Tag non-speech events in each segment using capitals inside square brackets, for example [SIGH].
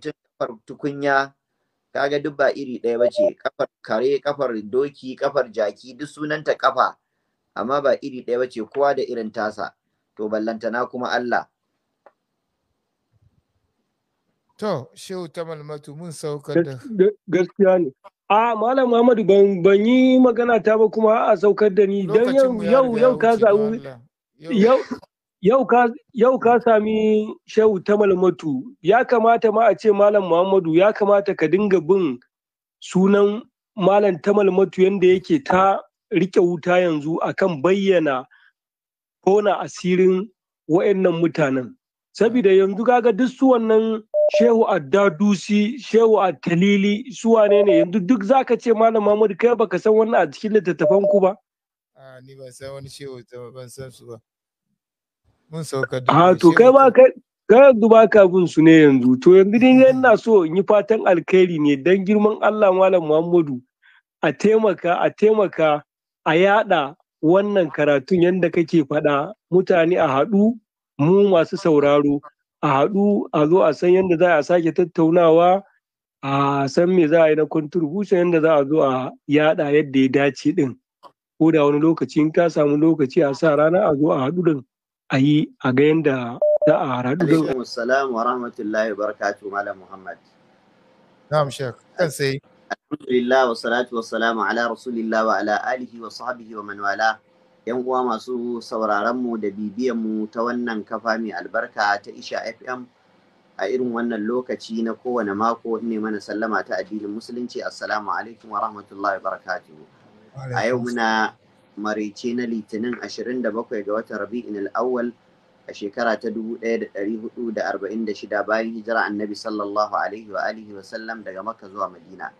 mutum kafar tukunya kaga duk ba iri ɗaya ba ce kafar kare kafar doki kafar jaki duk sunanta kafa amma ba iri ɗaya ba ce kowa da irin tasa to ballantana kuma Allah to shehu ta malmatu mun saukar da gaskiya ne a malam Muhammadu ban ban yi magana ta ba kuma a saukar da ni dan yau yau yau ka zaɓi yau yau ka sami shehu ta malmatu ya kamata ma a ce malam muhammadu ya kamata ka dinga bin sunan malam ta malmatu yadda yake ta rike wuta yanzu akan bayyana kona asirin wa'annan mutanen saboda yanzu kaga duk su wannan shehu addadusi shehu attalili su wane ne yanzu duk zaka ce malam muhammadu kai baka san wannan a cikin littattafan ku ba ni ban san wani shehu ban san su ba mun to kai ba kai ka duba kafin su ne yanzu to yanzu dai ina so in yi fatan alkhairi ne dan girman Allah malam Muhammadu a taimaka a taimaka a yada wannan karatun yadda kake faɗa mutane a haɗu mu masu sauraro a haɗu a zo a san yadda za a sake tattaunawa a san me za a yi na contribution yadda za a zo a yada yadda ya dace din ko da wani lokaci in ka samu lokaci a sa rana a zo a haɗu din a yi a ga yadda za a haradu da alaikum assalamu wa rahmatullahi barakatu malam muhammad na'am shek kan sai alhamdulillah wa salatu wa salamu ala rasulillah wa ala alihi wa sahbihi wa man wala yan uwa masu sauraron mu da bibiyan mu ta wannan kafa mai albarka ta isha fm a irin wannan lokaci na kowane mako ne mana sallama ta addinin musulunci assalamu alaikum wa rahmatullahi wa barakatuh a yau muna maraice na litinin 27 ga watan rabi'in al'awwal a shekara ta 1446 bayan hijira annabi sallallahu alaihi wa alihi wa sallam daga makka zuwa madina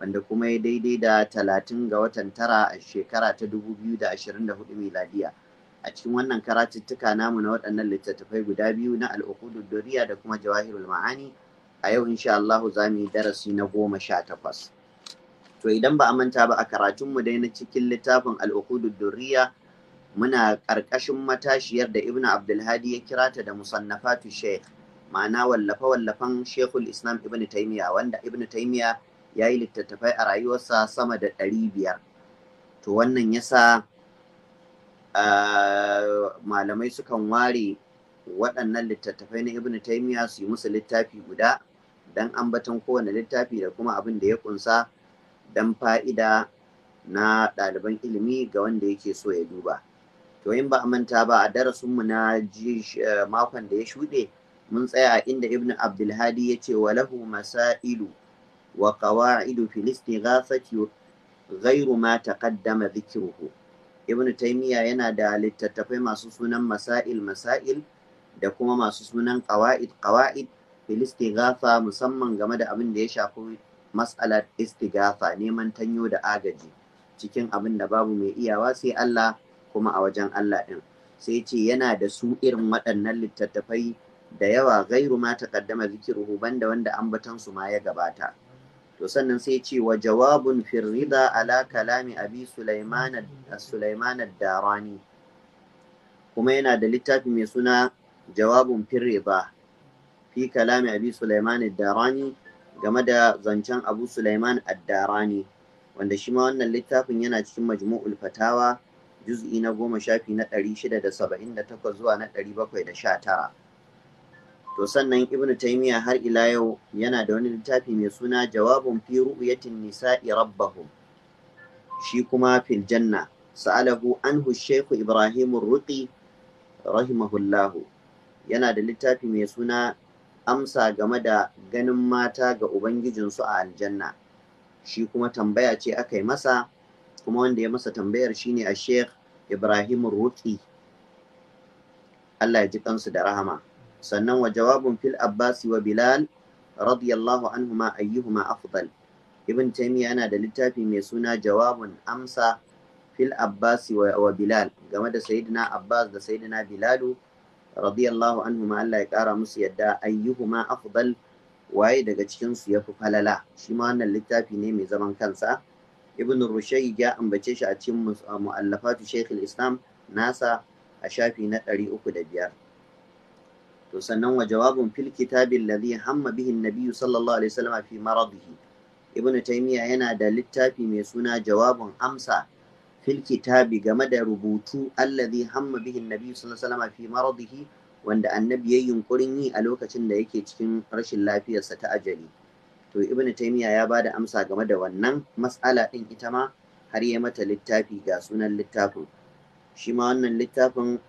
wanda kuma ya daidai da 30 ga watan tara a shekara ta 2024 miladiya a cikin wannan karatuttuka namu na waɗannan littattafai guda biyu na al'uqudud duriya da kuma jawahirul ma'ani a yau insha Allah za mu yi darasi na goma sha takwas. to idan ba a manta ba a karatunmu dai na cikin littafin al'ukudu durriya muna ƙarƙashin matashiyar da ibnu abdulhadi ya kira ta da musannafatu sheikh ma'ana wallafe wallafan shekul islam ibnu taimiya wanda ibnu taimiya ya yi littattafai a rayuwarsa sama da ɗari biyar to wannan yasa malamai sukan ware waɗannan littattafai na ibnu taimiya su yi musu littafi guda don ambaton kowane littafi da kuma abin da ya kunsa dan fa'ida na ɗaliban ilimi ga wanda yake so ya duba to in ba a manta ba a darasin mu na eh, makon da ya shuɗe mun tsaya a inda ibnu abdulhadi ya ce walahu masailu wa qawa'idu fil istighasati ghairu ma taqaddama dhikruhu ibnu taymiya yana da littattafai masu sunan masail masail da kuma masu sunan qawa'id qawa'id fil istighatha musamman game da abin da ya shafi mas'alar istigafa neman tanyo da agaji cikin abin da babu mai iyawa sai Allah kuma a wajen Allah ɗin sai ce yana da su irin waɗannan littattafai da yawa gairu ma ta kaddama zikiru banda wanda batan su ma ya gabata to sannan sai ce wa jawabun firrida ala kalami abi sulaiman sulaiman darani kuma yana da littafi mai suna jawabun firrida fi kalami abi sulaiman darani game da zancen Abu Sulaiman addarani wanda shi ma wannan littafin yana cikin Majmu'ul Fatawa juz'i na goma shafi na ɗari shida da saba'in da takwas zuwa na ɗari bakwai da sha tara. To sannan Ibnu taimiya har ila yau yana da wani littafi mai suna Jawabun fi ru'yatin nisa'i rabbahum shi kuma Filjanna. janna sa'alahu anhu Sheikh Ibrahim Ruqi rahimahullahu yana da littafi mai suna amsa game da ganin mata ga Ubangijinsu a aljanna. Shi kuma tambaya ce aka yi masa, kuma wanda ya masa tambayar shi ne a Sheikh Ibrahim Ruki. Allah ya ji kansu da rahama. Sannan wa jawabin fil Abbasi wa Bilal radiyallahu anhuma ayyuhuma afdal. Ibn Taymiyyah yana da littafi mai suna jawabin amsa fil Abbasi wa Bilal game da Sayyidina Abbas da Sayyidina Bilalu. radiyallahu anhuma Allah ya kara musu yadda ma afdal waye daga cikin su yafi falala shi ma wannan littafi ne mai zaman kansa ibn rushayy ya ambace shi a cikin mu'allafatu shaykh islam nasa a shafi na 305 to sannan wa jawabun fil kitabi alladhi hamma bihi an-nabiy sallallahu alaihi wasallam fi maradihi ibn taymiya yana da littafi mai suna jawabun amsa fil kitabi game da rubutu allazi hamma bihin annabi sallallahu alaihi wasallam fi maradihi wanda annabi yayin yunkurin yi a lokacin da yake cikin rashin lafiyarsa ta ajali to ibn taymiya ya ba da amsa game da wannan mas'ala din ita ma har ya mata littafi ga sunan littafin shi ma wannan littafin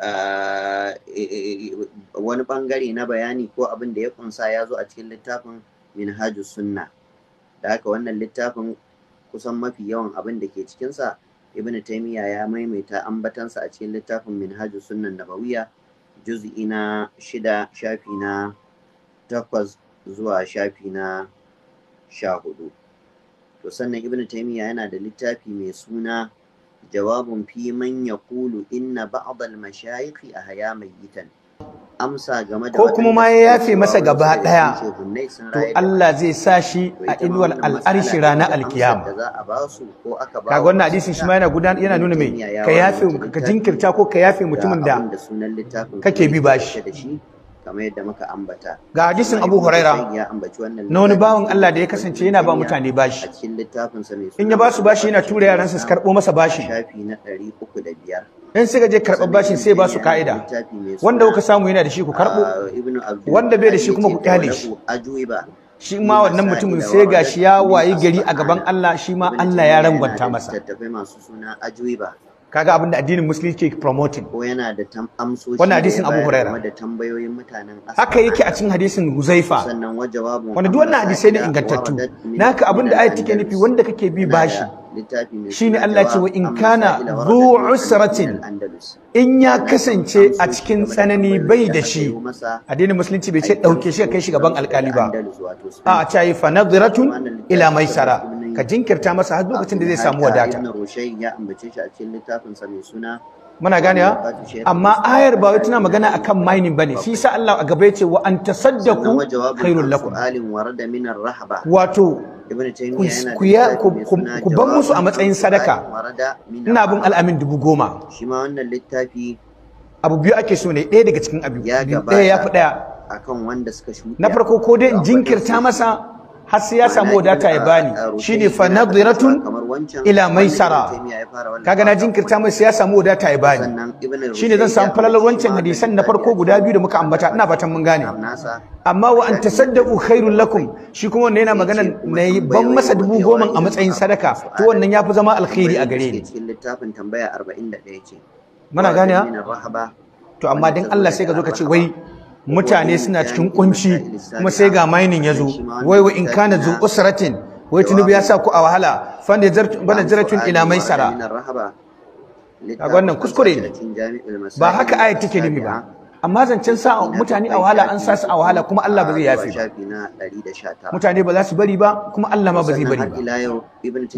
ah, eh, eh, eh, wani bangare na bayani ko abin da ya kunsa ya zo a cikin littafin minhaju sunna da haka wannan littafin kusan mafi yawan abin da ke cikinsa ibn taymiya ya maimaita ambatansa a cikin littafin minhajus sunnan nabawiya juz'i na shida shafi na takwas zuwa shafi na sha hudu to sannan ibn taymiya yana da littafi mai suna jawabun fi man yaqulu inna ba'd al-mashayikh ahya mayitan ko kuma ma ya yafe masa gaba daya to Allah zai sa shi a inuwar al'arshi ranar alkiyama kaga wannan hadisin shi ma yana gudan yana nuna mai ka yafe ka jinkirta ko ka yafe mutumin da kake bi bashi kamar yadda muka ambata ga hadisin Abu Huraira na wani bawan Allah da ya kasance yana ba mutane bashi in ya ba su bashi yana tura yaran su karɓo masa bashi in suka je karɓar bashi sai ba su ka'ida wanda kuka samu yana da shi ku karɓo ah, wanda bai da shi kuma ku kyale shi shi ma wannan mutumin sai ga gashi ya wayi gari a gaban Allah shi ma Allah ya rangwanta masa kaga abin da addinin musulunci ke promoting ko yana da amsoshi wannan hadisin Abu Huraira da tambayoyin mutanen haka yake a cikin hadisin Huzaifa sannan wa jawabu duk wannan hadisai ne ingantattu naka abin da ayat take nufi wanda kake bi bashi shine Allah ce wa in kana zu usratin in ya kasance a cikin tsanani bai da shi addinin musulunci bai ce dauke shi kai shi gaban alkali ba a ce fa nadratun ila maisara ka jinkirta masa har lokacin da zai samu wadata muna ganewa amma ayar ba wai tana magana akan mining bane shi sa Allah a gaba yace wa an tasaddaku khairul lakum wato ku ban musu a matsayin sadaka ina bin al'amin dubu goma shi ma wannan littafi abu biyu ake so ne ɗaya daga cikin abu biyu ɗaya ya fi ɗaya na farko ko dai jinkirta masa har sai ya samu wadata ya bani shine fa nadiratun ila maisara kaga na jinkirta mai sai ya samu wadata ya bani shine zan samu falalar wancan hadisan na farko guda biyu da muka ambata ina fatan mun gane amma wa an tasaddaqu khairul lakum shi kuma wannan yana magana ne ban masa dubu goma a matsayin sadaka to wannan yafi zama alkhairi a gare ni littafin tambaya 41 ce muna gane to amma dan Allah sai ka zo ka ce wai mutane suna cikin kunci kuma sai ga mining ya zo wai wa in kana zu usratin wai tunubu ya sa ku a wahala Fande fanda jaratun ila maisara a wannan kuskure ne ba haka ayat take nimi ba amma zancen sa mutane a wahala an sa su a wahala kuma Allah ba zai yafe ba mutane ba za su bari ba kuma Allah ma ba zai bari ba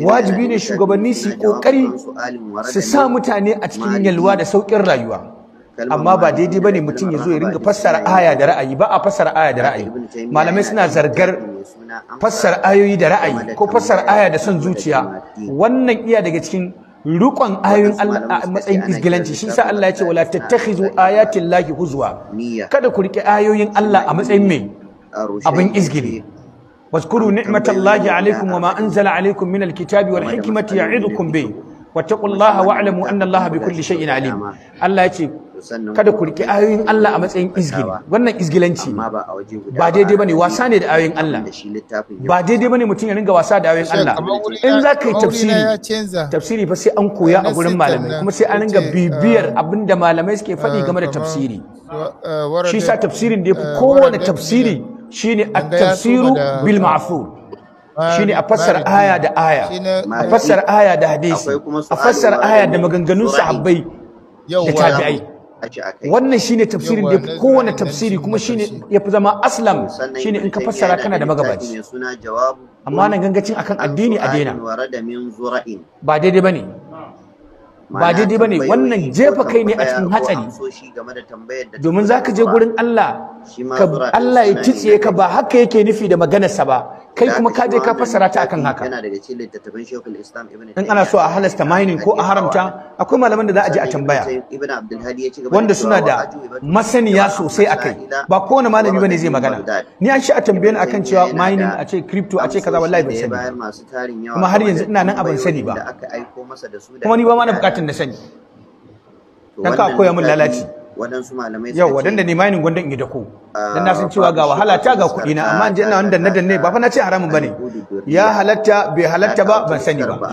wajibi ne shugabanni su kokari su sa mutane a cikin yalwa da saukin rayuwa amma ba daidai bane mutum ya zo ya ringa fassara aya da ra'ayi ba a fassara aya da ra'ayi malamai suna zargar fassara ayoyi da ra'ayi ko fassara aya da son zuciya wannan iya daga cikin rukon ayoyin Allah a matsayin izgilanci shi sa Allah ya ce wala tattakhizu ayatin lahi huzwa kada ku rike ayoyin Allah a matsayin mai abin izgili واذكروا نعمة الله عليكم وما أنزل عليكم من الكتاب والحكمة يعظكم به واتقوا الله واعلموا أن الله بكل alim. Allah ya ce. kada ku riƙe ayoyin Allah a matsayin izgili wannan izgilanci ba daidai bane wasa ne da ayoyin Allah ba daidai bane mutum ya ringa wasa da ayoyin Allah in za ka yi tafsiri tafsiri fa sai an koya a gurin malamai kuma sai an ringa bibiyar uh, abinda malamai suke faɗi uh, game da tafsiri uh, shi sa tafsirin da ya fi kowane tafsiri shine at-tafsiru bil Shi shine a fassar aya da aya a fassar aya da hadisi a fassar aya da maganganun sahabbai da tabi'ai wannan shine tafsirin da kowane tafsiri kuma shine fi zama aslam shine in ka fassara kana da magabaci amma nan gangacin akan addini a daina ba daidai ba ne. ba daidai ba ne wannan jefa kai ne a cikin hatsari domin za ka je gurin Allah Allah ya titse ka ba haka yake nufi da maganarsa ba kai kuma ka je ka fassara ta akan haka yana daga cikin littattafan Sheikhul Islam Ibn in ana so a halasta mining ko a haramta akwai malaman da za a je a tambaya wanda suna da masaniya sosai akai ba kowane malami bane zai magana ni an shi a tambaye akan cewa mining a ce crypto a ce kaza wallahi ban sani kuma har yanzu ina nan a ban sani ba kuma ni ba ma na bukatun na sani dan ka koya min lalaci waɗansu malamai yau waɗanda ne mayanin gwandon in yi dako dan na san cewa ga wahala ta ga kuɗi na amma je ina wani danne danne ba fa na ce haramun bane ya halatta bai halatta ba ban sani ba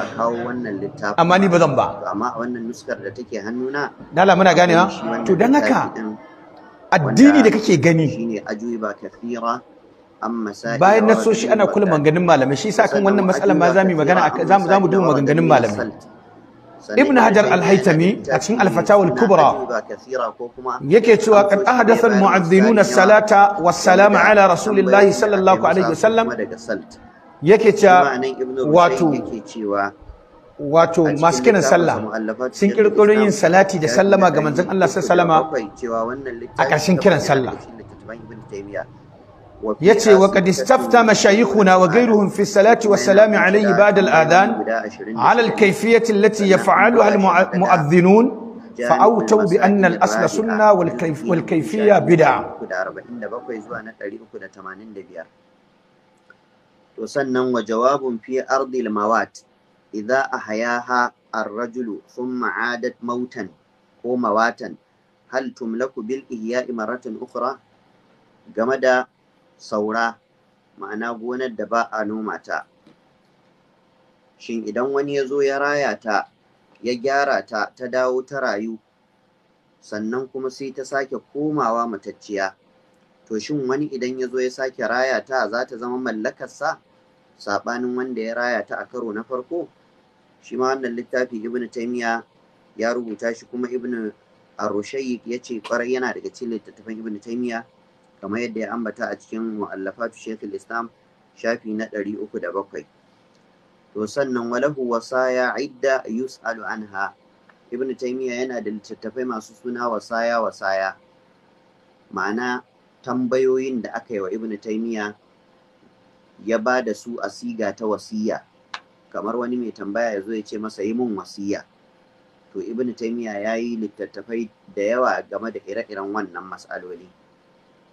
amma ni ba zan ba amma wannan nuskar da take hannuna dala muna ganewa to dan haka addini da kake gani shine ajuiba kathira bayan shi ana kula maganin malamai shi sa kan wannan matsalar ma za mu magana za mu duba maganganun malamai ibn hajar al-haytami a cikin al-fatawul kubra yake cewa kad ahdatha al-mu'adhdhinuna as-salata was-salama ala rasulillahi sallallahu alaihi wasallam yake cewa wato wato masu kiran sallah sun kirkiro yin salati da sallama ga manzon Allah a ƙarshen kiran sallah يتي وقد استفتى مشايخنا وغيرهم في الصلاة والسلام عليه بعد الآذان على الكيفية التي يفعلها المؤذنون فأوتوا بأن الأصل سنة والكيف والكيفية بدعة وسنن وجواب في أرض الموات إذا أحياها الرجل ثم عادت موتا ومواتا هل تملك بالإحياء مرة أخرى جمدا saura ma'ana gonar da ba a noma ta shin idan wani ya zo ya raya ta ya gyara ta ta dawo ta rayu sannan kuma sai ta sake komawa matacciya to shin wani idan ya zo ya sake raya ta za ta zama mallakarsa saɓanin wanda ya raya ta a karo na farko shi ma wannan littafi ibn taimiya ya rubuta shi kuma ibn arushayi ya ce kwarai yana daga cikin littattafan ibn taimiya kamar yadda ya ambata a cikin mu'allafatu shekul islam shafi na ɗari uku da bakwai to sannan walahu wasaya idda yus'alu anha ibn taymiya yana da littattafai masu suna wasaya wasaya ma'ana tambayoyin da aka yi wa ibn taymiya ya ba da su a siga ta wasiya kamar wani mai tambaya ya zo ya ce masa yi mun wasiya to ibn taymiya ya yi littattafai da yawa game da ire-iren wannan mas'aloli.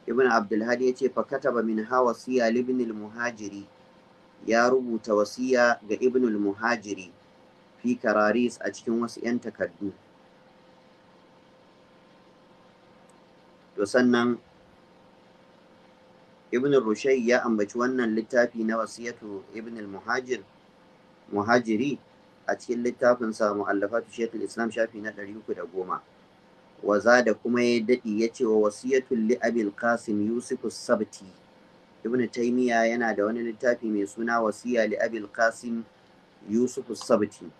ibn abdulhadi ya ce fakataba ba min ha wasiya libnil muhajiri ya rubuta wasiya ga ibn muhajiri fi kararis a cikin wasu 'yan takardu to sannan ibn rushai ya ambaci wannan littafi na wasiyatu ibn muhajir a cikin littafin littafinsa mu'allafatu shekul islam shafi na 310 Waza da kuma ya daɗi ya ce wa wasiyatul qasim yusuf sabti ibnu taymiya yana da wani littafi mai suna wasiya Li'abil qasim yusuf sabti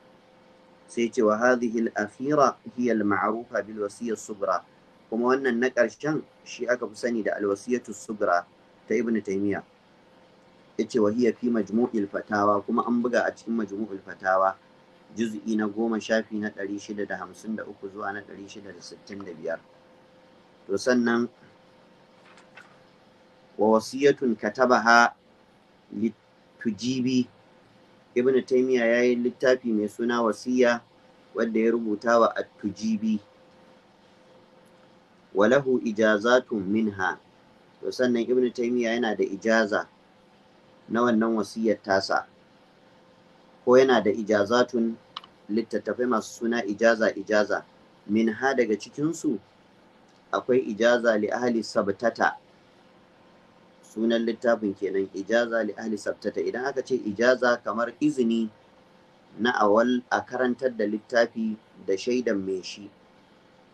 sai ce wa hadhihi al akhira hiya al ma'rufa bil wasiyya subra kuma wannan na ƙarshen shi aka fi sani da alwasiyatu subra ta Ibn taymiya yace wa hiya fi majmu'il fatawa kuma an buga a cikin majmu'il fatawa juz'i na goma shafi na ɗari shida da hamsin da uku zuwa na ɗari shida da sittin da biyar to sannan wa wasiyatun ha litujibi ibn taymiya ya yi littafi mai suna wasiya wadda ya rubuta wa at-tujibi wa lahu ijazatun minha to sannan ibn taymiya yana da ijaza na wannan wasiyar tasa ko yana da ijazatun littattafai masu suna ijaza ijaza min ha daga cikinsu akwai ijaza li ahli sabtata sunan littafin kenan ijaza li ahli sabtata idan aka ce ijaza kamar izini na awal a karantar da littafi da shaidan mai shi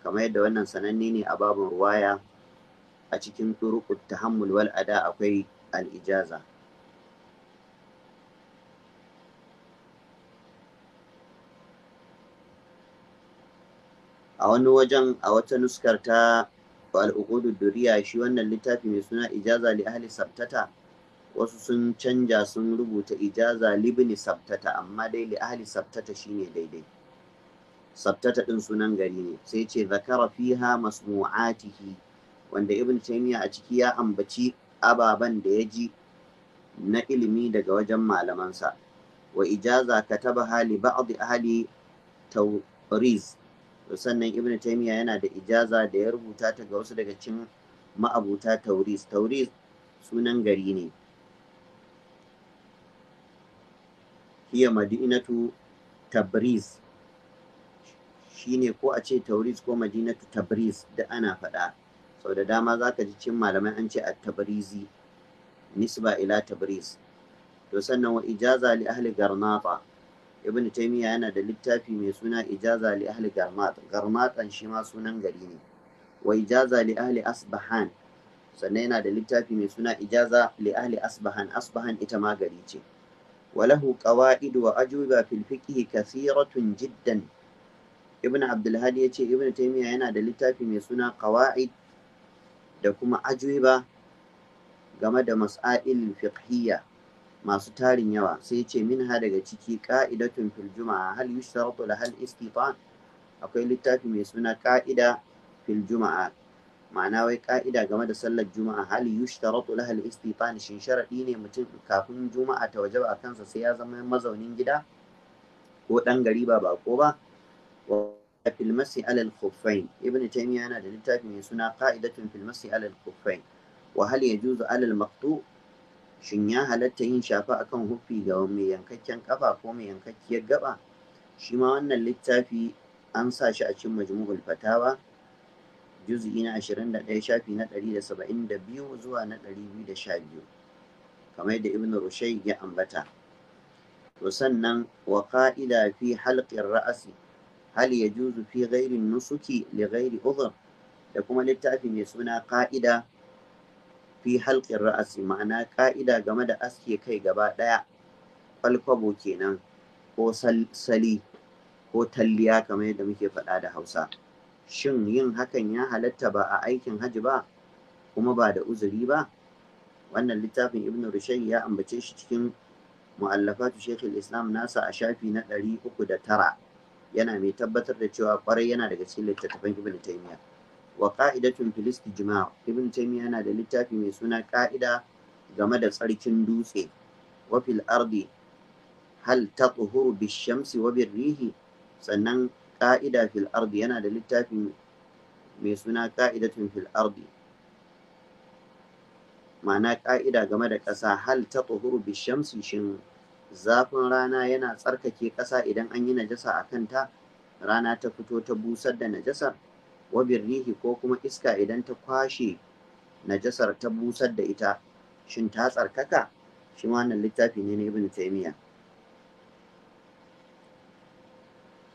kamar yadda wannan sananne ne a babin ruwaya a cikin turuqut tahammul wal ada akwai al ijaza a wani wajen a wata nuskar ta al'ukudu duriya shi wannan littafi mai suna ijaza li ahli sabtata wasu sun canja sun rubuta ijaza libni sabtata amma dai li ahli sabtata shine daidai sabtata din sunan gari ne sai ce zakara fiha masmu'atihi wanda ibn taymiya a ciki ya ambaci ababan da ya ji na ilimi daga wajen malamansa wa ijaza kataba hali ba'd ahli tawriz sannan ibn taimiya yana da ijaza da ya rubuta ta ga wasu daga cikin ma'abuta tauris tauris sunan gari ne hiya madinatu tabriz shine ko a ce tauris ko madinatu tabriz da ana faɗa sau da dama za ka ji cin malamai an ce a tabrizi nisba ila tabriz to sannan wa ijaza li ahli garnata ibn taimiyya yana da littafi mai suna ijaza li ahli garmat garmatan shi ma sunan gari ne wa ijaza li ahli asbahan sannan yana da littafi mai suna ijaza li ahli asbahan asbahan ita ma gari ce walahu qawaid wa ajuba fil fiqh kathiratun jiddan ibn abdul hadi yace ibn taymiya yana da littafi mai suna qawaid da kuma ajuba game da mas'ail fiqhiyya masu tarin yawa sai ce ha daga ciki ka'idatun fil juma'a hal yushtaratu la hal istitan akwai littafi mai suna ka'ida fil juma'a ma'ana wai ka'ida game da sallar juma'a hal yushtaratu la hal istitan shin sharadi ne mutum kafin juma'a ta wajaba a kansa sai ya zama mazaunin gida ko dan gari ba bako ba fil masi alal khuffain ibn yana da littafi mai suna kaidatun fil masi alal khuffain wa hal yajuzu alal maqtu' shin ya halatta yin shafa akan hufi ga mai yankakken kafa ko mai yankakkiyar gaba shi ma wannan littafi an sa shi a cikin majmu'ul fatawa juz'i na 21 shafi na 172 zuwa na 212 kamar da ibn rushai ya ambata to sannan wa qa'ida fi halqir hali hal yajuzu fi ghairi nusuki li ghairi udhr da kuma littafi mai suna qa'ida fi halkin ra'asi ma'ana ƙa'ida game da aske kai gaba ɗaya kwalkwabo kenan ko sali ko talliya kamar yadda muke faɗa da hausa shin yin hakan ya halatta ba a aikin hajji ba kuma ba da uzuri ba wannan littafin ibn Rushen ya ambace shi cikin mu'allafatu shekul islam nasa a shafi na ɗari uku da tara yana mai tabbatar da cewa kwarai yana daga cikin littattafan ibn taymiyyah wa ka'idatun fil istijma' ibn taymiya yana da littafi mai suna ka'ida game da tsarkin dutse wa fil ardi hal tatuhuru bishamsi wa birrihi sannan ka'ida fil ardi yana da littafi mai suna ka'idatun fil ardi ma'ana ka'ida game da ƙasa hal ta tatuhuru bishamsi shin zafin rana yana tsarkake ƙasa idan an yi najasa a kanta rana ta fito ta busar da najasar wabin rihi ko kuma iska idan ta kwashe najasar ta busar da ita shin ta tsarkaka shi ma wannan littafi ne na ibn taymiya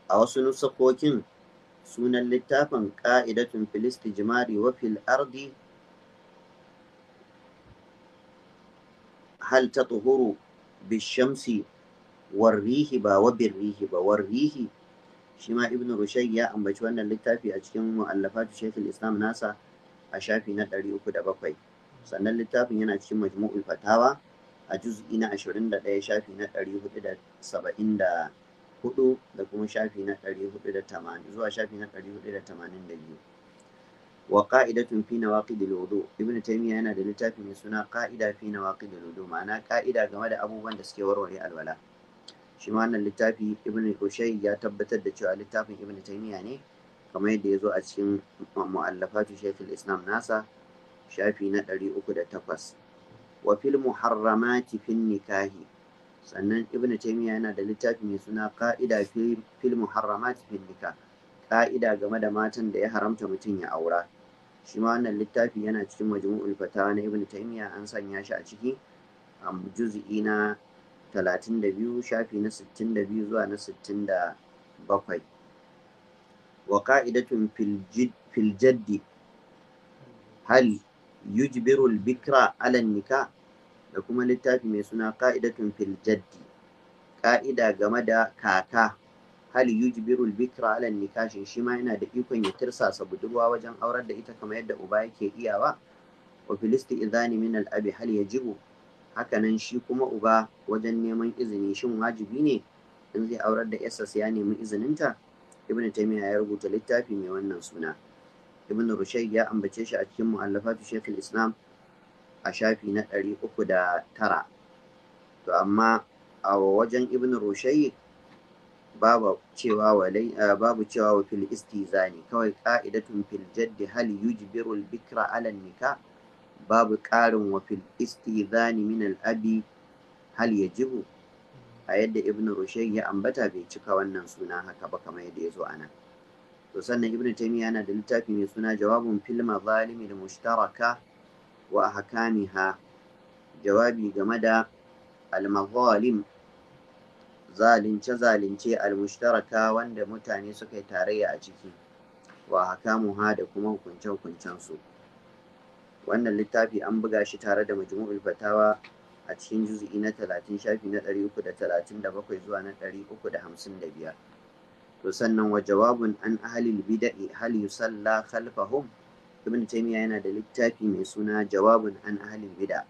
a wasu nusakokin sunan littafin ƙa'idatun filisti jimari wa fil ardi hal ta tuhuru bishamsi warrihi ba wa birrihi ba warrihi shi ma ibn rushayk ya ambaci wannan littafi a cikin mu'allafatu shaykhul islam nasa a shafi na 307 sannan littafin yana cikin majmu'ul fatawa a juz'i na 21 shafi na 474 da kuma shafi na 480 zuwa shafi na 482 wa ka'idatun fi nawaqidil wudu Ibn taymiya yana da littafi mai suna ka'ida fi nawaqidil wudu ma'ana ka'ida game da abubuwan da suke warware alwala shi ma wannan littafi ibn ushai ya tabbatar da cewa littafin ibn taymiya ne kamar yadda ya zo a cikin mu'allafatu shaykhul islam nasa shafi na 308 wa fil muharramati fin nikahi sannan ibn taymiya yana da littafi mai suna ka'ida fil muharramati fin nikah ka'ida game da matan da ya haramta mutum ya aura shi ma wannan littafi yana cikin majmu'ul fatawa na ibn taymiya an sanya shi a ciki a juz'i na biyu, shafi na biyu, zuwa na bakwai. wa ka'idatun filjaddi, hal yujbiru bikra ala nika, da kuma littafi mai suna ka'idatun filjaddi. Ƙa'ida ka'ida game da kaka hal yujbiru bikra ala nika shi ma yana da ikon ya tirsasa budurwa wajen aurar da ita kamar yadda uba yake iyawa wa filisti izani minal abi hal yajibu hakanan shi kuma uba wajen neman izini shin wajibi ne in zai aurar da yarsa ya nemi izininta ibnu taymiya ya rubuta littafi mai wannan suna ibn rushayd ya ambace shi a cikin mu'allafatu shaykh islam a shafi na ɗari uku da tara to amma a wajen ibn rushayd babu cewa walai eh, babu cewa wa fil istizani kawai qa'idatun fil jaddi hal yujbiru al bikra ala nikah babu ƙarin wa fil istizani min al-abi hal yajibu a yadda ibn rushay ya ambata bai cika wannan suna haka ba kamar yadda ya zo ana to sannan ibn taymiya yana da littafi mai suna jawabun fil mazalimi da mushtaraka wa ahkamiha jawabi game da al-mazalim zalince zalince al-mushtaraka wanda mutane suka yi tarayya a ciki wa ahkamuha da kuma hukunce hukuncen su wannan littafi an buga shi tare da majmu'ul fatawa a cikin juz'i na 30 shafi na 337 zuwa na 355 to sannan wa jawabun an ahlil bid'i hal yusalla khalfahum ibn taymiya yana da littafi mai suna jawabun an ahlil bid'a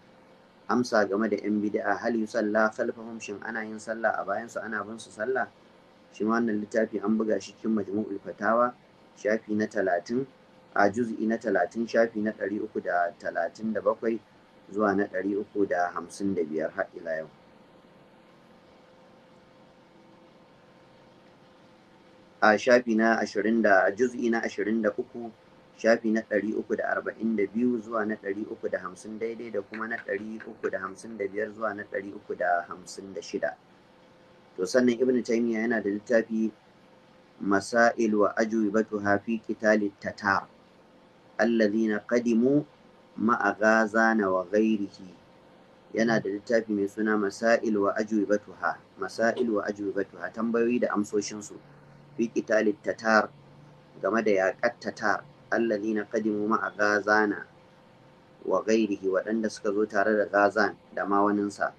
amsa game da yan bid'a hal yusalla khalfahum shin ana yin sallah a bayan su ana bin su sallah shi wannan littafi an buga shi cikin majmu'ul fatawa shafi na 30 a juz'i na talatin shafi na ɗari uku da talatin da bakwai zuwa na ɗari uku da hamsin da biyar har ila yau a shafi na ashirin da juz'i na ashirin da uku shafi na ɗari uku da arba'in da biyu zuwa na ɗari uku da hamsin daidai da kuma na ɗari uku da hamsin da biyar zuwa na ɗari uku da hamsin da shida to sannan Ibn taymiya yana da littafi masailu wa ajwibatuha fi qital tatar alladhina qadimu ma'a ghazana wa ghairihi yana da littafi mai suna masail wa ajwibatuha masail wa ajwibatuha tambayoyi da amsoshinsu. su fi game da yaƙar tatar alladhina qadimu ma'a ghazana wa ghairihi waɗanda suka zo tare da gazan da ma waninsa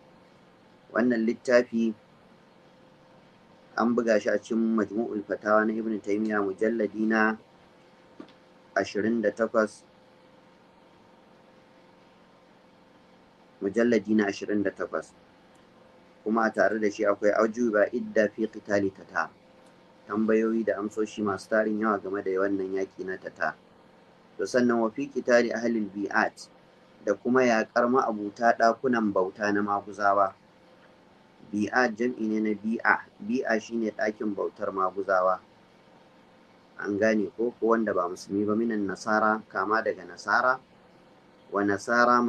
wannan littafi an buga shi a cikin majmu'ul fatawa na ibn taymiya mujalladi na ashirin da takwas mujalladi na ashirin da takwas kuma a tare da shi akwai ajuba idda fi qitali tata tambayoyi da amsoshi masu tarin yawa game da wannan yaki na tata to sannan wa fi qitali ahlil bi'at da kuma yaƙar ma'abuta ɗakunan bauta na maguzawa bi'a jam'i ne na bi'a bi'a shine ɗakin bautar maguzawa an gane ko ko wanda ba musulmi ba minan nasara kama daga nasara wa nasara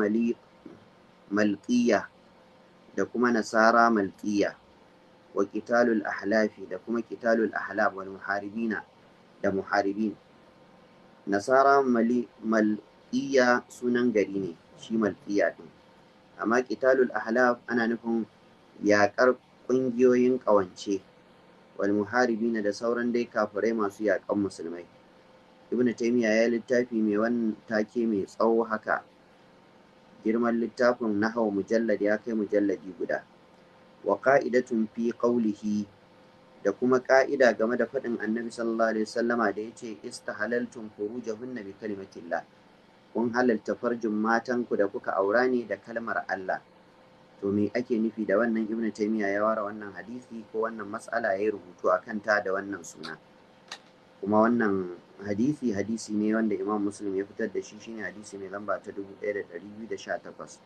malkiya da kuma nasara malkiya wa kitalul ahlafi da kuma kitalul ahlab wal muharibina da muharibin nasara malkiya sunan gari ne shi malkiya din amma kitalul ahlaf ana nufin yaƙar ƙungiyoyin ƙawance wal muharibina da sauran dai kafirai masu yaƙan musulmai ibnu taymiya ya littafi mai wannan take mai tsawo haka girman littafin nahawa mujallad ya kai mujalladi guda wa qa'idatun fi qawlihi da kuma ka'ida game da faɗin annabi sallallahu alaihi wasallama da ya ce istahalaltum furujahunna bi kalimatillah kun halalta farjin matanku da kuka aura ne da kalmar Allah to me ake nufi da wannan Ibn taymiya ya ware wannan hadisi ko wannan mas'ala ya rubutu a kanta da wannan suna kuma wannan hadisi hadisi ne wanda imam muslim ya fitar da shi shine hadisi mai lamba ta 1218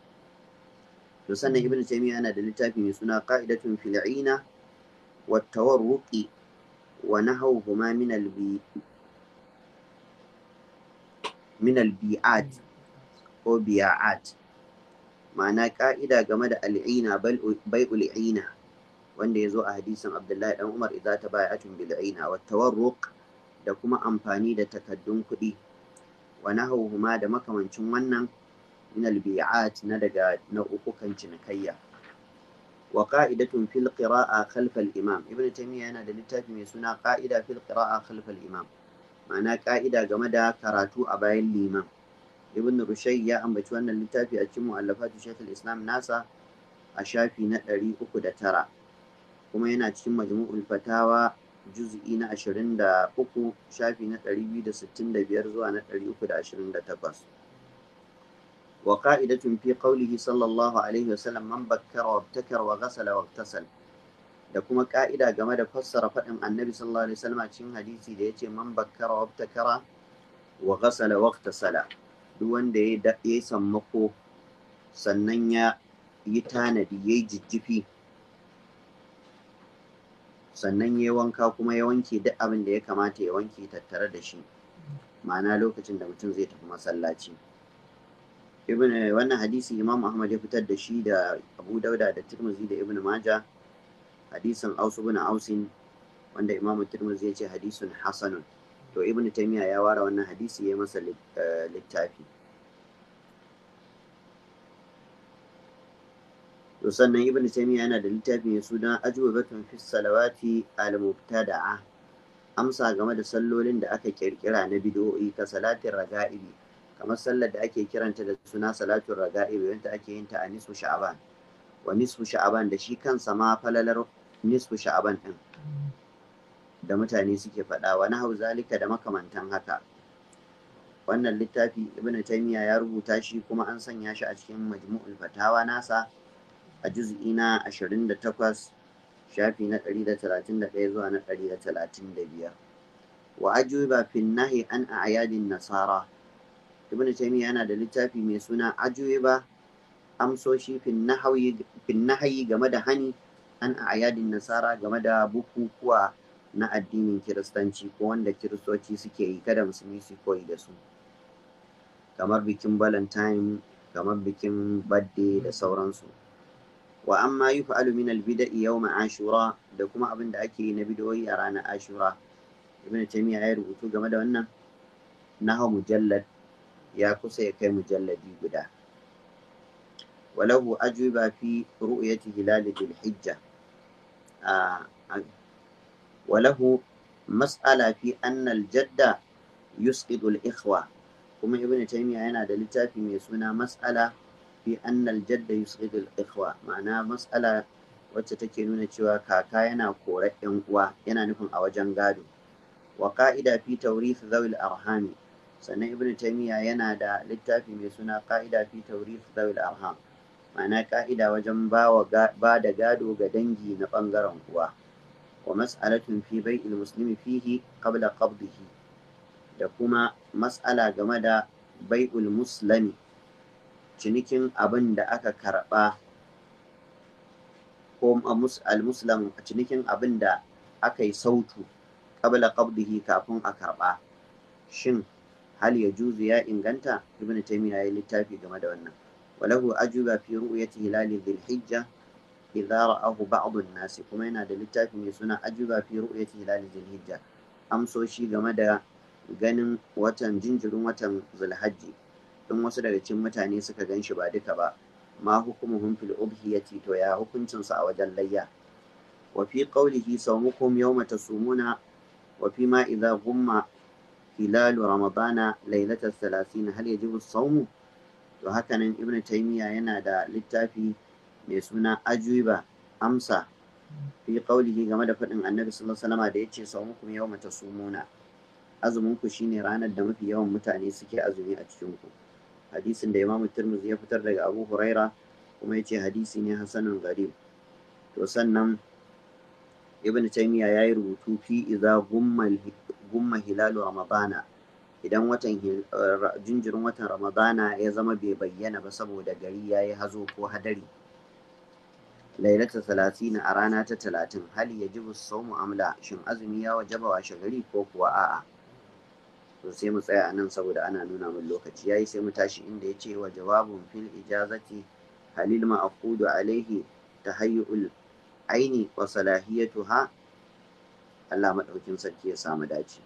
to sannan Ibn taymiya yana da littafi mai suna qa'idatun fil ina wat tawarruqi wa nahawhuma min al min ko bi'at ma'ana ka'ida game da al'ina bai ul'ina wanda ya zo a hadisin abdullahi dan umar idza ta baya atun bil'ina wa tawarruq da kuma amfani da takaddun kuɗi wa nahawhuma da makamancin wannan min al-bi'at na daga na'ukukan cinikayya wa qa'idatun fil qira'a khalf al-imam ibnu taymiya yana da littafi mai suna qa'ida fil qira'a khalf al-imam ma'ana ka'ida game da karatu a bayan liman ibn rushai ya ambaci wannan littafi a cikin mu'allafatu shaykhul islam nasa a shafi na 309 kuma yana cikin majmu'ul fatawa juz'i na 23 shafi na 265 zuwa na 328 وقائدة في قوله صلى الله عليه وسلم من بكر وابتكر وغسل واغتسل da kuma ka'ida game da fassara faɗin annabi sallallahu alaihi wasallam a cikin hadisi da yace man bakkara wabtakara wa ghasala waqtasala duk wanda ya yi sammako sannan ya yi tanadi ya yi jijjifi sannan ya yi wanka kuma ya wanke duk abin da ya kamata ya wanke tattare da shi ma'ana lokacin da mutum zai tafi masallaci ibn wannan hadisi imam Muhammad ya fitar da shi da abu dauda da tirmizi da ibn maja hadisin ausu bin ausin wanda imam tirmizi ya ce hadisun hasanun to ibn taymiya ya ware wannan hadisi ya masa eh, littafi to sannan ibn taymiya yana da littafi mai suna ajwabatun fi salawati al mubtada'a amsa game da sallolin da aka kirkira na bid'o'i ka salatin raga'ibi kamar sallar da ake kiranta da suna salatun raga'ibi wanda ake yin ta a nisfu sha'aban wa nisfu sha'aban da shi kansa ma falalar nisfu sha'aban din da mutane suke faɗa na hau zalika da makamantan haka wannan littafi Ibn taymiya ya rubuta shi kuma an sanya shi a cikin majmu'ul fatawa nasa a juz'i na 28 shafi na 131 zuwa na 135 wa ajuba fi nahi an a'yadin nasara Ibn taymiya yana da littafi mai suna ajuba amsoshi fi nahayi game da hani an a'yadin nasara game da bukukuwa na addinin kiristanci ko wanda kiristoci suke yi kada musulmi su koyi da su kamar bikin valentine kamar bikin birthday da sauransu wa amma yuf'alu min al-bida'i yawm ashura da kuma abin da ake yi na bidoyi a ranar ashura ibnu taymiya ya rubutu game da wannan nahu mujallad ya kusa ya kai mujalladi guda walahu ajuba fi ru'yati hilal dhil hijja ah, walahu mas'ala fi annal jadda yusqidul ikhwa kuma ibnu taymiya yana da littafi mai suna mas'ala fi annal jadda yusqidul ikhwa ma'ana mas'ala wacce take nuna cewa kaka yana korar yan uwa yana nufin a wajen gado wa ka'ida fi tawrith zawil arhami sannan ibnu taymiya yana da littafi mai suna ka'ida fi tawrith zawil arham ma'ana ka'ida wajen ba da gado ga dangi na bangaren uwa ومسألة في بيع المسلم فيه قبل قبضه da kuma mas'ala game da bai'ul muslami cinikin abin da aka karɓa ko al cinikin abin da aka yi sautu qabla qabdihi kafin a karɓa shin hal ya juzu ya inganta ibn taymiya ya littafi game da wannan walahu ajuba fi ru'yati hilali dhil hijja Izara ra'ahu ba'd an nasi kuma yana da littafi mai suna ajuba fi ru'yati hilal zulhijja amsoshi game da ganin watan jinjirin watan zulhajji in wasu daga cikin mutane suka gan shi ba duka ba ma hukumuhum fil ubhiyati to ya hukuncin su a wajen layya wa fi qawlihi sawmukum yawma tasumuna wa fi ma idza gumma hilalu ramadana lailatul 30 hal yajibu as-sawmu to hakanan ibnu taymiya yana da littafi mai suna ajuba amsa fi qaulihi game da faɗin annabi sallallahu alaihi wasallam da yace saumukum yawma sumuna. azumin ku shine ranar da mafi yawan mutane suke azumi a cikin ku hadisin da imamu tirmidhi ya fitar daga abu huraira kuma yace hadisi ne hasanun gari to sannan ibn ya yi rubutu fi idza gumma gumma hilalu ramadana idan watan eh, jinjirin watan ramadana ya zama bai bayyana ba saboda gari ya yi hazo ko hadari lailata talatin a rana ta talatin hal ya ji saumu amla shin azumi ya wajaba washe gari ko kuwa a'a to sai mu tsaya anan saboda ana nuna min lokaci yayi sai mu tashi inda ya ce wa jawabun fil ijazati halil ma'qudu alaihi tahayyul aini wa salahiyatuha Allah madaukin sarki ya samu dace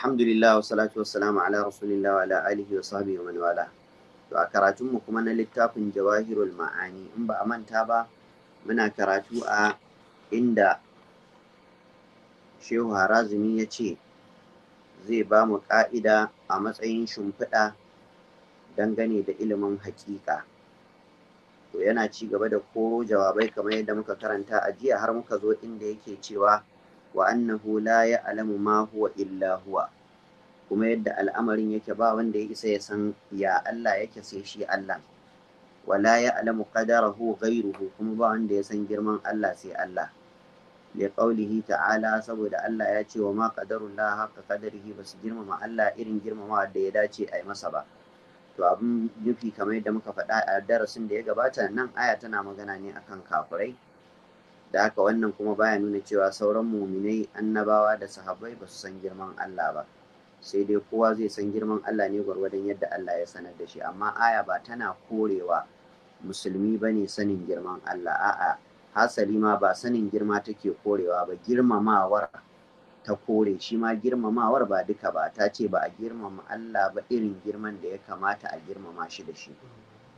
alhamdulillah wa salatu wa salamu ala rasulillah wa ala alihi wa sahbihi wa mani wala to a karatun mu kuma na littafin jawahirul ma'ani in ba a manta ba muna karatu a inda shehu harazumi ya ce zai ba mu ka'ida a matsayin shimfiɗa dangane da ilimin haƙiƙa. to yana ci gaba da koro jawabai kamar yadda muka karanta a jiya har muka zo inda yake cewa wa annahu la ya'lamu ma huwa illa huwa kuma yadda al'amarin yake ba wanda ya isa ya san ya Allah yake sai shi Allah wa la ya'lamu qadarahu ghayruhu kuma ba wanda ya san girman Allah sai Allah li qawlihi ta'ala saboda Allah ya ce wa ma qadarullah haqqa qadarihi basu girmama Allah irin girmamawa da ya dace a yi masa ba to abin nufi kamar yadda muka faɗa a darasin da ya gabata nan aya tana magana ne akan kafirai da haka wannan kuma baya nuna cewa sauran muminai annabawa da sahabbai ba su san girman Allah ba sai dai kowa zai san girman Allah ne gwargwadon yadda Allah ya sanar da shi amma aya ba tana korewa musulmi ba ne sanin girman Allah a'a hasali ma ba sanin girma take korewa ba girmamawar ta kore shi ma girmamawar ba duka ba ta ce ba a girmama Allah ba irin girman da ya kamata a girmama shi da shi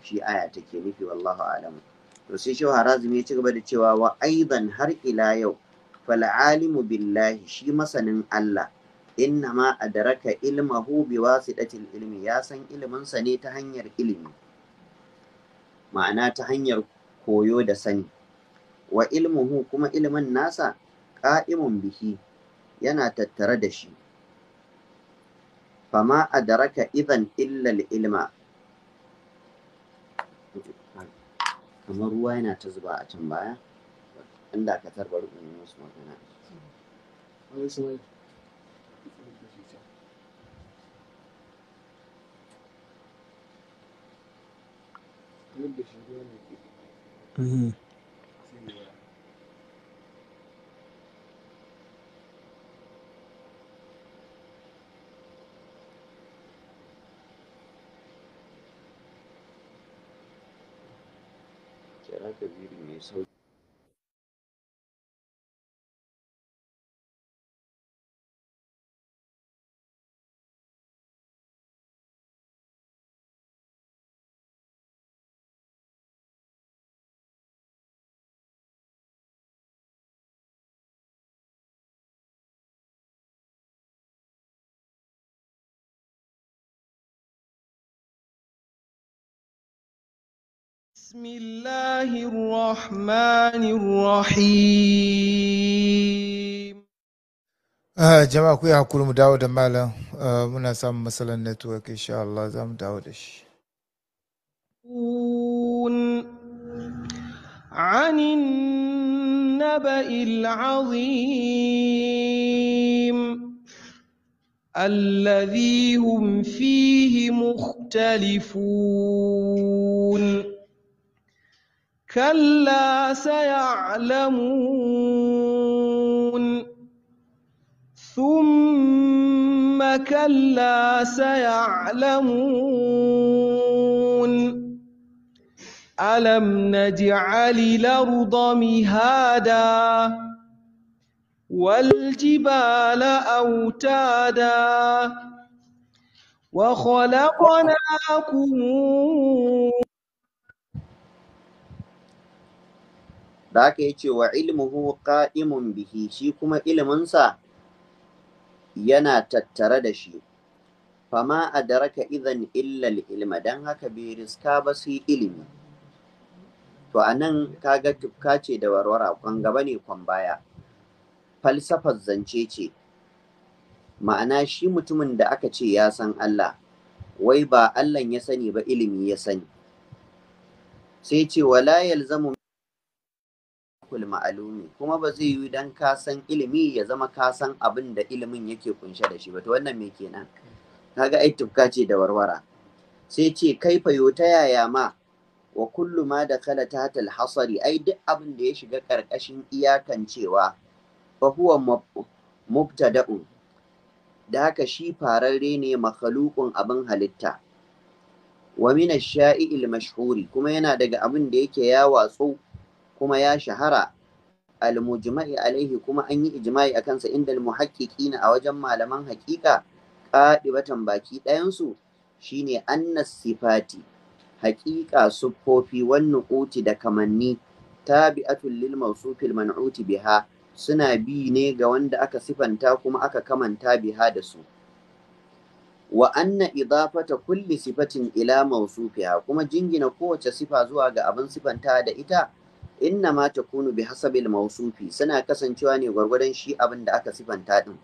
shi aya take nufi wallahu alamu to sai shehu harazim ya ci gaba da cewa wa aidan har ila yau fal alimu billahi shi masanin Allah inna ma adraka ilmahu bi wasidatil ilmi ya san ilimin sa ne ta hanyar ilimi ma'ana ta hanyar koyo da sani wa ilmuhu kuma ilimin nasa qa'imun bihi yana tattare da shi fama adraka idan illa ilma kamar ruwa yana ta zuba a can baya inda aka tarba in yi musu magana Mm-hmm. kabiru mai sauki بسم الله الرحمن الرحيم ah, jama'a ku yi hakuri mu dawo da malam uh, muna samun matsalar network insha Allah za mu dawo da shi عن النبأ العظيم الذي هم فيه مختلفون كلا سيعلمون ثم كلا سيعلمون ألم نجعل الأرض مهادا والجبال أوتادا وخلقناكم da aka yi cewa ilmuhu ka'imun bihi shi kuma iliminsa yana tattare da shi fama ka idan illal ilma don haka bai riska ba sai ilimi to a anan kaga tukace ce da warwara kwan gaba ne kwan baya falsafar zance ce ma'ana shi mutumin da aka ce ya san Allah wai ba Allah ya sani ba ilimi ya sani sai ce wala yalzamu idrakul ma'alumi kuma ba zai yi dan kasan ilimi ya zama kasan abin da ilimin yake kunshe da shi ba to wannan me kenan kaga ai tufka ce da warwara sai ce kai fayo ta yaya ma wa kullu ma da kala ta hasari ai duk abin da ya shiga karkashin iyakancewa fa huwa mubtada'un da haka shi fararre ne makhluqun abin halitta wa min ash-sha'i'il mashhuri kuma yana daga abin da yake ya watsu kuma ya shahara al-mujma'i alaihi kuma an yi ijma'i akan sa inda al a wajen malaman haqiqa qadibatan baki ɗayansu, shine annas sifati haqiqa suffofi wan nuquti da kamanni tabi'atul lil mawsufil man'uti biha suna bi ne ga wanda aka sifanta kuma aka kamanta biha da su wa anna idafata kulli sifatin ila mawsufiha kuma jingina kowace sifa zuwa ga abin sifanta da ita inna ma takunu bi hasabil mausufi suna kasancewa ne gwargwadon shi abin da aka sifanta din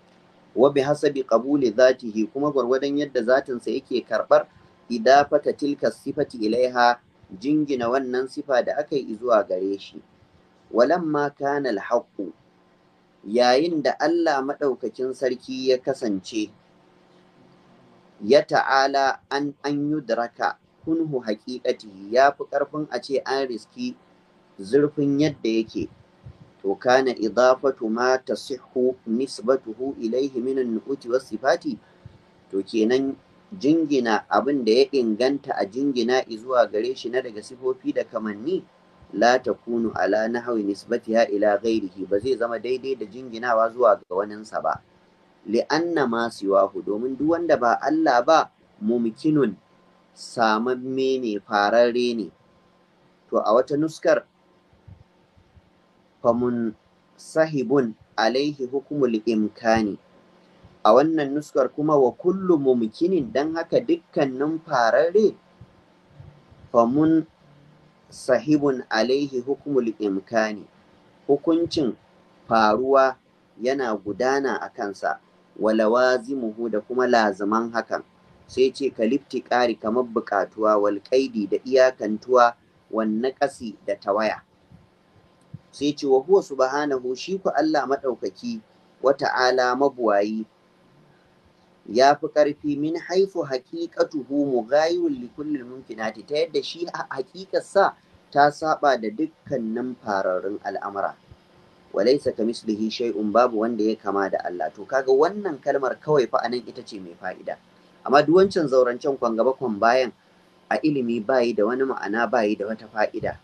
wa bi hasabi qabuli zatihi kuma gwargwadon yadda zatinsa yake karbar idafata tilka sifati ilaiha jingina wannan sifa da aka yi zuwa gare shi walamma kana alhaqu yayin da Allah madaukakin sarki ya kasance ya ta'ala an an yudraka kunhu haqiqati ya fi karfin a ce an riski zurfin yadda yake to kana idafatu ma tasihhu nisbatuhu ilaihi minan an wasu sifati to kenan jingina abin da ya inganta a jingina izuwa gare shi na daga sifofi da kamanni la kunu ala na nahwi ya ila ghairihi ba zai zama daidai da jinginawa zuwa ga waninsa ba li'anna ma siwahu domin duk wanda ba Allah ba mumkinun samamme ne fararre ne to a wata nuskar famun sahibun alaihi hukumul imkani a wannan nuskar kuma wa kullu mumkinin don haka dukkanin farare famun sahibun alaihi hukumul imkani hukuncin faruwa yana gudana a kansa walawazimuhu da kuma lazaman hakan sai ce kalifti ƙari kamar buƙatuwa walƙaidi da iyakantuwa wanne ƙasi da tawaya sai ce wa huwa subhanahu shi ku Allah maɗaukaki? Wata ala mabuwayi ya fi ƙarfi min haifu haƙiƙatuhu mu gayu likullin mumkinati ta yadda shi a haƙiƙarsa ta saba da dukkanin fararrun al'amura ka kamislihi shay'un babu wanda ya kama da Allah to kaga wannan kalmar kawai fa anan ita ce mai fa'ida amma duk wancan zaurancen kwan gaba kwan bayan a ilimi bayi da wani ma'ana bayi da wata fa'ida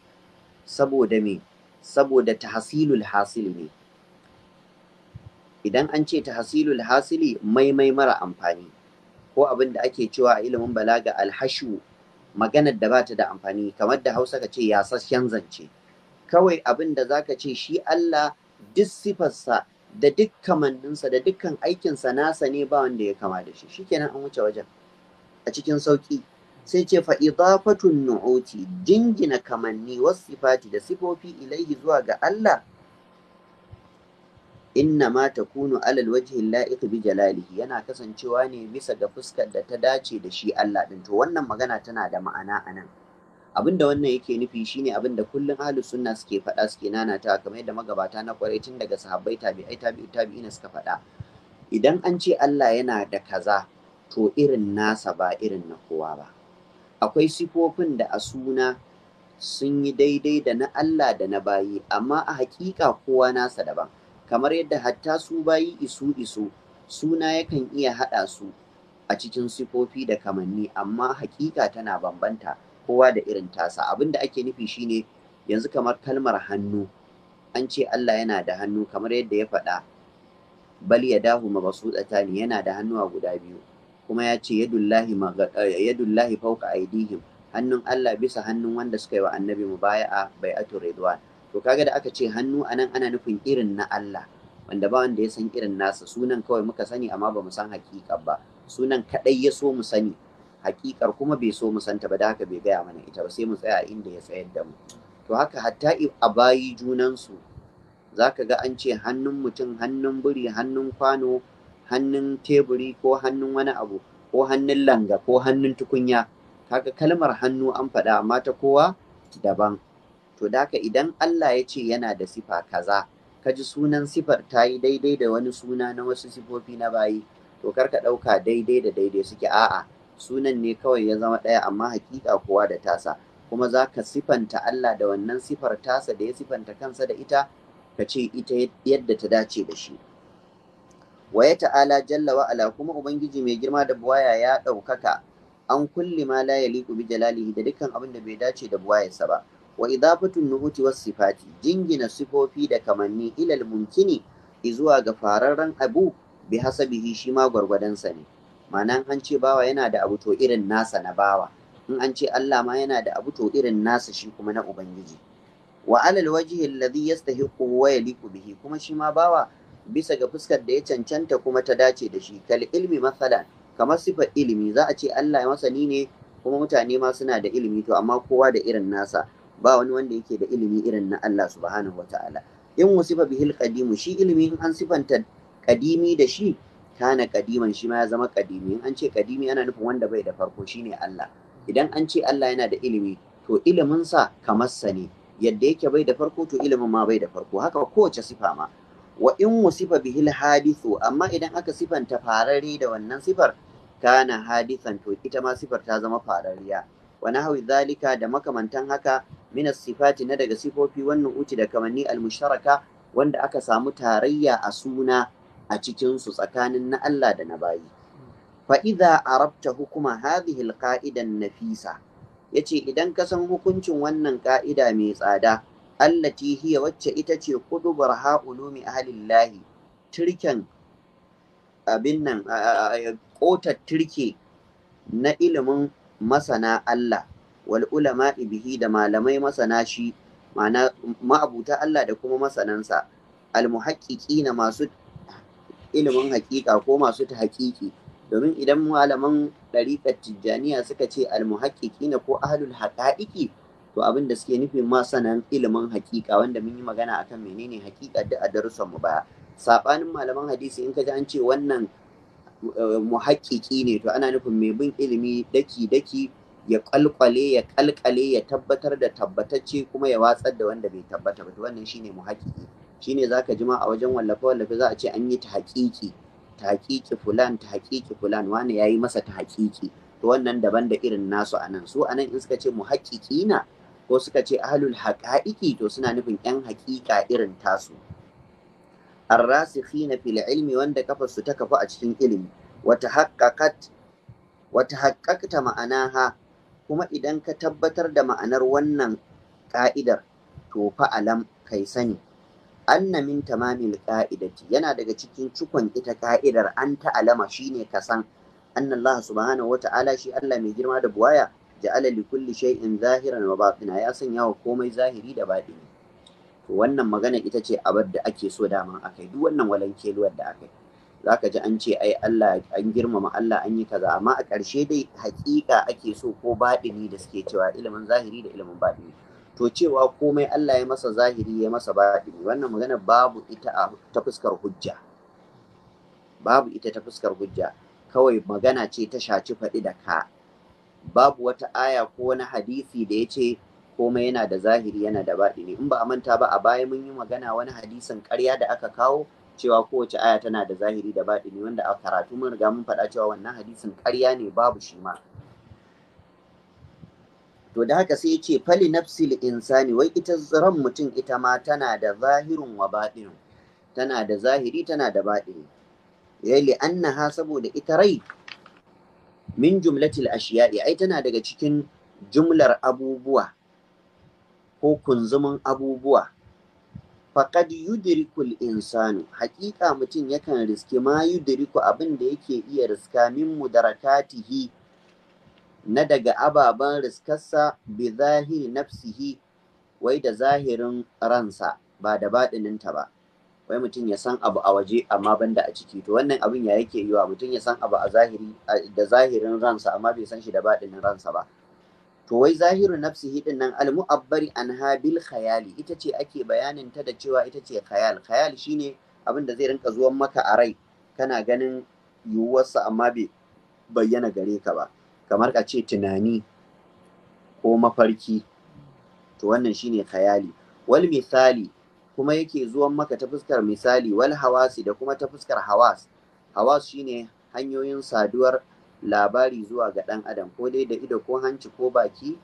saboda me saboda tahsilul hasili ne idan an ce tahsilul hasili maimai mara amfani ko abin da ake cewa a ilimin balaga alhashu maganar da bata da amfani kamar da hausa ka ce yasasshen zance kawai abin da za ka ce shi Allah duk sifarsa da duk kamanninsa da dukkan aikinsa nasa ne ba wanda ya kama da shi shikenan an wuce wajen a cikin sauki sai ce fa idafatun nu'uti jingina kamanni wasu sifati da sifofi ilaihi zuwa ga Allah inna ma kunu alal wajhi la'iq bi jalalihi yana kasancewa ne bisa ga fuskar da ta dace da shi Allah din to wannan magana tana da ma'ana a anan abinda wannan yake nufi shine abinda kullun ahli sunna suke faɗa suke nanata kamar yadda magabata na kwarai tun daga sahabbai tabi'ai tabi'u tabi'ina suka faɗa idan an ce Allah yana da kaza to irin nasa ba irin na kowa ba akwai sifofin da a suna sun yi daidai da na Allah da na bayi amma a hakika kowa nasa daban kamar yadda hatta su bayi isu isu suna yakan iya haɗa su a cikin sifofi da kamanni amma hakika tana bambanta kowa da irin tasa abin da ake nufi shine yanzu kamar kalmar hannu an ce Allah yana da hannu kamar yadda ya faɗa bal ya dahu yana da hannuwa guda biyu kuma ya ce yadullahi eh, fauka aidihim hannun Allah bisa hannun wanda suka yi wa annabi mu a bai'atu ridwan to kaga da aka ce hannu anan ana nufin irin na Allah wanda ba wanda ya san irin nasa sunan kawai muka sani amma ba mu san hakikar ba sunan kaɗai ya so mu sani hakikar kuma bai so mu santa ba da haka bai gaya mana ita ba sai mu tsaya inda ya tsayar da mu to haka hatta a bayi junansu za ka ga an ce hannun mutum hannun biri, hannun kwano hannun teburi ko hannun wani abu ko hannun langa ko hannun tukunya kaga kalmar hannu an faɗa amma ta kowa daban to daka idan Allah ya ce yana da sifa kaza ka ji sunan sifar ta yi daidai da wani suna na wasu sifofi na bayi to kar ka ɗauka daidai da daidai suke a'a sunan ne kawai ya zama ɗaya amma hakika kowa da tasa kuma za ka sifanta Allah da wannan sifar tasa da ya sifanta kansa da ita ka ce ita yadda ta dace da shi. wa ya ta'ala jalla wa ala kuma ubangiji mai girma da buwaya ya ɗaukaka an kulli ma la yaliqu bi jalalihi da dukkan abin da bai dace da buwayarsa ba wa idafatun nuhuti was sifati jingina sifofi da kamanni ilal mumkini izuwa ga fararren abu bi hasabihi shi ma gwargwadonsa ne ma'ana an ce bawa yana da abu to irin nasa na bawa in an ce Allah ma yana da abu to irin nasa shi kuma na ubangiji wa alal wajhi alladhi yastahiqu wa yaliqu bihi kuma shi ma bawa bisa ga fuskar da ya cancanta kuma ta dace da shi kal ilmi masalan kamar sifar ilimi za a ce Allah ya masani ne kuma mutane ma suna da ilimi to amma kowa da irin nasa ba wani wanda yake da ilimi irin na Allah subhanahu wataala in wasifa bihil qadimu shi ilimi in an sifanta kadimi da shi kana kadiman shi ma ya zama kadimi in an ce kadimi ana nufin wanda bai da farko shine Allah idan an ce Allah yana da ilimi to iliminsa kamar sani ne yadda yake bai da farko to ilimin ma bai da farko haka kowace sifa ma wa in wasifa bihil hadithu amma idan aka sifanta fararre da wannan sifar kana hadithan to ita ma sifar ta zama farariya wa nahwi zalika da makamantan haka min sifati na daga sifofi wannan uti da kamanni al-musharaka wanda aka samu tarayya a suna a cikin su tsakanin na Allah da na bayi fa idza arabta hukuma hadhihi al-qa'ida nafisa yace idan ka san hukuncin wannan ka'ida mai tsada allati hiya wacce ita ce kudubar ha'ulumi ahalillahi turken abin nan kotar turke na ilimin masana Allah wal ulama da malamai masana shi ma'ana ma'abuta Allah da kuma masanansa al na masu ilimin haƙiƙa ko masu ta hakiki domin idan malaman ɗariƙar tijjaniya suka ce al na ko ahlul haƙaƙiƙi? to abin da suke nufin masanan ilimin hakika wanda mun yi magana akan menene hakika da a darussan mu baya sabanin malaman hadisi in ka ji an ce wannan eh, muhakkiki ne to ana nufin mai bin ilimi daki daki ya kalkwale ya kalkale ya tabbatar da tabbatacce kuma ya watsar da wanda bai tabbata ba to wannan shine muhakkiki shine zaka ji ma a wajen wallafe wallafe za a ce an yi ta hakiki ta hakiki fulan ta hakiki fulan wani yayi masa ta hakiki to wannan daban da irin nasu anan su anan in suka ce muhakkiki na ko suka ce ahlul haqa'iqi to suna nufin yan haƙiƙa irin tasu arrasikhina fil ilmi wanda kafar su ta kafu a cikin ilimi wata haqqaqat wata haqqaqta ma'anaha kuma idan ka tabbatar da ma'anar wannan ka'idar to fa alam kai sani anna min tamamil ka'idati yana daga cikin cikon ita ka'idar an ta'alama shine ka san anna Allah subhanahu wata'ala shi Allah mai girma da buwaya ja'ala li kulli shay'in zahiran wa batina ya sanya wa komai zahiri da batini to wannan magana ita ce abar da ake so daman akai duk wannan walanke luwar da akai zaka ji an ce ai Allah an girmama Allah an yi kaza amma a ƙarshe dai haƙiƙa ake so ko batini da suke cewa ilimin zahiri da ilimin batini to cewa komai Allah ya masa zahiri ya masa batini wannan magana babu ita ta fuskar hujja babu ita ta fuskar hujja kawai magana ce ta shaci faɗi da ka babu wata aya ko wani hadisi da ya ce komai yana da zahiri yana da baɗi ne. in ba a manta ba a baya mun yi magana wani hadisin karya da aka kawo cewa kowace aya tana da zahiri da baɗi ne, wanda a karatu mun riga mun faɗa cewa wannan hadisin karya ne babu shi ma to da haka sai ya ce fali nafsil insani wai ita ran mutum ita ma tana da zahirin wa baɗin tana da zahiri tana da baɗi ne yayi li'annaha saboda ita rai min jumlatil ashiya'i ai tana daga cikin jumlar abubuwa ko kunzumin abubuwa faqad yudrikul insanu haƙiƙa mutum yakan riske ma yudriku abin da yake iya riska min mudarakatihi na daga ababen riskarsa bi zahiri nafsihi wai da zahirin ransa ba da baɗininta ba wai mutum ya san abu a waje amma banda a ciki to wannan abin ya yake yiwa mutum ya san abu a zahiri da zahirin ransa amma bai san shi da baɗinin ransa ba to wai zahirin nafsihi din nan al mu'abbari anha bil khayali ita ce ake bayanin ta da cewa ita ce khayal khayal shine abin da zai rinka zuwan maka a rai kana ganin yiwuwarsa amma bai bayyana gare ka ba kamar ka ce tunani ko mafarki to wannan shine khayali wal misali kuma yake zuwan maka ta fuskar misali wal hawasi da kuma ta fuskar hawas hawas shine hanyoyin saduwar labari zuwa ga ɗan adam ko dai da ido ko hanci ko baki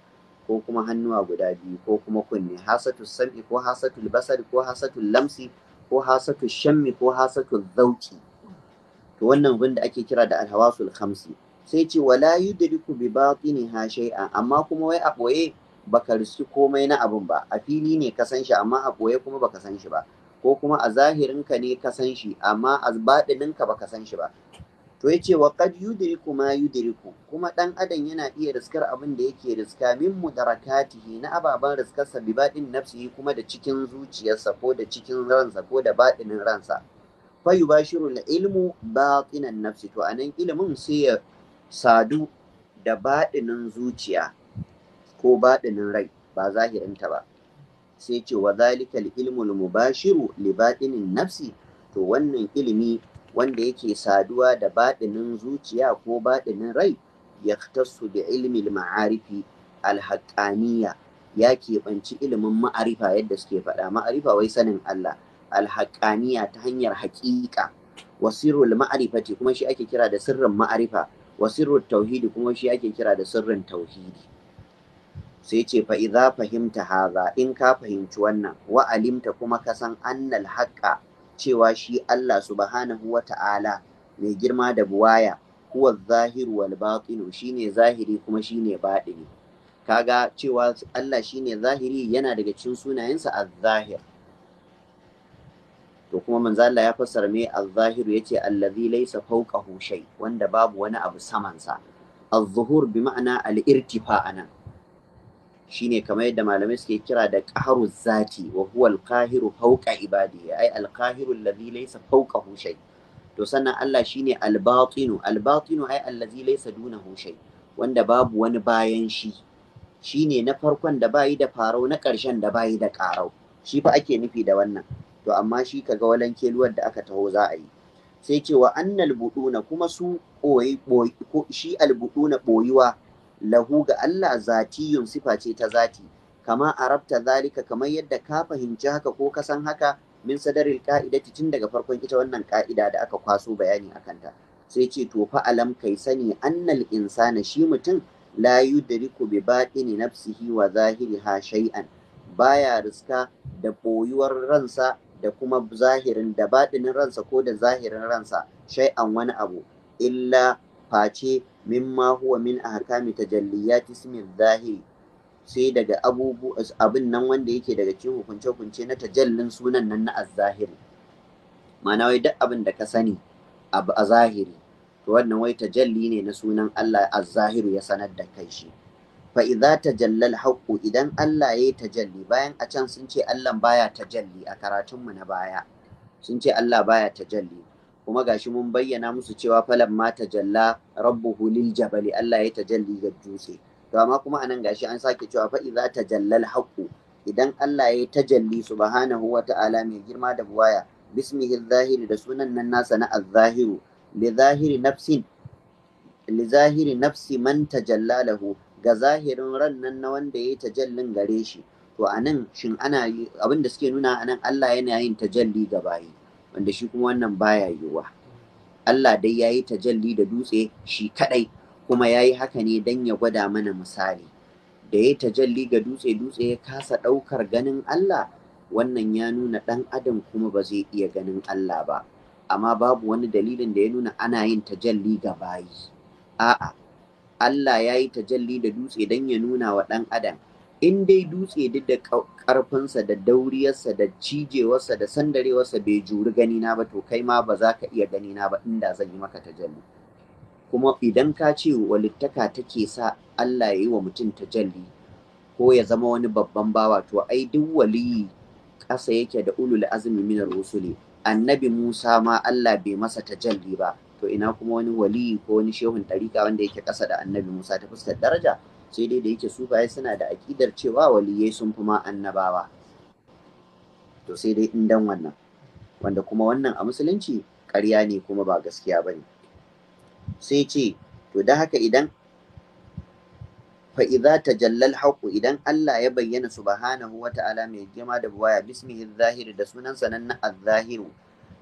ko kuma hannuwa guda biyu ko kuma kunne hasatu sam'i ko hasatu basari ko hasatu lamsi ko hasatu shammi ko hasatu zauki to wannan gun da ake kira da alhawasul khamsi sai ce wala yudriku bi ha shay'a amma kuma wai a boye baka riski komai na abin ba a fili ne ka san shi amma a ɓoye kuma baka san shi ba ko kuma a zahirinka ne ka san shi amma a baɗininka baka san shi ba to yace ce wa qad yudriku ma yudriku kuma ɗan adam yana iya riskar abin da yake riska min mudarakatihi na ababen riskarsa bi baɗin nafsihi kuma da cikin zuciyarsa ko da cikin ransa ko da baɗinin ransa fa yubashiru ilmu batinan nafsi to anan ilmin sai ya sadu da baɗinin zuciya ko baɗinin rai ba zahirinta ba sai ce wa zalika ilmul mubashiru li baɗinin nafsi to wannan ilimi wanda yake saduwa da baɗinin zuciya ko baɗinin rai ya tasu da ilmil ma'arifi alhaƙaniya ya keɓanci ilimin ma'arifa yadda suke faɗa ma'arifa wai sanin Allah alhaƙaniya ta hanyar haƙiƙa wasirul ma'arifati kuma shi ake kira da sirrin ma'arifa wasirul tauhidi kuma shi ake kira da sirrin tauhidi sai ce fa idza fahimta haza in ka fahimci wannan wa alimta kuma ka san annal haqqa cewa shi Allah subhanahu wa ta'ala mai girma da buwaya huwa zahiru wal batinu shine zahiri kuma shine batini kaga cewa Allah shine zahiri yana daga cikin sunayensa az-zahir to kuma manzo Allah ya fassara me az-zahiru yace allazi laysa fawqahu shay wanda babu wani abu samansa az-zuhur bi ma'ana al-irtifa anan shine kamar yadda malamai suke kira da qaharu zati wa huwa al-qahiru fawqa ibadihi ai al-qahiru alladhi laysa fawqahu shay to sannan Allah shine al-batinu al-batinu ai alladhi laysa dunahu shay wanda babu wani bayan shi shine na farkon da bayi da farau na ƙarshen da bayi da ƙarau shi fa ake nufi da wannan to amma shi kaga walan keluwar da aka taho za a yi sai cewa annal buduna kuma su koyi shi albuduna boyuwa lahu ga Allah zatiyun sifa ce ta zati kama arabta zalika kamar yadda ka fahimci haka ko ka san haka min sadaril ka'idati tun daga farkon ita wannan ka'ida da aka kwaso bayani akan ta sai ce to fa alam kai sani annal insana shi mutum la yudriku bi batini nafsihi wa zahiriha shay'an baya riska da boyuwar ransa da kuma zahirin da baɗinin ransa ko da zahirin ransa shay'an wani abu illa face Min huwa min ahkami tajalliyati ismi zahiri sai daga abubuwa abin nan wanda yake daga cikin hukunce-hukunce na tajallin sunan nan na az-zahiri ma'ana wai duk abin da ka sani abu a zahiri to wannan wai tajalli ne na sunan Allah Azahiru ya sanar da kai shi fa idza tajalla al-haqqu idan Allah yayi tajalli bayan a can sun ce Allah baya tajalli a karatun mu na baya sun ce Allah baya tajalli kuma gashi mun bayyana musu cewa falan ma tajalla rabbuhu lil jabali Allah ya tajalli ga dutse to amma kuma anan gashi an sake cewa fa idza tajallal haqqu idan Allah ya tajalli subhanahu wa ta'ala mai girma da buwaya bismihi zahiri da sunan nan nasa na az-zahiru li zahiri nafsin li zahiri nafsi man tajalla lahu ga zahirin ran nan na wanda ya tajallin gare shi to anan shin ana abin da suke nuna anan Allah yana yin tajalli ga bayi wanda shi kuma wannan baya yiwuwa Allah dai ya yi tajalli da dutse shi kadai kuma ya yi haka ne don ya gwada mana misali da ya tajalli ga dutse dutse ya kasa ɗaukar ganin Allah wannan ya nuna ɗan adam kuma ba zai iya ganin Allah ba amma babu wani dalilin da ya nuna ana yin tajalli ga bayi a'a Allah ya yi tajalli da dutse don ya nuna wa ɗan adam in dai dutse duk da ƙarfinsa da dauriyarsa da cijewarsa da sandarewarsa bai juri gani na ba to kai ma ba za ka iya gani na ba inda zan yi maka tajalli kuma idan ka ce walittaka take sa Allah ya yi wa mutum tajalli ko ya zama wani babban bawa to ai duk waliyi ƙasa yake da ulul azmi min rusuli annabi Musa ma Allah bai masa tajalli ba to ina kuma wani waliyi ko wani shehun ɗarika wanda yake ƙasa da annabi Musa ta fuskar daraja sai dai da yake su baya suna da aƙidar cewa waliyai sun fi ma annabawa to sai dai in dan wannan wanda kuma wannan a musulunci ƙarya ne kuma ba gaskiya ba ne sai ce to da haka idan fa'iza ta jallal haƙu idan Allah ya bayyana subhanahu wa ta'ala mai jima da buwaya bismihi zahiri da sunan sanan a azzahiru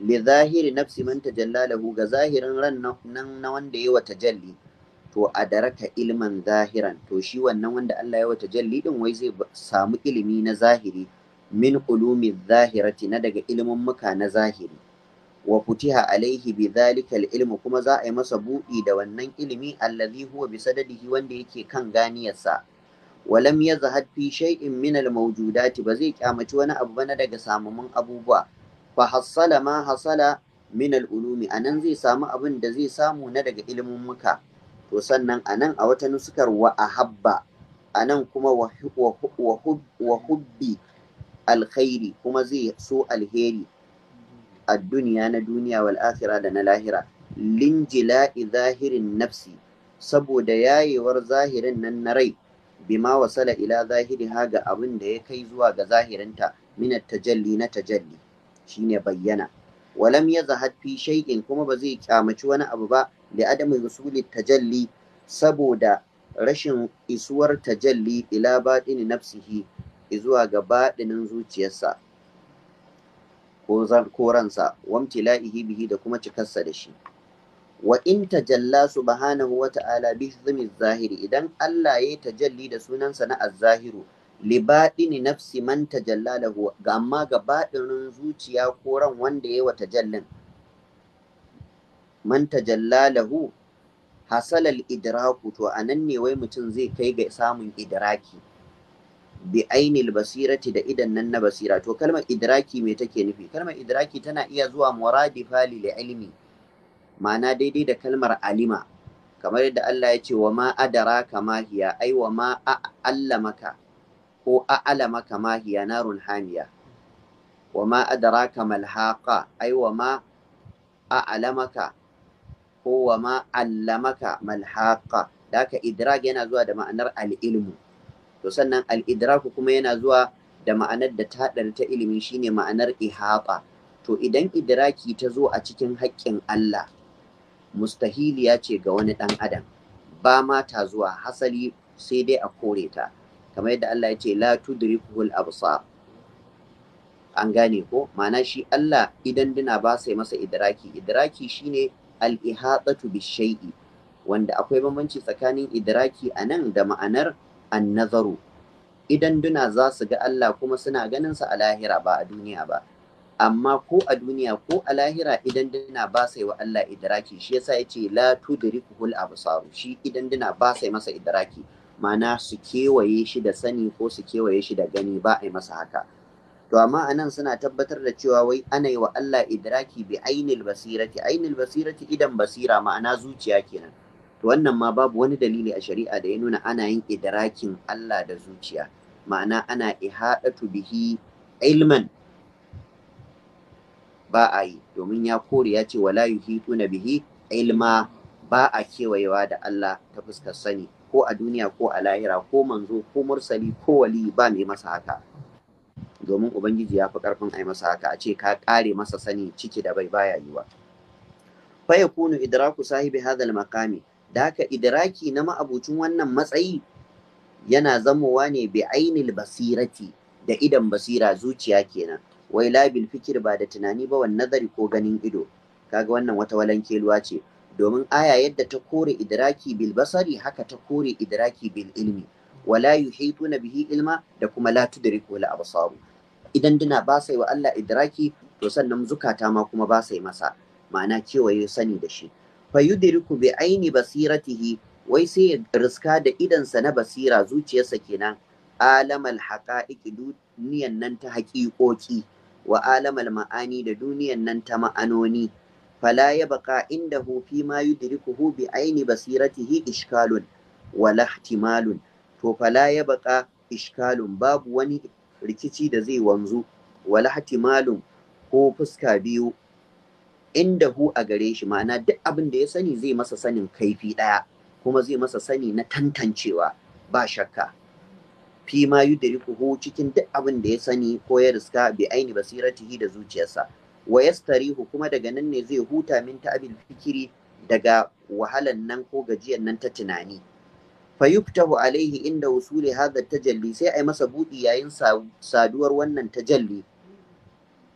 li zahiri nafsi man tajalla lahu ga zahirin ran nan na wanda ya wa tajalli to a daraka ilman zahiran to shi wannan wanda Allah ya wata jalli din wai zai samu ilimi na zahiri min ulumi zahirati na daga ilimin muka na zahiri wa futiha alaihi bi dhalika ilmu kuma za a yi masa buɗi da wannan ilimi allazi huwa bi sadadihi wanda yake kan ganiyarsa walam yazhad fi shay'in min al mawjudati ba zai kyamaci wani abu ba na daga samumin abubuwa fa hasala ma hasala min al ulumi anan zai samu abin da zai samu na daga ilimin muka to sannan a nan a wata nusukar wa habba a nan kuma wa hubbi alkhairi kuma zai so alheri a duniya na duniya wal akhira da na lahira linjila'i zahirin nafsi saboda yayewar zahirin nan na rai bima wasala ila zahiri ga abin da ya kai zuwa ga zahirinta minat tajalli na tajalli shine bayyana walam ya zahad fi kuma ba zai kyamaci wani abu ba da adamu rusuli tajalli saboda rashin isuwar tajalli ila baɗini nafsihi izuwa ga baɗinin zuciyarsa ko ransa wamtila'ihi bihi da kuma cikarsa da shi wa in tajalla subhanahu wa ta'ala bi zahiri idan Allah ya tajalli da sunansa na azzahiru libaɗini nafsi man tajalla lahu ga amma ga baɗinin zuciya ko ran wanda ya wa tajallin man tajallalahu hasalal idraku to a nan ne wai mutum zai kai ga samun idraki bi ainil basirati da idan nan na basira to kalmar idraki me take nufi kalmar idraki tana iya zuwa muradifa lil ilmi ma'ana daidai da kalmar alima kamar yadda Allah ya ce wa ma adara kama hiya ai wa ma allamaka ko a'lamaka ma hiya narun hamiya wa ma adara Kamal haqa ai wa ma a'lamaka ko wa ma allamaka malhaqa da haka idrak yana zuwa da ma'anar al'ilmu to sannan al'idrak kuma yana zuwa da ma'anar da ta haɗari ta ilimi shine ma'anar ihaba to idan idraki ta zo a cikin haƙƙin Allah mustahiliya ce ga wani ɗan adam ba ma ta zuwa hasali sai dai a kore ta kamar yadda Allah ya ce la tudrikuhul absar an gane ko ma'ana shi Allah idan dina ba sai masa idraki idraki shine al bishai'i wanda akwai bambanci tsakanin idraki a nan da ma'anar annazaru idan duna za su ga Allah kuma suna ganin sa a lahira ba a duniya ba amma ko a duniya ko a lahira idan duna ba sai wa Allah idraki shi yasa ce la tudrikuhul absaru shi idan duna ba sai masa idraki ma'ana su kewaye shi da sani ko su kewaye shi da gani ba a yi masa haka to amma anan suna tabbatar da cewa wai ana yi wa Allah idraki bi ainil basirati ainil basirati idan basira ma'ana zuciya kenan to wannan ma babu wani dalili a shari'a da ya nuna ana yin idrakin Allah da zuciya ma'ana ana ihadatu bihi ilman ba a yi domin ya kore ya ce wala na bihi ilma ba a kewayewa da Allah ta fuskar sani ko a duniya ko a lahira ko manzo ko mursali ko wali ba mai masa haka domin ubangiji ya fi karfin yi masa haka a ce ka kare masa sani ciki da bai baya yiwa fa kunu idraku sahibi hadal makami da haka idraki na ma'abucin wannan matsayi yana zamowa ne bi ainil basirati da idan basira zuciya kenan wai labil fikir ba da tunani ba wan nazari ko ganin ido kaga wannan wata walankeluwa ce domin aya yadda ta kore idraki bil basari haka ta kore idraki bil ilmi wala yuhituna bihi ilma da kuma la tudriku la absaru idan duna ba sai wa Allah idraki to sannan zukata ma kuma ba sai masa ma'ana kewaye sani da shi fa yudriku bi aini basiratihi wai sai ya riska da sa na basira zuciyarsa kenan alamal haqa'iqi duniyan nan ta haƙiƙoƙi wa alamal ma'ani da duniyan nan ta ma'anoni fala ya baka indahu fi ma yudrikuhu bi aini basiratihi ishkalun wala ihtimalun to fala ya baka ishkalun babu wani rikici da zai wanzu wala hatimalun ko fuska biyu inda hu a gare shi ma'ana duk abin da ya sani zai masa sanin kaifi ɗaya kuma zai masa sani na tantancewa ba shakka fi ma hu cikin duk abin da ya sani ko ya riska bi aini basiratihi da zuciyarsa wa yastarihu kuma daga nan ne zai huta min tabil fikiri daga wahalan nan ko gajiyan nan ta tunani fayuftahu alaihi inda wusuli hadha tajalli sai ai masa buɗi yayin saduwar wannan tajalli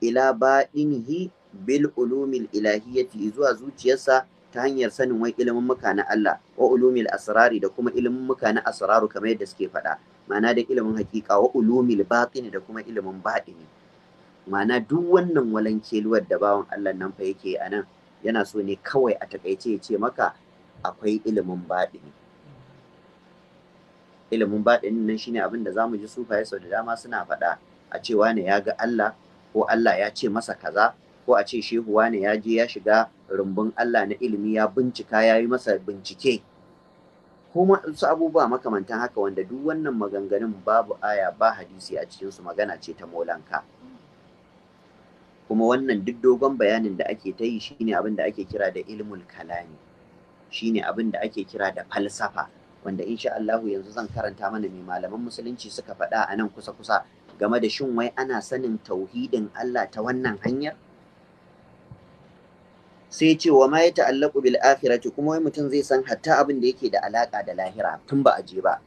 ila baɗinihi bil ulumil ilahiyyati zuwa zuciyarsa ta hanyar sanin wai ilimin muka na Allah wa ulumil asrari da kuma ilimin muka na asraru kamar yadda suke faɗa ma'ana da ilimin hakika wa ulumil batini da kuma ilimin baɗini ma'ana duk wannan walankeluwar da bawan Allah nan fa yake a nan yana so ne kawai a takaice ya ce maka akwai ilimin baɗini ilimin baɗin nan shine abin da za mu ji sufaye sau da dama suna faɗa a cewa ne ya ga Allah ko Allah ya ce masa kaza ko a ce shehu ne ya je ya shiga rumbun Allah na ilimi ya bincika ya yi masa bincike kuma su abubuwa makamantan haka wanda duk wannan maganganun babu aya ba hadisi a cikin su magana ce ta molanka kuma wannan duk dogon bayanin da ake ta yi shine abin da ake kira da ilmul kalami shine abin da ake kira da falsafa wanda insha Allahu yanzu zan karanta mana mai malaman musulunci suka faɗa a nan kusa-kusa game da shin wai ana sanin tauhidin Allah ta wannan hanyar? Sai ce wa ma ya ta'allaku bil akhirati kuma wai mutum zai san hatta abin da yake da alaka da lahira tun ba a je ba.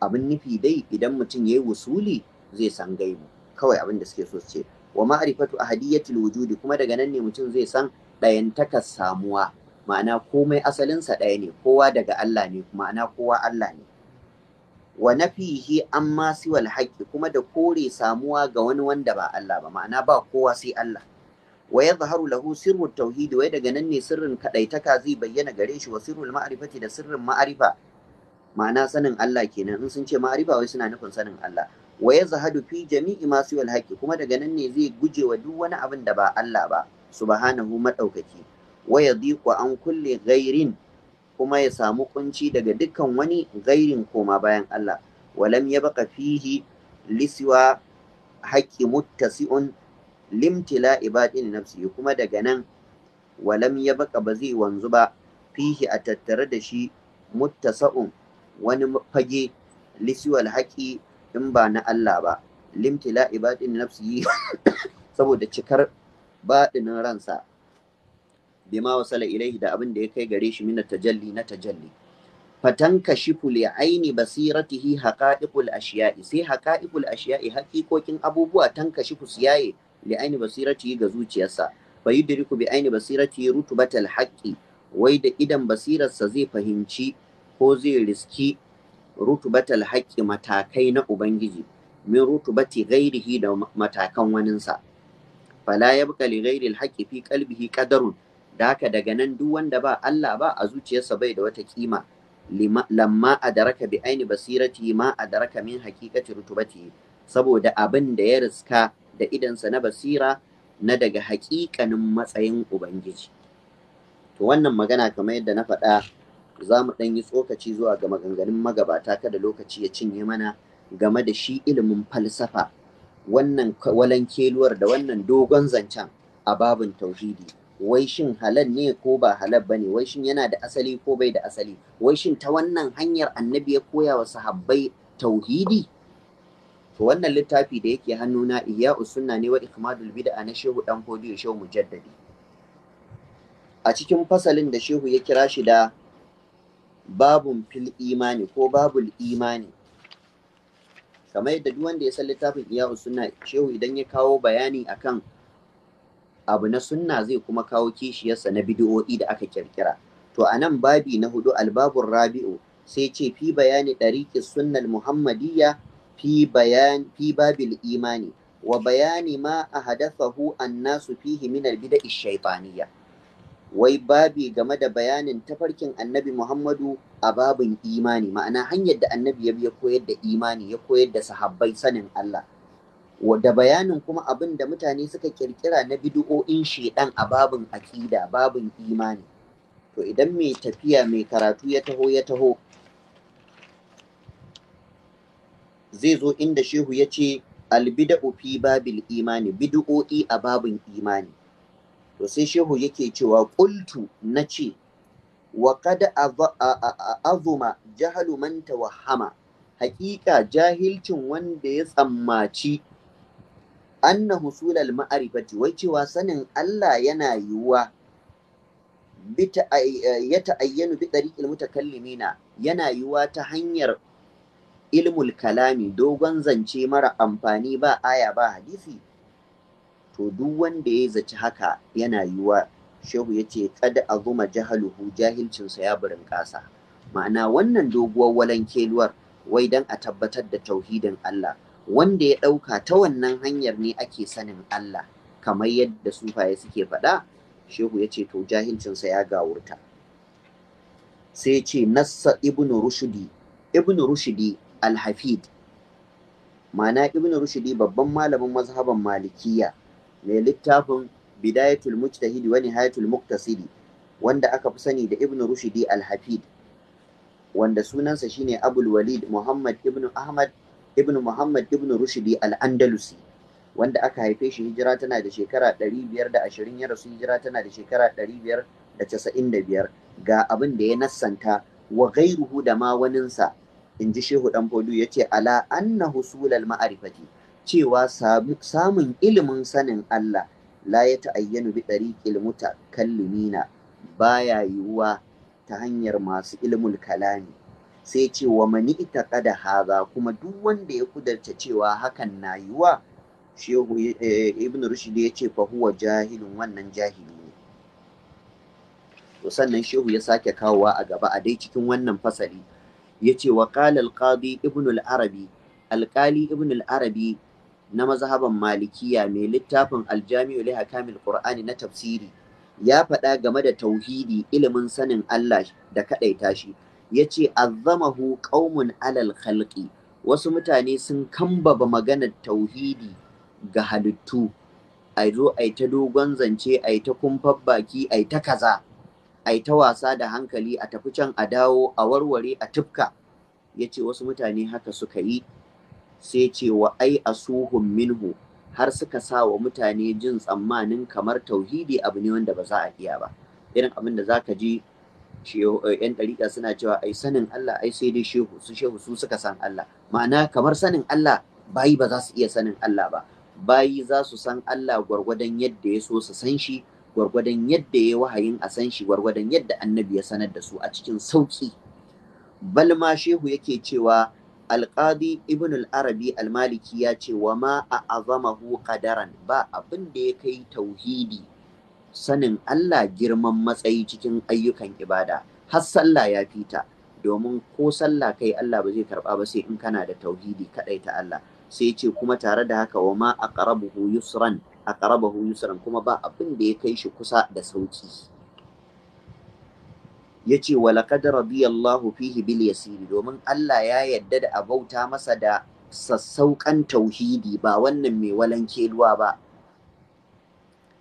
Abin nufi dai idan mutum yayi wusuli zai san gaibu kawai abin da suke so su ce wa ma'rifatu ahadiyatul wujudi kuma daga nan ne mutum zai san ɗayantakar samuwa ma'ana komai asalinsa ɗaya ne kowa daga Allah ne ma'ana kowa Allah ne wa nafihi amma siwal haqqi kuma da kore samuwa ga wani wanda ba Allah ba ma'ana ba kowa sai Allah wa yadhharu lahu sirru tauhid wai daga nan ne sirrin kadaitaka zai bayyana gare shi wa sirrul ma'rifati da sirrin ma'rifa ma'ana sanin Allah kenan in sun ce ma'rifa wai suna nufin sanin Allah wa yazhadu fi jami'i ma siwal haqqi kuma daga nan ne zai guje wa duk wani abin da ba Allah ba subhanahu madaukaki Waya yadhiqu an kulle gairin kuma ya samu kunci daga dukkan wani gairin koma bayan Allah walam ya baka fihi lisiwa haqqi muttasi'un limtila ibadin nafsi kuma daga nan walam ya ba zai wanzu ba fihi a tattare da shi muttasa'un wani fage lisiwal haƙi in ba na Allah ba limtila ibadin nafsi [COUGHS] saboda cikar baɗinin ransa bima wasala ilaihi da abin da ya kai gare shi mina tajalli na tajalli fatanka shifu li aini basiratihi haqa'iqul ashiya'i sai haqa'iqul ashiya'i haƙiƙokin abubuwa tanka shifu siyaye li aini basiratihi ga zuciyarsa fa yudriku bi aini basiratihi rutubatal haqqi wai da idan basirarsa zai fahimci ko zai riski rutubatal haqqi matakai na ubangiji min rutubati ghairihi da matakan waninsa fala yabqa li ghairi al fi qalbihi qadarun da haka daga nan duk wanda ba Allah ba a zuciyarsa bai da wata kima lamma adaraka bi aini basirati ma adaraka min haqiqati rutubati saboda abin da ya riska da idansa na basira na daga haƙiƙanin matsayin ubangiji to wannan magana kamar yadda na faɗa za mu ɗan yi tsokaci zuwa ga maganganun magabata kada lokaci ya cinye mana game da shi ilimin falsafa wannan walankeluwar da wannan dogon zancen a babin tauhidi wai shin halal ne ko ba halal bane wai shin yana da asali ko bai da asali wai shin ta wannan hanyar annabi ya koya wa sahabbai tauhidi to wannan littafi da yake hannuna iya usunna ne wa ikmadul bid'a na shehu dan fodiyo shehu mujaddadi a cikin fasalin da shehu ya kira shi da babun fil imani ko babul imani kamar yadda duk wanda ya san littafin iya usunna shehu idan ya kawo bayani akan abu na sunna zai kuma kawo kishiyarsa na bidiyo'i da aka kirkira to a nan babi na hudu albabun rabi'u sai ce fi bayani ɗariƙi sunnal muhammadiyya fi bayan imani wa bayani ma a hadafahu annasu fihi min albida'i shaytaniyya wai babi game da bayanin tafarkin annabi muhammadu a babin imani ma'ana hanyar da annabi ya ya koyar da imani ya koyar da sahabbai sanin Allah da bayanin kuma abin da mutane suka kirkira na bidu'o'in shedan a babin akida babin imani to idan mai tafiya mai karatu ya taho ya taho zai zo inda shehu ya ce albida'u fi babil imani bidu'o'i a babin imani to sai shehu yake cewa kultu na ce wa kada azuma jahalu man wahama haƙiƙa jahilcin wanda ya tsammaci anna husulal ma'arifati wai cewa sanin Allah yana yiwuwa eh, ya ta'ayyanu bi ɗariƙil mutakallimina yana yiwuwa ta hanyar ilmul kalami dogon zance mara amfani ba aya ba hadisi to duk wanda ya zaci haka yana yiwuwa shehu ya ce kada a zuma jahaluhu jahilcinsa ya burin ƙasa ma'ana wannan doguwar walan keluwar wai don a tabbatar da tauhidin Allah wanda ya ɗauka ta wannan hanyar ne ake sanin Allah kamar yadda sufaye suke faɗa shehu ya ce to jahilcinsa ya gawurta sai ce nassa Ibn rushdi Ibn rushdi al-hafid ma'ana Ibn rushdi babban malamin mazhaban malikiya mai littafin bidayatul mujtahidi wa nihayatul muqtasidi wanda aka fi sani da Ibn rushdi al-hafid wanda sunansa shine abul walid muhammad Ibn ahmad ibn Muhammad ibn Rushdi al-Andalusi wanda aka haife shi hijira tana da shekara 520 ya rasu hijira tana da shekara 595 ga abin da ya nassanta wa ghairuhu da ma waninsa in ji shehu dan fodu ya ce ala anna husulal ma'arifati cewa samun ilimin sanin Allah la ya ta'ayyanu bi tariqil mutakallimina baya yiwuwa ta hanyar masu ilmul kalami sai ce wa mani ita kada haza kuma duk wanda ya kudarta cewa hakan na yiwa shehu eh, ibn rushd ya ce fa huwa jahilun wannan jahili ne to sannan shehu ya sake kawowa a gaba a dai cikin wannan fasali ya ce wa qala al ibn al-arabi alkali ibn al-arabi na mazhaban malikiya mai littafin aljami'u li hakamil qur'ani na tafsiri ya faɗa game da tauhidi ilimin sanin Allah da kaɗaita shi ya ce azzamahu qaumun alal khalqi wasu mutane sun kambaba maganar tauhidi ga halittu a zo yi ta dogon zance yi ta kumfar baki yi ta kaza yi ta wasa da hankali a tafi can a dawo a warware a tufka ya ce wasu mutane haka suka yi sai ce wa ai asuhun minhu har suka sa wa mutane jin tsammanin kamar tauhidi abu ne wanda ba za a iya ba irin abin da za ka ji Eh, yan ɗariƙa suna cewa ai sanin Allah ai sai dai shehu su shehu su suka san Allah ma'ana kamar sanin Allah bayi ba za su iya sanin Allah ba bayi za su san Allah gwargwadon yadda ya so su san shi gwargwadon yadda ya wahayin a san shi gwargwadon yadda annabi ya sanar da su a cikin sauki balma shehu yake cewa alƙadi ibn al-arabi al-maliki ya ce wa ma a azamahu qadaran ba abin da ya kai tauhidi sanin Allah girman matsayi cikin ayyukan ibada har sallah ya fita domin ko sallah kai Allah ba zai karba ba sai in kana da tauhidi kadai ta Allah sai ce kuma tare da haka wa ma aqrabuhu yusran aqrabuhu yusran kuma ba abin da ya kai shi kusa da sauki yace wa laqad radiyallahu fihi bil yasiri domin Allah ya yadda da abauta masa da sassauƙan tauhidi ba wannan mai walanke walankeluwa ba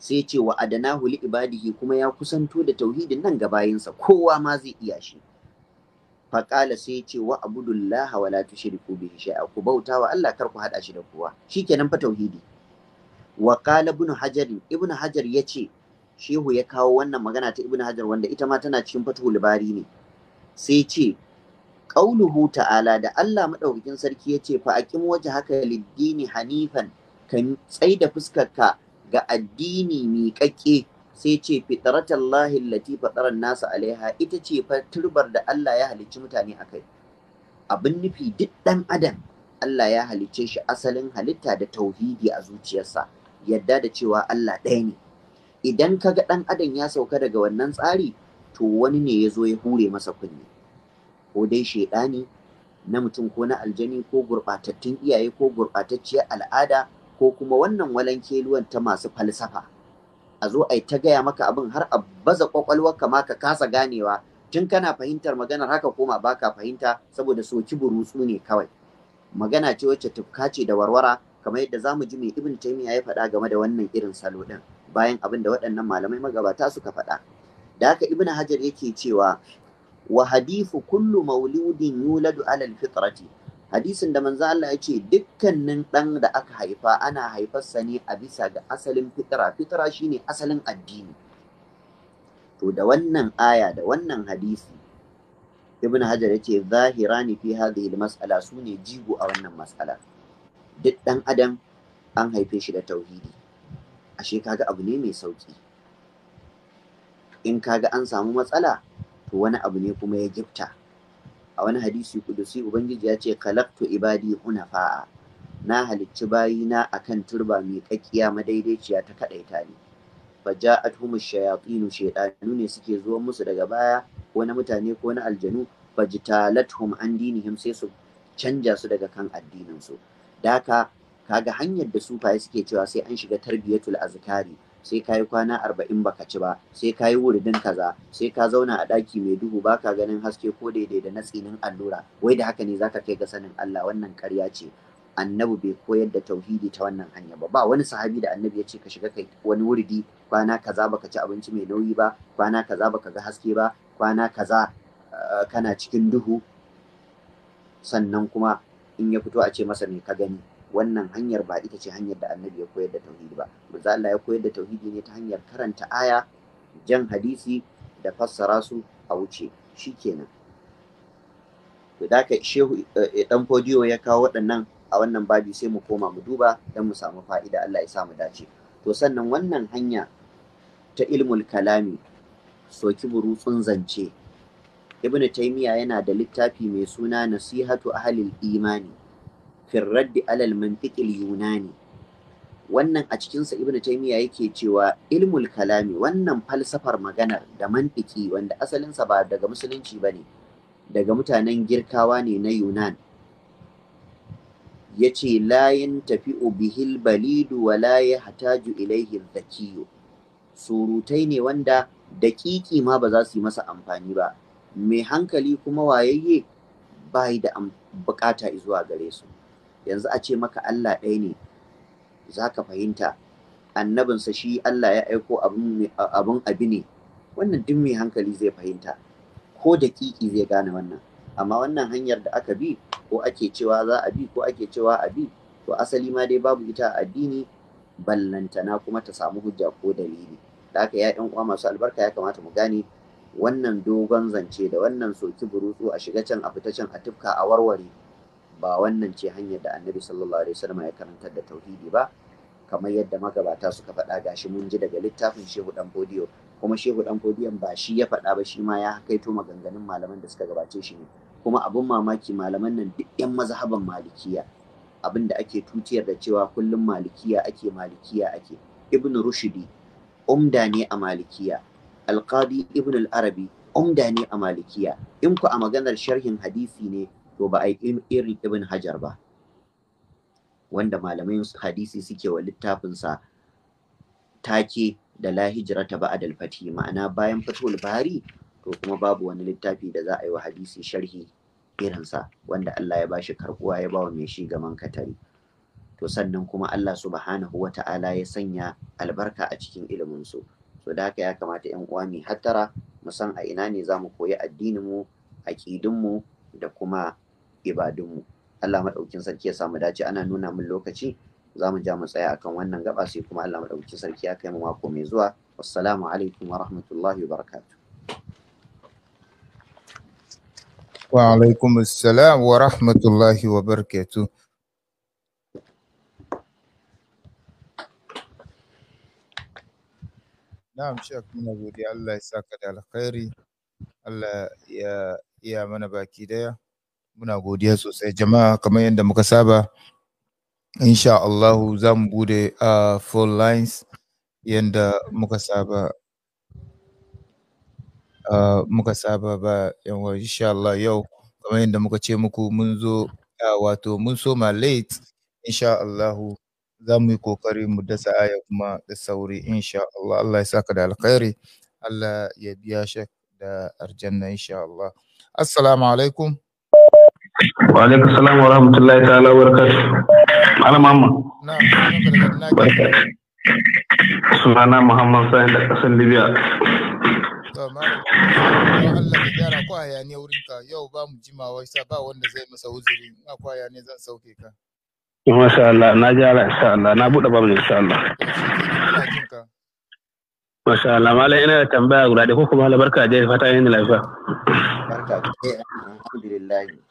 sai ce wa adanahu li ibadihi kuma ya kusanto da tauhidin nan ga bayinsa kowa ma zai iya shi faƙala sai ce wa abudullaha wala tushriku bihi shay'a ku bauta wa Allah kar ku hada shi da kowa shikenan fa tauhidi wa qala Ibn hajar ibn hajar yace shehu ya kawo wannan magana ta Ibn hajar wanda ita ma tana cikin fathul bari ne sai ce qauluhu ta'ala da Allah madaukakin sarki yace fa aqim wajhaka lid-dini hanifan kan tsaida fuskarka ga addini miƙaƙƙe sai ce lahin latifa fataran nasa alaiha ita ce fa turbar da Allah ya halicci mutane a kai. abin nufi duk ɗan adam Allah ya halicce shi asalin halitta da tauhidi a zuciyarsa yadda da cewa Allah ɗaya ne idan ka ga ɗan adam ya sauka daga wannan tsari to wani ne ya zo ya hure masa kunne ko dai shaidani na mutum ko na aljani ko gurɓatattun iyaye ko gurɓatacciyar al'ada ko kuma wannan walankeluwan ta masu falsafa a zo a ta gaya maka abin har a baza kwakwalwarka ma ka kasa ganewa tun kana fahimtar maganar haka koma baka fahimta saboda soki burutsu ne kawai magana ce wacce tufka ce da warwara kamar yadda zamu ji mai ibn taymiya ya faɗa game da wannan irin salo ɗin, bayan abin da waɗannan malamai magabata suka faɗa da haka ibn hajar yake cewa wa hadifu kullu mauludin yuladu alal fitrati hadisin da manzo Allah ya ce dukkanin ɗan da aka haifa ana haifarsa ne a bisa ga asalin fitira fitira shine asalin addini to da wannan aya da wannan hadisi ibn hajar yace zahirani fi hadhihi mas'ala sune jigo a wannan mas'ala duk ɗan adam an haife shi da tauhidi ashe kaga abu ne mai sauki in kaga an samu matsala to wani abu ne kuma ya gifta a wani hadisi kudusi ubangiji ya ce kalaktu ibadi hunafa'a na halicci bayina kan turba mai kakkiya madaidaiciya ta kadaita ne fa ja'atuhum ash-shayatin shaiɗanu ne suke zuwa musu daga baya ko na mutane ko na aljanu fa jitalathum an dinihim sai su canja su daga kan addininsu. su daka kaga hanyar da sufaye suke cewa sai an shiga tarbiyatul azkari sai ka yi kwana arba'in baka ci ba sai ka yi wuridin kaza sai ka zauna a ɗaki mai duhu ba ka ganin haske ko daidai da na tsinin allura wai da haka ne za ka kai ga sanin Allah wannan karya ce annabi bai koyar da tauhidi ta wannan hanya ba ba wani sahabi da annabi ya ce ka shiga kai wani wuridi kwana kaza ba ka ci abinci mai nauyi ba kwana kaza baka ga haske ba kwana kaza eh, kana cikin duhu sannan kuma in ya fito a ce masa me ka gani wannan hanyar ba ita ce hanyar da annabi ya koyar da tauhidi ba manzo Allah ya koyar da tauhidi ne ta hanyar karanta aya jan hadisi da fassara su a wuce shikenan to da ka shehu eh, dan fodiyo ya kawo waɗannan a wannan babi sai mu koma mu duba dan mu samu fa'ida Allah ya sa mu dace to sannan wannan hanya ta ilmul kalami soki burutsun zance ibnu taymiya yana da littafi mai suna nasihatu ahlil imani fi raddi alal mantiqil yunani wannan a cikinsa ibnu taymiya yake cewa ilmul kalami wannan falsafar maganar da mantiki wanda asalinsa ba daga musulunci ba ne daga mutanen girkawa ne na yunan ya ce layin tafi bihil balidu wa laye hataju ilaihi zakiyo surutai ne wanda daƙiƙi ma ba za su yi masa amfani ba mai hankali kuma wayayye bai da bukata zuwa gare su yanzu a ce maka Allah ɗaya ne za ka fahimta annabinsa shi Allah ya aiko abin abi ne wannan duk mai hankali zai fahimta ko da kiki zai gane wannan amma wannan hanyar da aka bi ko ake cewa za a bi ko ake cewa a bi to asali ma dai babu ita a addini ballantana kuma ta samu hujja ko dalili da haka ya uwa masu albarka ya kamata mu gane wannan dogon zance da wannan soki burutu a shiga can a fita can a tufka a warware ba wannan ce hanyar da annabi sallallahu alaihi wasallam ya karantar da tauhidi ba kamar yadda magabata suka faɗa ga shi mun ji daga littafin shehu dan fodiyo kuma shehu dan fodiyon ba shi ya faɗa ba shi ma ya kaito maganganun malaman da suka gabace shi ne kuma abun mamaki malaman nan duk yan mazhaban malikiya abin da ake tutiyar da cewa kullum malikiya ake malikiya ake ibn rushdi umda ne a malikiya alqadi ibn al-arabi umda ne a malikiya in ku a maganar sharhin hadisi ne to ba a yi irin ibn hajar ba wanda malamai hadisi suke wa littafinsa take da la hijrata ba adal fati ma'ana bayan fatul bari to kuma babu wani littafi da za a yi wa hadisi sharhi irinsa wanda Allah ya bashi karbuwa ya bawa mai shi gaman katari to sannan kuma Allah subhanahu wa ta'ala ya sanya albarka a cikin ilimin su so da haka ya kamata yan uwa mu hattara mu san a ina ne za mu koyi addinin mu aqidin mu da kuma ibadunmu Allah maɗaukin sarki ya samu dace ana nuna min lokaci za mu ja mu tsaya akan wannan gaba sai kuma Allah maɗaukin sarki ya kai mu mako mai zuwa wassalamu alaikum wa rahmatullahi wa barakatuh wa alaikum assalam wa rahmatullahi wa barakatuh na'am shek muna godiya Allah ya saka da alkhairi Allah ya iya mana baki daya muna godiya sosai jama'a kamar yadda muka saba insha Allahu za mu bude a full lines yadda muka saba muka saba ba yawa insha Allah yau kamar yadda muka ce muku mun zo wato mun so ma late insha Allahu za mu yi kokari mu dasa aya kuma da sauri insha Allah Allah ya saka da alkhairi Allah ya biya shak da arjanna insha Allah assalamu alaikum wa alaikum salam wa rahmatullahi ta'ala wa barakatuh alamamma sunana muhammad sani da kasar libya yau ba mu sa ba wanda zai masa uzuri zan sauke ka masha Allah na insha Allah na buɗe babu insha Allah masha Allah malam ina da tambaya guda da kuma malam barka da fata yin lafiya barka alhamdulillah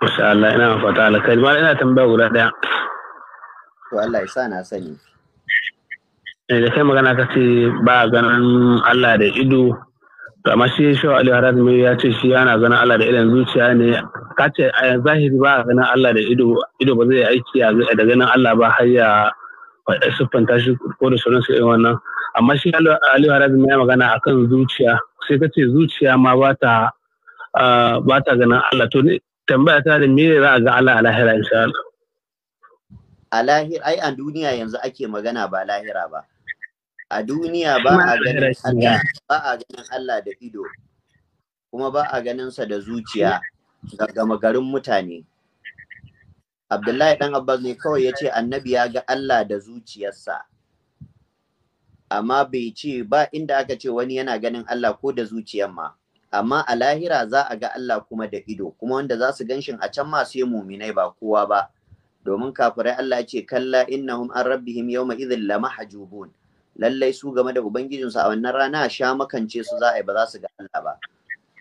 Masha Allah ina fata alkhairi ma ina tambaya guda daya. To Allah ya sa na sani. Eh da kai magana ka ce ba ganin Allah da ido to amma shi Shehu Ali Harazmi ya ce shi yana ganin Allah da idan zuciya ne ka ce a zahiri ba ganin Allah da ido ido ba zai aiki da ganin Allah ba har ya siffanta shi ko da sauransu irin wannan amma shi Ali Harazmi ya magana akan zuciya sai ka ce zuciya ma ba ta ba ta ganin Allah to tambaya ta da me za a ga Allah a lahira insha Allah a lahira ai a duniya yanzu ake magana ba lahira ba a duniya ba a ganin Allah ba a ganin Allah da ido kuma ba a ganin sa da zuciya ga garin mutane Abdullahi ɗan Abbas ne kawai ya ce annabi ya ga Allah da zuciyarsa amma bai ce ba inda aka ce wani yana ganin Allah ko da zuciyar ma amma a lahira za a ga Allah kuma da ido kuma wanda za su ganshin a can ma yi muminai ba kowa ba domin kafirai Allah ce kalla innahum an rabbihim yawma la lamahjubun lallai su game da ubangijin su a wannan rana sha makance su za a yi ba za su ga Allah ba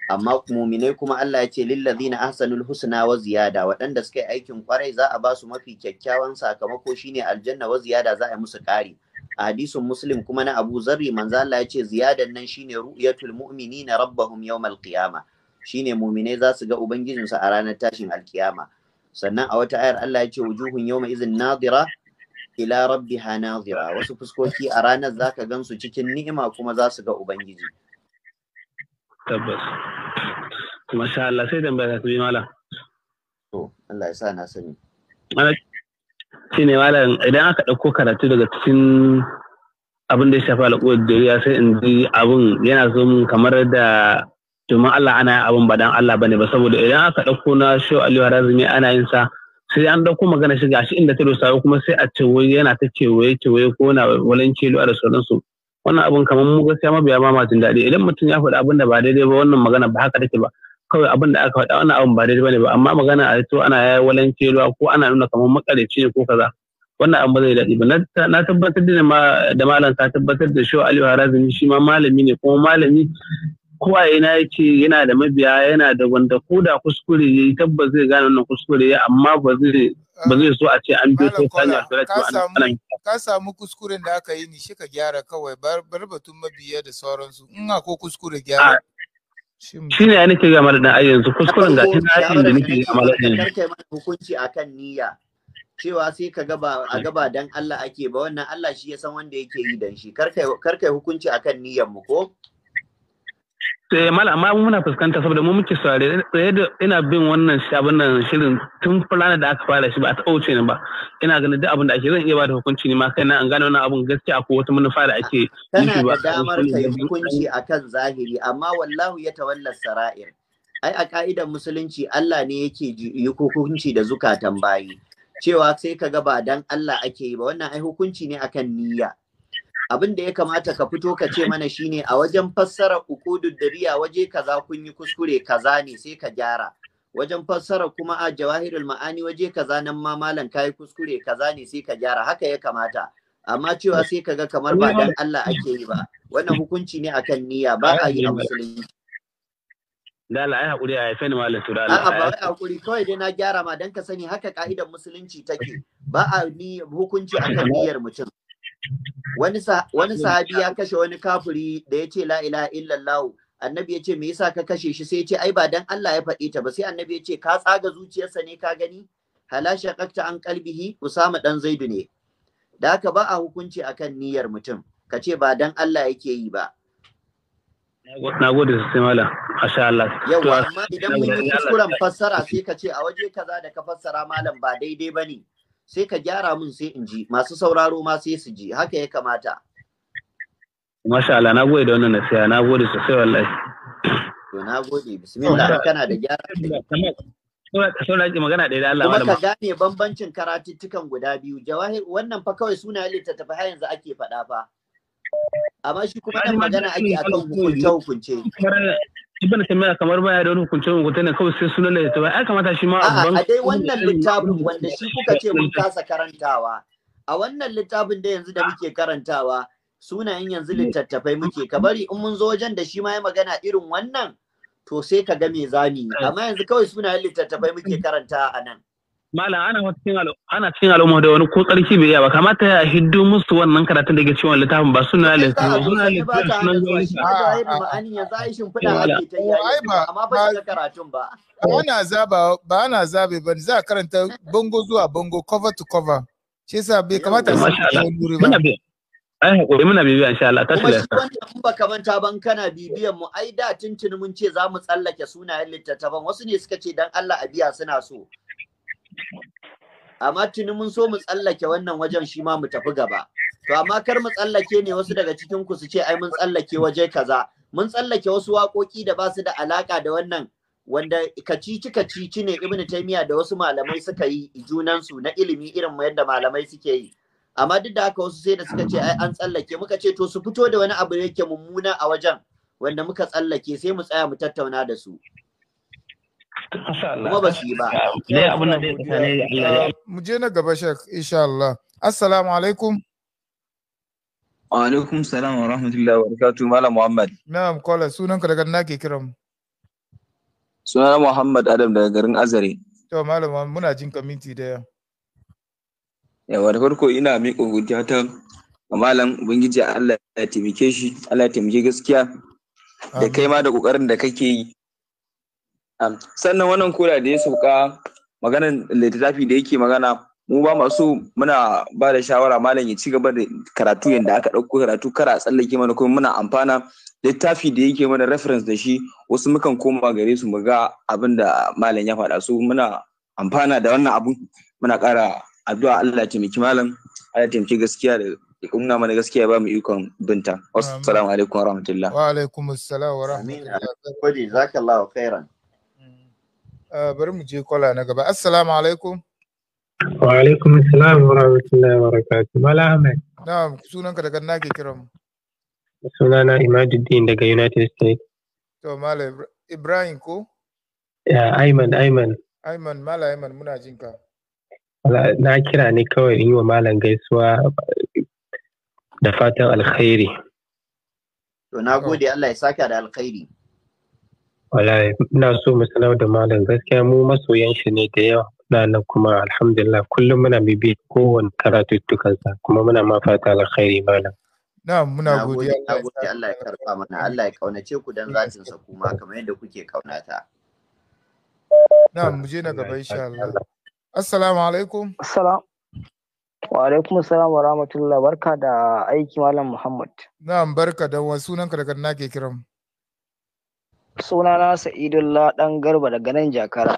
amma muminai kuma Allah ya ce lillazina ahsanul husna wa ziyada waɗanda suka yi aikin kwarai za a ba su mafi kyakkyawan sakamako shine aljanna wa ziyada za a yi musu ƙari a hadisin muslim kuma na abu zarri manzo Allah ya ce ziyadan nan shine ru'yatul mu'minina rabbahum yawmal qiyama shine mu'minai za su ga ubangijinsu a ranar tashin alkiyama sannan a wata ayar Allah ya ce wujuhun yawma izin nadira ila rabbiha nadira wasu fuskoki a ranar zaka gansu cikin ni'ima kuma za su ga ubangiji shi ne malam idan aka ɗauko karatu daga cikin abin da ya shafi alƙawar duniya sai in ji abin yana zo min kamar da domin Allah ana yin abin ba dan Allah bane ba saboda idan aka ɗauko na Shehu Aliyu Harazumi ana yin sa sai an ɗauko magana shiga shi inda ta dosa kuma sai a ce wai yana ta kewaye kewaye ko na walan kelu da sauransu wannan abin kamar mu gaskiya mabiya ba ma jin daɗi idan mutum ya faɗi abin da ba daidai ba wannan magana ba haka take ba kawai abin da aka faɗa wannan abin ba daidai bane ba amma magana a to ana walance ruwa ko ana nuna kamar makareci ne ko kaza wannan abin ba zai daɗi ba na tabbatar da da malam ka tabbatar da shi Aliyu Harazimi shi ma malami ne kuma malami kowa yana yake yana da mabiya yana da wanda ko da kuskure yayi tabbas zai gane wannan kuskure ya amma ba zai ba zai so a ce an biyo ko kanya ka samu kuskuren da aka yi ni shi ka gyara kawai bar batun mabiya da sauransu in ko kuskure gyara shi ne nake ga malamin a yanzu kuskuren ga tun yakin da nake ga malamin kar kai mana hukunci akan niyya cewa sai ka gaba a gaba dan Allah ake ba wannan Allah shi ya san wanda yake yi dan shi kar kai hukunci akan niyyar mu ko Eh malam amma muna fuskanta saboda mu muke saurare da ina bin wannan abin nan shirin tun fulana da aka fara shi ba a taɓa wuce ni ba ina ganin duk abin da ake zan iya bada hukunci ne ma kai na an gane wannan abin gaskiya ko wata manufa da ake Tana da damar ka yi hukunci akan zahiri amma wallahu ya tawalla sara'ir ai a ka'idar musulunci Allah ne yake yi hukunci da zukatan bayi cewa sai ka ga ba dan Allah ake yi ba wannan ai hukunci ne akan niyya abin da ya kamata ka fito ka ce mana shine a wajen fassara ukudud dariya waje kaza kun yi kuskure kaza ne sai ka gyara wajen fassara kuma a jawahirul ma'ani waje kaza nan ma malam kai kuskure kaza ne sai ka gyara haka ya kamata amma cewa sai kaga kamar ba dan Allah ake yi ba wannan hukunci ne akan niyya ba a yi a musulunci da Allah ai hakuri a haife ni malam tura Allah a'a ba hakuri kawai dai na gyara ma dan ka sani haka ka'idar musulunci take ba a ni hukunci akan niyyar mutum wani sahabi ya kashe wani kafuri da ya ce la ilaha annabi ya ce me yasa ka kashe shi sai ya ce ai ba dan Allah ya faɗi ta ba sai annabi ya ce ka tsaga zuciyarsa ne ka gani hala shaqaqta an qalbihi usama dan zaidu ne da haka ba a hukunci akan niyyar mutum ka ce ba dan Allah yake yi ba na gode sosai malam masha Allah yawa amma idan mun yi kuskuren fassara sai ka ce a waje kaza da ka fassara malam ba daidai bane sai ka gyara mun sai in ji masu sauraro ma sai su ji haka ya kamata Masha Allah na gode da wannan nasiha na gode sosai wallahi to na gode bismillah kana da gyara sauran magana da Allah kuma ka gane bambancin karatuttukan guda biyu jawahir wannan fa kawai suna littattafa har yanzu ake faɗa fa amma shi kuma nan magana ake akan hukunce hukunce ibn tamiya kamar baya da wani hukunce hukunce ne kawai sai sunan da ba ya kamata shi ma a dai wannan littafin wanda shi kuka ce mun kasa karantawa a wannan littafin da yanzu da ah. muke karantawa sunayen yanzu littattafai muke ka bari in mun zo wajen da shi ma ya magana irin wannan to sai ka ga me zami eh. amma yanzu kawai sunayen littattafai muke karanta a nan malam ana cikin ana cikin al'umma da wani ko tsarki bai iya ba kamata ya hiddu musu wannan karatun da ke cewa littafin ba suna da su suna da su sunan gwamnati a ba ani yanzu ai shin fada ake ta yi amma ba shi ba ba na na zabe ba za a karanta bango zuwa bango cover to cover shi yasa bai kamata su yi ba ai hakuri muna bibiya insha Allah ta tilasta kuma wanda kun baka manta ban kana bibiyan mu ai da tuntuni mun ce za mu tsallake sunayen littattafan wasu ne suka ce dan Allah a biya suna so amma tuni mun so mu tsallake wannan wajen shi ma mu tafi gaba to amma kar mu tsallake ne wasu daga cikin ku su ce ai mun tsallake waje kaza mun tsallake wasu waƙoƙi da ba su da alaka da wannan wanda kacici kacici ne ibn taymiya da wasu malamai suka yi junan su na ilimi irin yadda malamai suke yi amma duk da haka wasu sai da suka ce ai an tsallake muka ce to su fito da wani abu da yake mummuna a wajen wanda muka tsallake sai mu tsaya mu tattauna da su mu je na gaba shek insha Allah assalamu alaikum wa alaikum salam wa rahmatullahi wa barakatuh malam muhammad sunan kiran muhammad adam daga garin azare to malam muna daya yawa farko ina miƙa godiya ta malam ubangiji Allah ya taimake shi Allah ya taimake gaskiya da kai ma da kokarin da kake yi sannan wannan kura da ya sauka maganar littafi da yake magana mu ba masu muna ba da shawara malam ya ci gaba da karatu yadda aka ɗauko karatu kara a tsallake mana kuma muna amfana littafi da yake mana reference da shi wasu mukan koma gare su mu ga abin da malam ya faɗa su muna amfana da wannan abu muna ƙara addu'a Allah ya taimaki malam Allah ya taimaki gaskiya da kunna mana gaskiya ba mu ikon binta salamu alaikum wa rahmatullah wa alaikum assalam wa rahmatullah zaka Allah khairan Eh, bari mu je kwala na gaba assalamu alaikum wa alaikum assalam wa rahmatullahi wa barakatuh mala ahmed na'am sunanka daga nake ke kiran sunana imaduddin daga united states to mala ibrahim ko ya Ayman, Ayman. ayman mala ayman muna jin ka na kira ne kawai in yi wa malam gaisuwa da fatan alkhairi to na gode Allah ya saka da alkhairi Wallahi ina so mu sanar da malam gaskiya mu masoyan shi ne da yawa. Na nan kuma alhamdulillah kullum muna bibi kowane karatuttukansa kuma muna ma fata alkhairi malam. Na muna godiya Allah ya karfa mana Allah ya kaunace ku dan zatin sa [LAUGHS] kuma kamar yadda kuke kaunata. Na mu je na gaba insha Allah. Assalamu alaikum. Assalam. Wa alaikum assalam wa rahmatullah barka da aiki malam Muhammad. Na barka da wa sunanka daga ke kiran. sunana Sa'idullah dan Garba daga nan Jakara.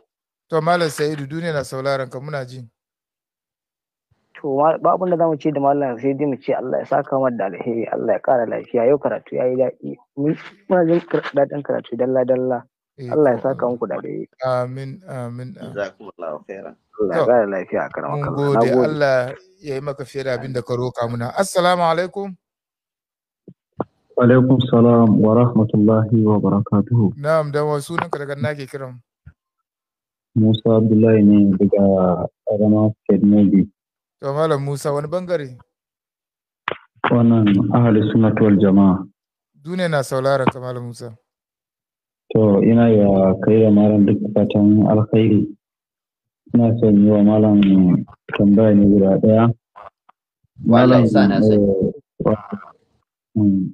To Malam Sa'idu duniya na sauraron ka muna ji. To babu da zamu ce da Malam sai dai mu ce Allah ya saka mu da alheri Allah ya kara lafiya yau karatu yayi daɗi muna jin daɗin karatu dalla dalla. Eh, Allah ya saka muku da alheri. Amin amin. Jazakumullahu khairan. Allah ya kara lafiya a karamar Allah. Mun Allah ya yi maka fiye da abin da ka roka muna. Assalamu alaikum. Alaikum salam wa rahmatullahi wa barakatuhu. Na'am, da wasu nan ka daga nake kiran. Musa Abdullahi ne daga Adama State Navy. To Malam Musa wani bangare? Wannan ahali suna wal jama'a. Dune na sauraron ka Malam Musa. To ina ya kai da malam duk fatan alkhairi. Ina son yi wa malam tambaya ne guda ɗaya. Malam sa na Mm.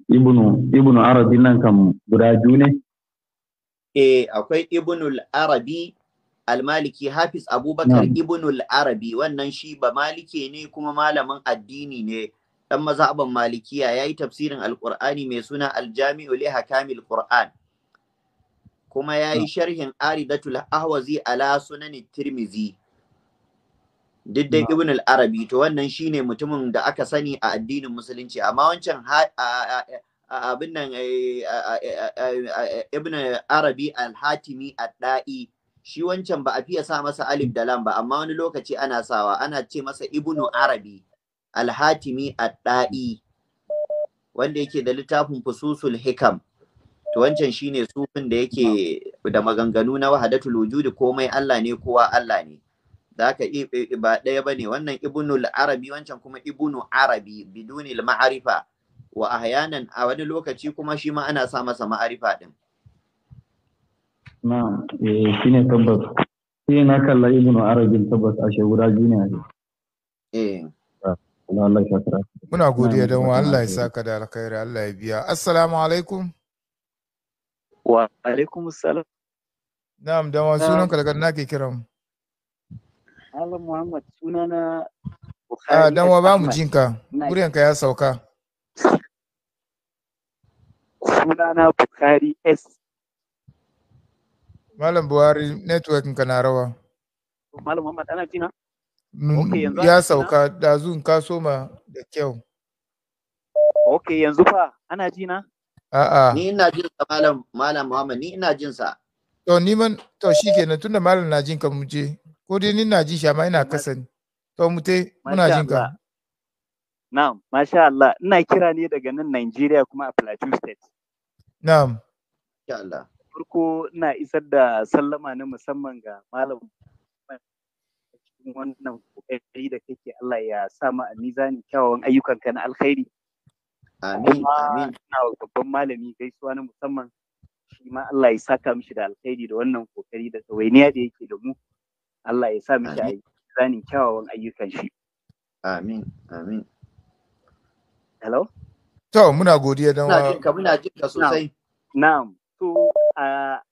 ibnu arabi nan kam guda biyu ne eh akwai Ibnu arabi maliki hafiz abubakar ibnul arabi wannan shi ba maliki ne kuma malamin addini ne dan abin malikiya ya yi tafsirin Al-Qur'ani mai suna aljami'u li hakamil qur'an kuma yi sharhin aridatul ahwazi ala sunan tirmizi duk dai ibn al-arabi to wannan shine mutumin da aka sani a addinin musulunci amma wancan abin nan eh, ibn arabi al-hatimi ad-da'i shi wancan ba a fiye sa masa alif da lam ba amma wani lokaci ana sawa ana ce masa ibnu arabi al-hatimi ad-da'i wanda yake da littafin fususul hikam to wancan shine sufin da yake da maganganu na wahadatul wujudi komai Allah ne kowa Allah ne da haka eh, ba ɗaya ba ne wannan ibnul arabi wancan kuma ibnu arabi bidunil ma'arifa wa ahyanan a wani lokaci kuma shi ma ana sa masa ma'arifa din na'am eh shine tabbas shi na kalla ibnu arabi tabbas a guda jini a eh muna godiya don Allah ya ka da alkhairi Allah ya biya kiran Malam Muhammad sunana ah, Bukhari. Ah, dan wa ba mu jinka. Muryanka ya sauka. Sunana Bukhari S. Malam Buhari network ka na rawa. Malam Muhammad ana jina? Mm, ya sauka da zun ka soma da kyau. Ok, yanzu fa ana jina? A'a. Ni ina jin sa Malam Malam Muhammad ni ina jin sa. To ni man to shikenan tunda Malam na jin ka mu je. ko dai ni na jin shi amma ina kasan to mutai muna jin ka na'am masha Allah ina kira ne daga nan Nigeria kuma a Plateau State na'am insha Allah farko ina isar da sallama na musamman ga malam cikin wannan kokari da kake Allah ya sa mu a mizani kyawawan ka na alkhairi amin amin ina babban malami gaisuwa na musamman shi ma Allah ya saka mishi da alkhairi da wannan kokari da tsawainiya da yake da mu Allah ya sa miki a zanin kyawawan ayyukan shi amin amin hello to muna godiya dan wa ka muna jin ka sosai na'am to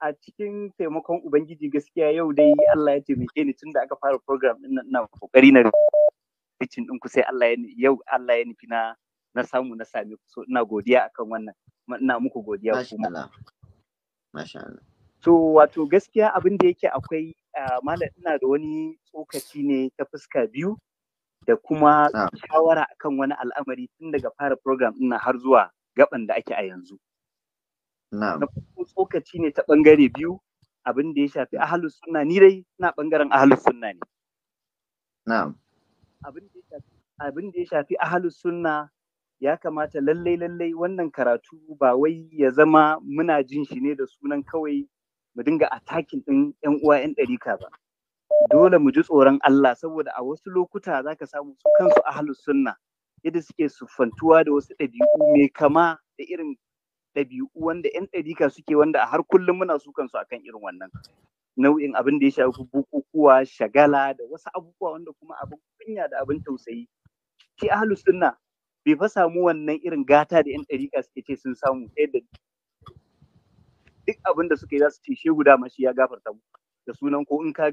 a cikin taimakon ubangiji gaskiya yau dai Allah ya taimake ni tunda aka fara program din nan na kokari na din ku sai Allah ya yau Allah ya nufi na na samu na same ku so ina godiya akan wannan ina muku godiya kuma masha Allah to wato gaskiya abin da yake akwai Eh, malam ina da wani tsokaci ne ta fuska biyu da kuma ah. shawara akan wani al'amari tun daga fara program ina har zuwa gaban da ake a yanzu. Na tsokaci ne ta ɓangare biyu abin da ya shafi ahalus sunna ni dai na ɓangaren ahalus sunna ne. Abin da ya shafi ahalus sunna ya kamata lallai lallai wannan karatu ba wai ya zama muna jin shi ne da sunan kawai mu dinga attacking ɗin yan uwa yan ɗarika ba dole mu ji tsoron Allah saboda a wasu lokuta za ka samu su kansu ahlus sunna yadda suke siffantuwa da wasu ɗabi'u mai kama da irin ɗabi'u wanda 'yan ɗarika suke wanda a har kullum muna su kansu akan irin wannan nau'in abin da ya shafi bukukuwa shagala da wasu abubuwa wanda kuma abin kunya da abin tausayi shi ahlus sunna bai fa samu wannan irin gata da 'yan ɗarika suke ce sun samu ta yadda duk abin da suka yi za su ce guda ma shi ya gafarta mu da sunan ko in ka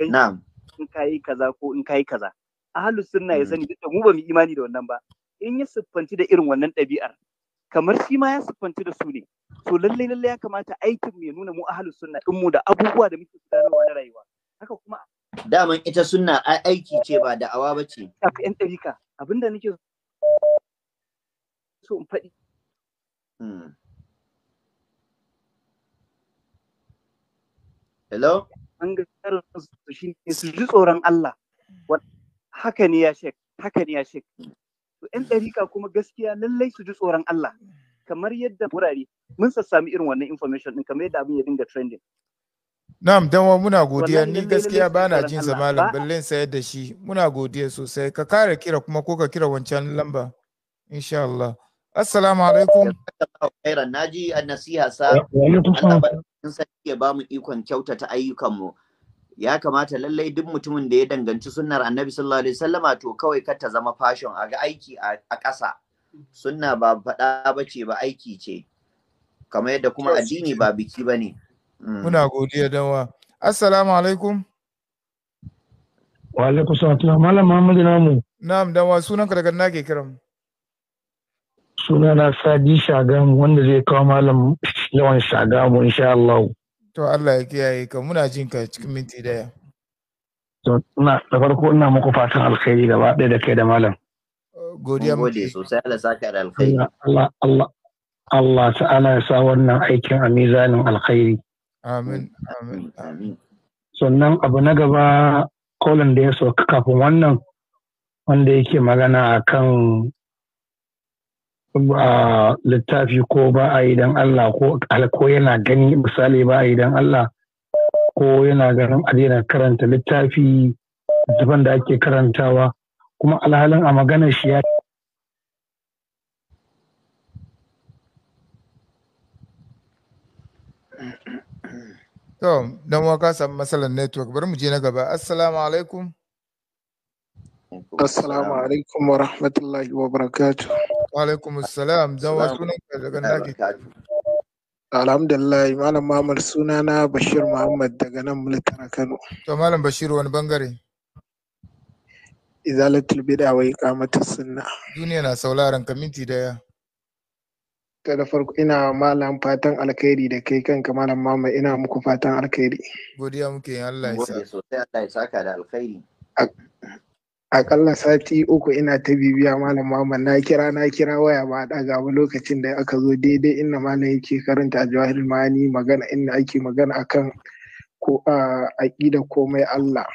na'am in kai kaza ko in ka kaza ahlus sunna ya mm. sani duk mu ba mu imani da wannan ba in ya siffanci da irin wannan ɗabi'ar kamar shi ma ya siffanci da su ne to lallai lallai ya kamata aikin mu ya nuna mu ahlus sunna din mu da abubuwa da muke gudanarwa na rayuwa haka kuma daman ita sunna aiki ce ba da'awa ba ce yan abinda nake so in faɗi. Hmm. Hello? An ga tsarin su shi ne su ji tsoron Allah. Haka ne ya shek, haka ne ya shek. To ‘yan ɗarika kuma gaskiya lallai su ji tsoron Allah. Kamar yadda wurare mun sassami irin wannan information ɗin kamar yadda abin ya dinga trending. Na'am, dan wa muna godiya ni gaskiya ba na jin sa malam ballen sayar da shi. Muna godiya sosai. Ka kare kira kuma ko ka kira wancan lamba. Insha Allah. Assalamu alaikum. Khairan naji nasiha sa. Allah ba sarki ya mu ikon kyautata ayyukanmu. Ya kamata lallai duk mutumin da ya danganci sunnar Annabi sallallahu alaihi wasallama to kawai kar ta zama fashion a ga aiki a ƙasa. Sunna ba faɗa ba ce ba aiki ce. Kamar yadda kuma addini ba biki ba ne. Mm. Muna godiya dawa. Assalamu alaikum. Wa alaikum salam. Malam Muhammad Namu. Na'am wa sunanka daga na ke kiran. sunana sadi shagamu wanda zai kawo malam lawan shagamu insha Allah. To Allah ya kiyaye ka muna jin ka cikin minti daya. To na da farko ina muku fatan alkhairi gaba ɗaya da kai da malam. Godiya muke. gode sosai Allah saka da alkhairi. Allah Allah Allah ta'ala ya sa wannan aikin a mizanin alkhairi. Amin amin amin. Sannan abu na gaba kolin da ya sauka kafin wannan wanda yake magana akan littafi ko ba a yi don Allah ko yana gani misali ba a yi don Allah ko yana ganin a daina karanta littafi zuban da ake karantawa kuma alhalin a maganar shi ya To, dan waka samu matsalar network bari mu je na gaba. Assalamu alaikum. Assalamu alaikum wa rahmatullahi wa barakatuh. وعليكم السلام assalam dan wa sunan Alhamdulillah Malam Muhammad sunana Bashir Muhammad daga nan mulkin Kano. To Malam Bashir wani bangare? Izalatul bid'a wa iqamatus sunna. Duniya na sauraron ka minti daya. ta da farko ina malam fatan alkhairi da kai kanka malam mama ina muku fatan alkhairi godiya muke yin Allah ya sa sosai Allah ya saka da alkhairi akalla sati uku ina ta bibiya malam mama na kira na kira waya ba daga ba lokacin da aka zo daidai inda malam yake karanta a jawahir mani magana inda ake magana akan ko a aqida komai Allah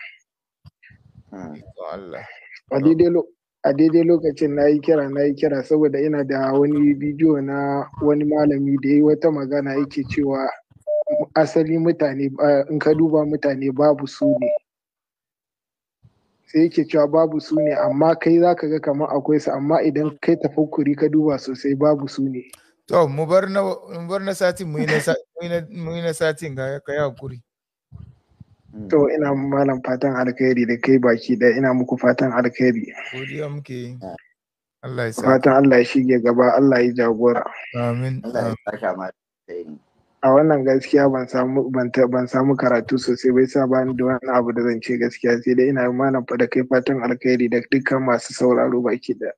a daidai lokacin na yi kira na yi kira saboda ina da wani bidiyo na wani malami da ya yi wata magana yake cewa asali mutane in ka duba mutane babu su ne sai yake cewa babu su ne amma kai za ka ga kamar akwai su amma idan kai tafakkuri ka duba sosai babu su ne. To mu bar na satin mu yi na satin ga yi hakuri. To ina malam fatan alkhairi da kai baki da ina muku fatan alkhairi. Godiya muke yi. Allah ya sa. Fatan Allah ya shige gaba Allah ya jagora. Amin. Allah ya saka ma. a wannan gaskiya ban samu ban samu karatu sosai bai sa bani da wani abu da zan ce gaskiya sai dai ina malam da kai fatan alkhairi da dukkan masu sauraro baki da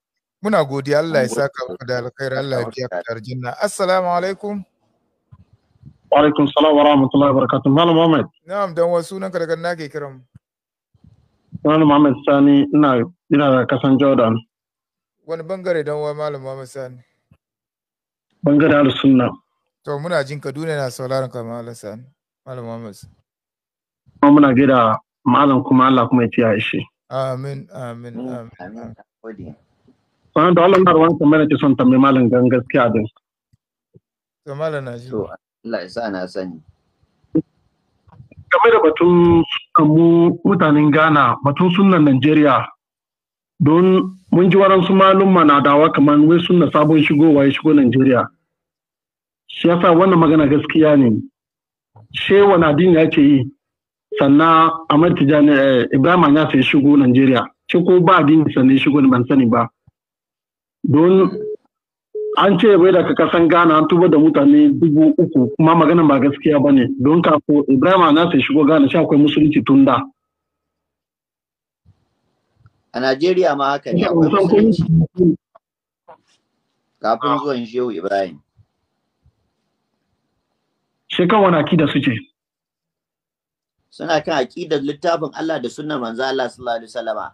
muna godiya Allah ya saka ku da alkhairi Allah ya biya ku da aljanna assalamu alaikum wa alaikum salam wa rahmatullahi wa barakatuh malam Muhammad na'am dan wasu nan ka daga na ke kiran malam Muhammad Sani ina ina kasan Jordan wani bangare dan wa malam Muhammad Sani bangare al-sunna To muna jin Kaduna na sauraron ka Malam Sani. Kuma muna malam kuma Allah kuma ya ciya shi. Amin amin amin. da Allah na ruwan kamar ce son malam gan gaskiya din. To malam na ji. To Allah ya sa na sani. Game da batun uh, mu mutanen Ghana batun sunan Najeriya don mun ji waransu malumma na dawa kamar wai sunna sabon shigowa ya shigo Najeriya. shi yasa wannan magana gaskiya ne she wani ya ce yi sannan Ahmad Tijani eh, Ibrahim ya sai shigo Najeriya shi ko ba addini sannan shigo ban sani ba don an ce bai daga kasan Ghana an tuba da mutane dubu uku kuma magana ba gaskiya ba ne don kafo Ibrahim ya sai shigo Ghana shi akwai musulunci tun da. A Najeriya ma haka ne Kafin zuwan Shehu Ibrahim. sai kan wani akida suke suna kan akidar littafin Allah da sunnar manzo Allah sallallahu alaihi wasallama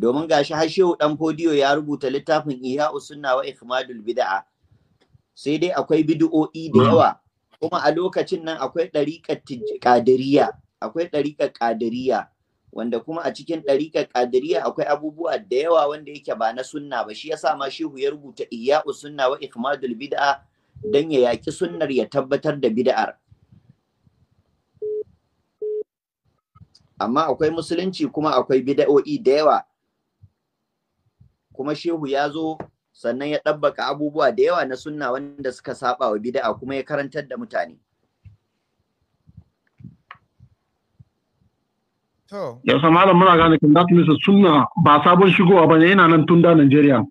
domin gashi har Shehu ɗan Fodiyo ya rubuta littafin Ihya Sunna wa Ikhmadul Bid'a sai dai akwai bid'o'i da yawa kuma a lokacin nan akwai ɗariƙar Qadiriyya akwai ɗariƙar Qadiriyya wanda kuma a cikin ɗariƙar Qadiriyya akwai abubuwa da yawa wanda yake ba na sunna ba shi yasa ma Shehu ya rubuta Ihya Sunna wa Ikhmadul Bid'a dan ya yaki sunnar ya tabbatar da bid'ar amma akwai musulunci kuma akwai bida'o'i da yawa kuma shehu ya zo sannan ya ɗabbaka abubuwa da yawa na sunna wanda suka saba wa bida'a kuma ya karantar da mutane Ya sa malam muna gane kandatunisa sunna ba sabon shigowa ba ne yana nan tun da Najeriya.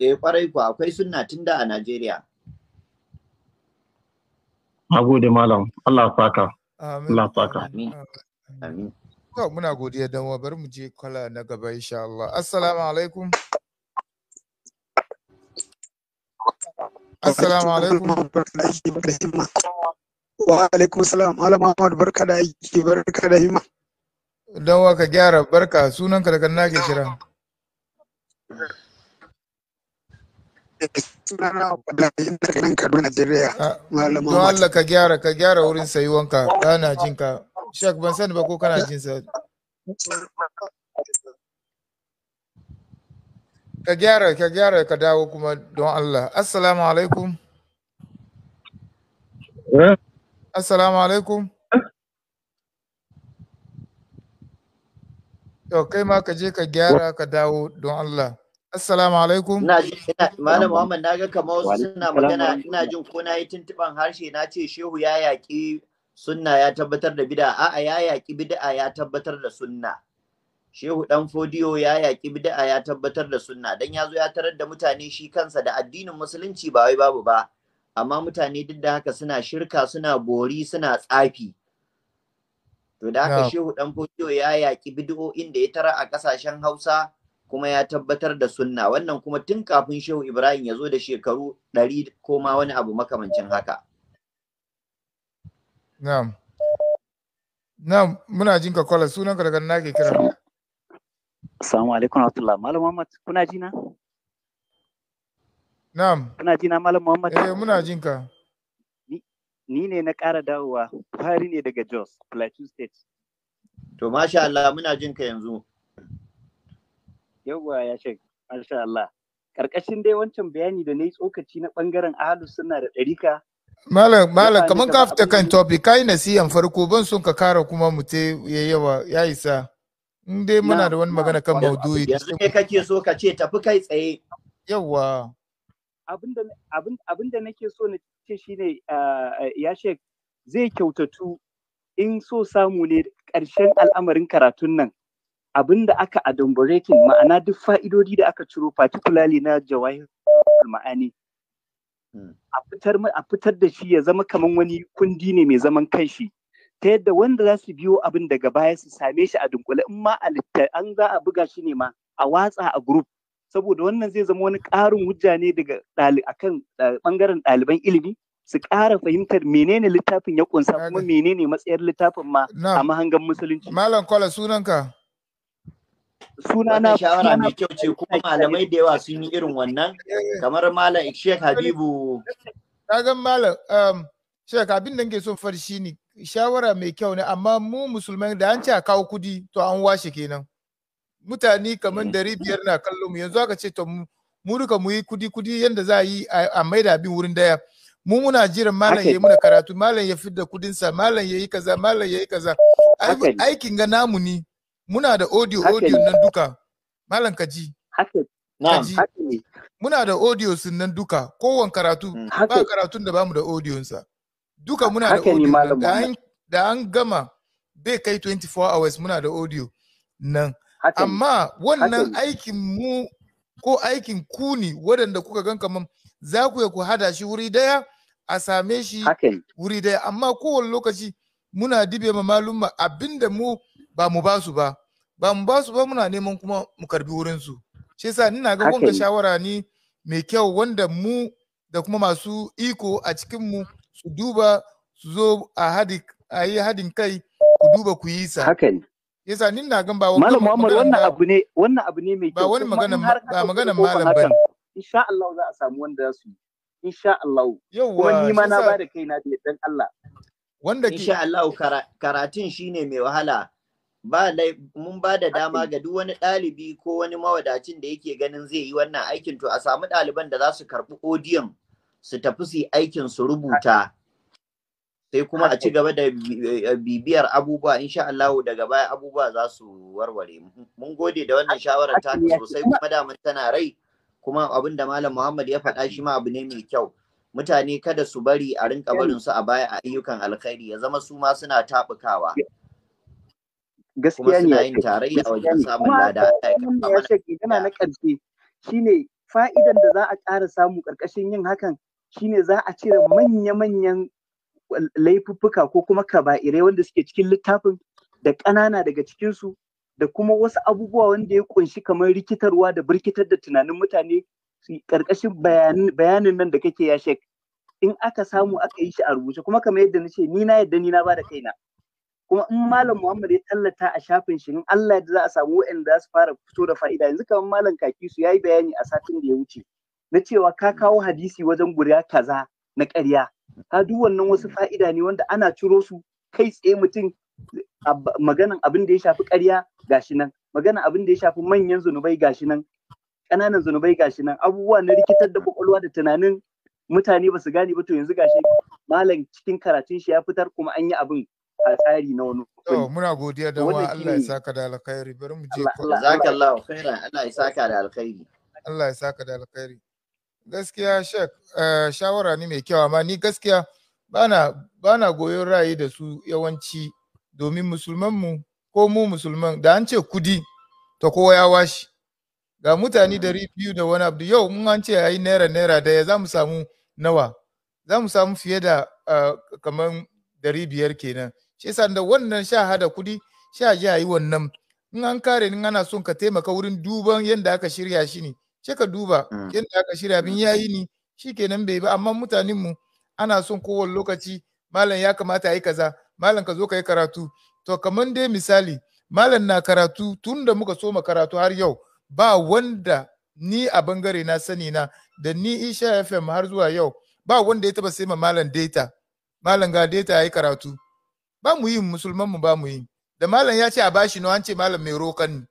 Eh kwarai ku akwai sunna tun da a Najeriya. Magode gode malam, Allah faka. Allah faka. Amin. Amin. To muna godiya dan wa bari mu je kwala na gaba insha Allah. Assalamu alaikum. Assalamu alaikum. Wa alaikum salam. Ala Muhammad barka da aiki barka da himma. Dan wa ka gyara barka sunanka da na ke kira. daga nan Kaduna ah, Don Allah ka gyara ka gyara wurin sayuwanka. Kana jinka. Shek ban sani ba ko kana jin sa. Ka gyara, ka gyara ka dawo kuma don Allah. Assalamu alaikum. Eh? Assalamu alaikum. To kai ma ka je ka gyara ka dawo don Allah. Assalamu alaikum. Ina ji Malam Muhammad na ga kamar wasu suna magana ina jin ko na yi tuntuban harshe na ce shehu ya yaƙi sunna ya tabbatar da bid'a a'a ya yaƙi bid'a ya tabbatar da sunna shehu dan fodiyo ya yaƙi bid'a ya tabbatar da sunna dan ya zo ya tarar da mutane shi kansa da addinin musulunci ba wai babu ba amma mutane duk da haka suna shirka suna bori suna tsafi to da haka shehu dan fodiyo ya yaƙi bid'o'in da ya tara a ƙasashen Hausa kuma ya tabbatar da sunna wannan kuma tun kafin shehu Ibrahim ya zo da shekaru ɗari koma wani abu makamancin haka. Na'am. Na'am, muna jin ka kola sunan ka daga na ke kira. Assalamu alaikum warahmatullahi Malam Muhammad kuna jina? Na'am. Kuna jina Malam Muhammad? Eh muna jin ka. Ni ne na ƙara dawowa, fari ne daga Jos, Plateau State. To masha Allah muna jin ka yanzu. Yawwa ya ce masha Allah. Ƙarƙashin dai wancan bayani da na yi tsokaci na ɓangaren ahalus suna da ɗarika Malam, malam, kamar ka fita kan topic, ka yi nasiyan farko ban sun ka kara kuma mu yi yawa ya isa. In dai muna da wani magana kan maudu'i. Yanzu ne kake so ka ce tafi kai tsaye. Yawa. Abin da nake so na ce shi ne eh, eh, ya shek zai kyautatu in so samu ne ƙarshen al'amarin karatun nan. Abin da aka adumbrating ma'ana duk fa'idodi da aka ciro particularly na jawahir ma'ani. Hmm. a fitar da shi ya zama kamar wani kundi ne mai zaman kanshi ta yadda wanda za su biyo abin daga baya su same shi a dunkule in ma a an za a buga shi ne ma a watsa a group saboda wannan zai zama wani ƙarin hujja ne daga akan bangaren ɗaliban ilimi su ƙara fahimtar menene littafin ya kunsa kuma menene matsayar littafin ma a mahangan musulunci malam kola sunanka sunana shawara mai kyau ce kuma malamai da yawa sun yi irin wannan kamar malam Sheikh Habibu ga malam um Sheikh abin da nake son far ne shawara mai kyau ne amma mu musulmai da an ce a kawo kudi to an washe kenan mutane kamar dari mm. biyar na kallon mu yanzu aka ce to mu duka mu yi kudi kudi yanda za a yi a maida abin wurin daya mu muna jiran malam yayi muna karatu malam ya fidda kudin sa malam yayi kaza malam yayi kaza aikin ga namu ne muna da audio audio nan duka malam ka ji muna da audio sun nan duka kowan karatu hmm. ba karatun da bamu da audio sa duka muna da audio da an gama bai kai 24 hours muna da audio nan amma wannan aikin mu ko aikin ku ne waɗanda kuka gan kaman za ku ya ku hada shi wuri daya a same shi wuri daya amma kowane lokaci muna dibe ma malumma abinda mu ba mu ba su ba ba mu ba su ba muna neman kuma mu karbi wurin su shi yasa na ga wanga shawara ni mai kyau wanda mu da kuma masu iko a cikin mu su duba su zo a hadi a yi hadin kai ku duba ku yi sa haka ne yasa ni na gan ba wani malam Muhammad wannan abu ne wannan abu ne mai kyau ba wani magana ba magana malam ba insha Allah za a samu wanda za su insha Allah. Yawwa. ni ma na bada kaina da dan Allah. Wanda ke. Insha Allah karatun shine mai wahala ba mun ba da dama ga duk wani ɗalibi ko wani mawadacin da yake ganin zai yi wannan aikin to a samu ɗaliban da za su karɓi odiyon su tafi su yi aikin su rubuta sai kuma a ci gaba da eh, bibiyar abubuwa sha Allah daga baya abubuwa za su warware mun gode da wannan shawarar ta sosai kuma da mun tana rai kuma abin da malam Muhammad ya faɗa shi ma abu ne mai kyau mutane kada su bari a rinka barin su a baya a ayyukan alkhairi ya zama su ma suna tabukawa gaskiya ne yin tarayya wajen samun lada ya shake yana na ƙarshe shine fa'idan da za a ƙara samu ƙarƙashin yin hakan shine za a cire manya-manyan laifuffuka ko kuma kaba'irai wanda suke cikin littafin da ƙanana daga cikinsu da kuma wasu abubuwa wanda ya ƙunshi kamar rikitarwa da birkitar da tunanin mutane ƙarƙashin bayanin nan da kake ya shek in aka samu aka yi shi a rubuce kuma kamar yadda na ce ni na yadda ni na ba da kaina kuma in malam Muhammad ya tallata a shafin shi in Allah ya za a samu waɗanda za su fara fito da fa'ida yanzu kamar malam kaki su yi bayani a satin da ya wuce na cewa ka kawo hadisi wajen guda kaza na karya. ka duk wannan wasu fa'ida ne wanda ana ciro su kai tsaye mutum maganan abin da ya shafi ƙarya gashi nan maganan abin da ya shafi manyan zunubai gashi nan ƙananan zunubai gashi nan abubuwa na rikitar da kwakwalwa da tunanin mutane ba su gane ba to yanzu gashi malam cikin karatun shi ya fitar kuma an yi abin a tsari na wani to muna godiya da wa Allah ya saka da alkhairi bari mu je zaka Allah khaira Allah ya saka da alkhairi Allah ya saka da alkhairi gaskiya shek eh, shawara ne mai kyau amma ni gaskiya bana bana goyon ra'ayi da su yawanci domin musulman mu ko mu musulman da an ce kudi to kowa ya washi ga mutane da mm. biyu da wani abu yau mun ce ayi naira naira da ya za mu samu nawa za mu samu fiye da eh, kamar dari biyar kenan shi yasa da wannan sha hada kudi sha ji a yi wannan in an kare ni ana son ka taimaka wurin duban yanda aka shirya shi ne sai ka duba mm. yanda aka shirya bin yayi ni shikenan bai ba amma mutanen mu ana son kowane lokaci malam ya kamata a yi kaza malam ka zo ka yi karatu to kamar dai misali malam na karatu tunda da muka soma karatu har yau ba wanda ni a bangare na sani na da ni isha fm har zuwa yau ba wanda ya taba sai ma malam data malam ga data ya yi karatu ba mu yi musulman mu ba mu yi da malam ya ce a bashi no an ce malam mai rokan ni.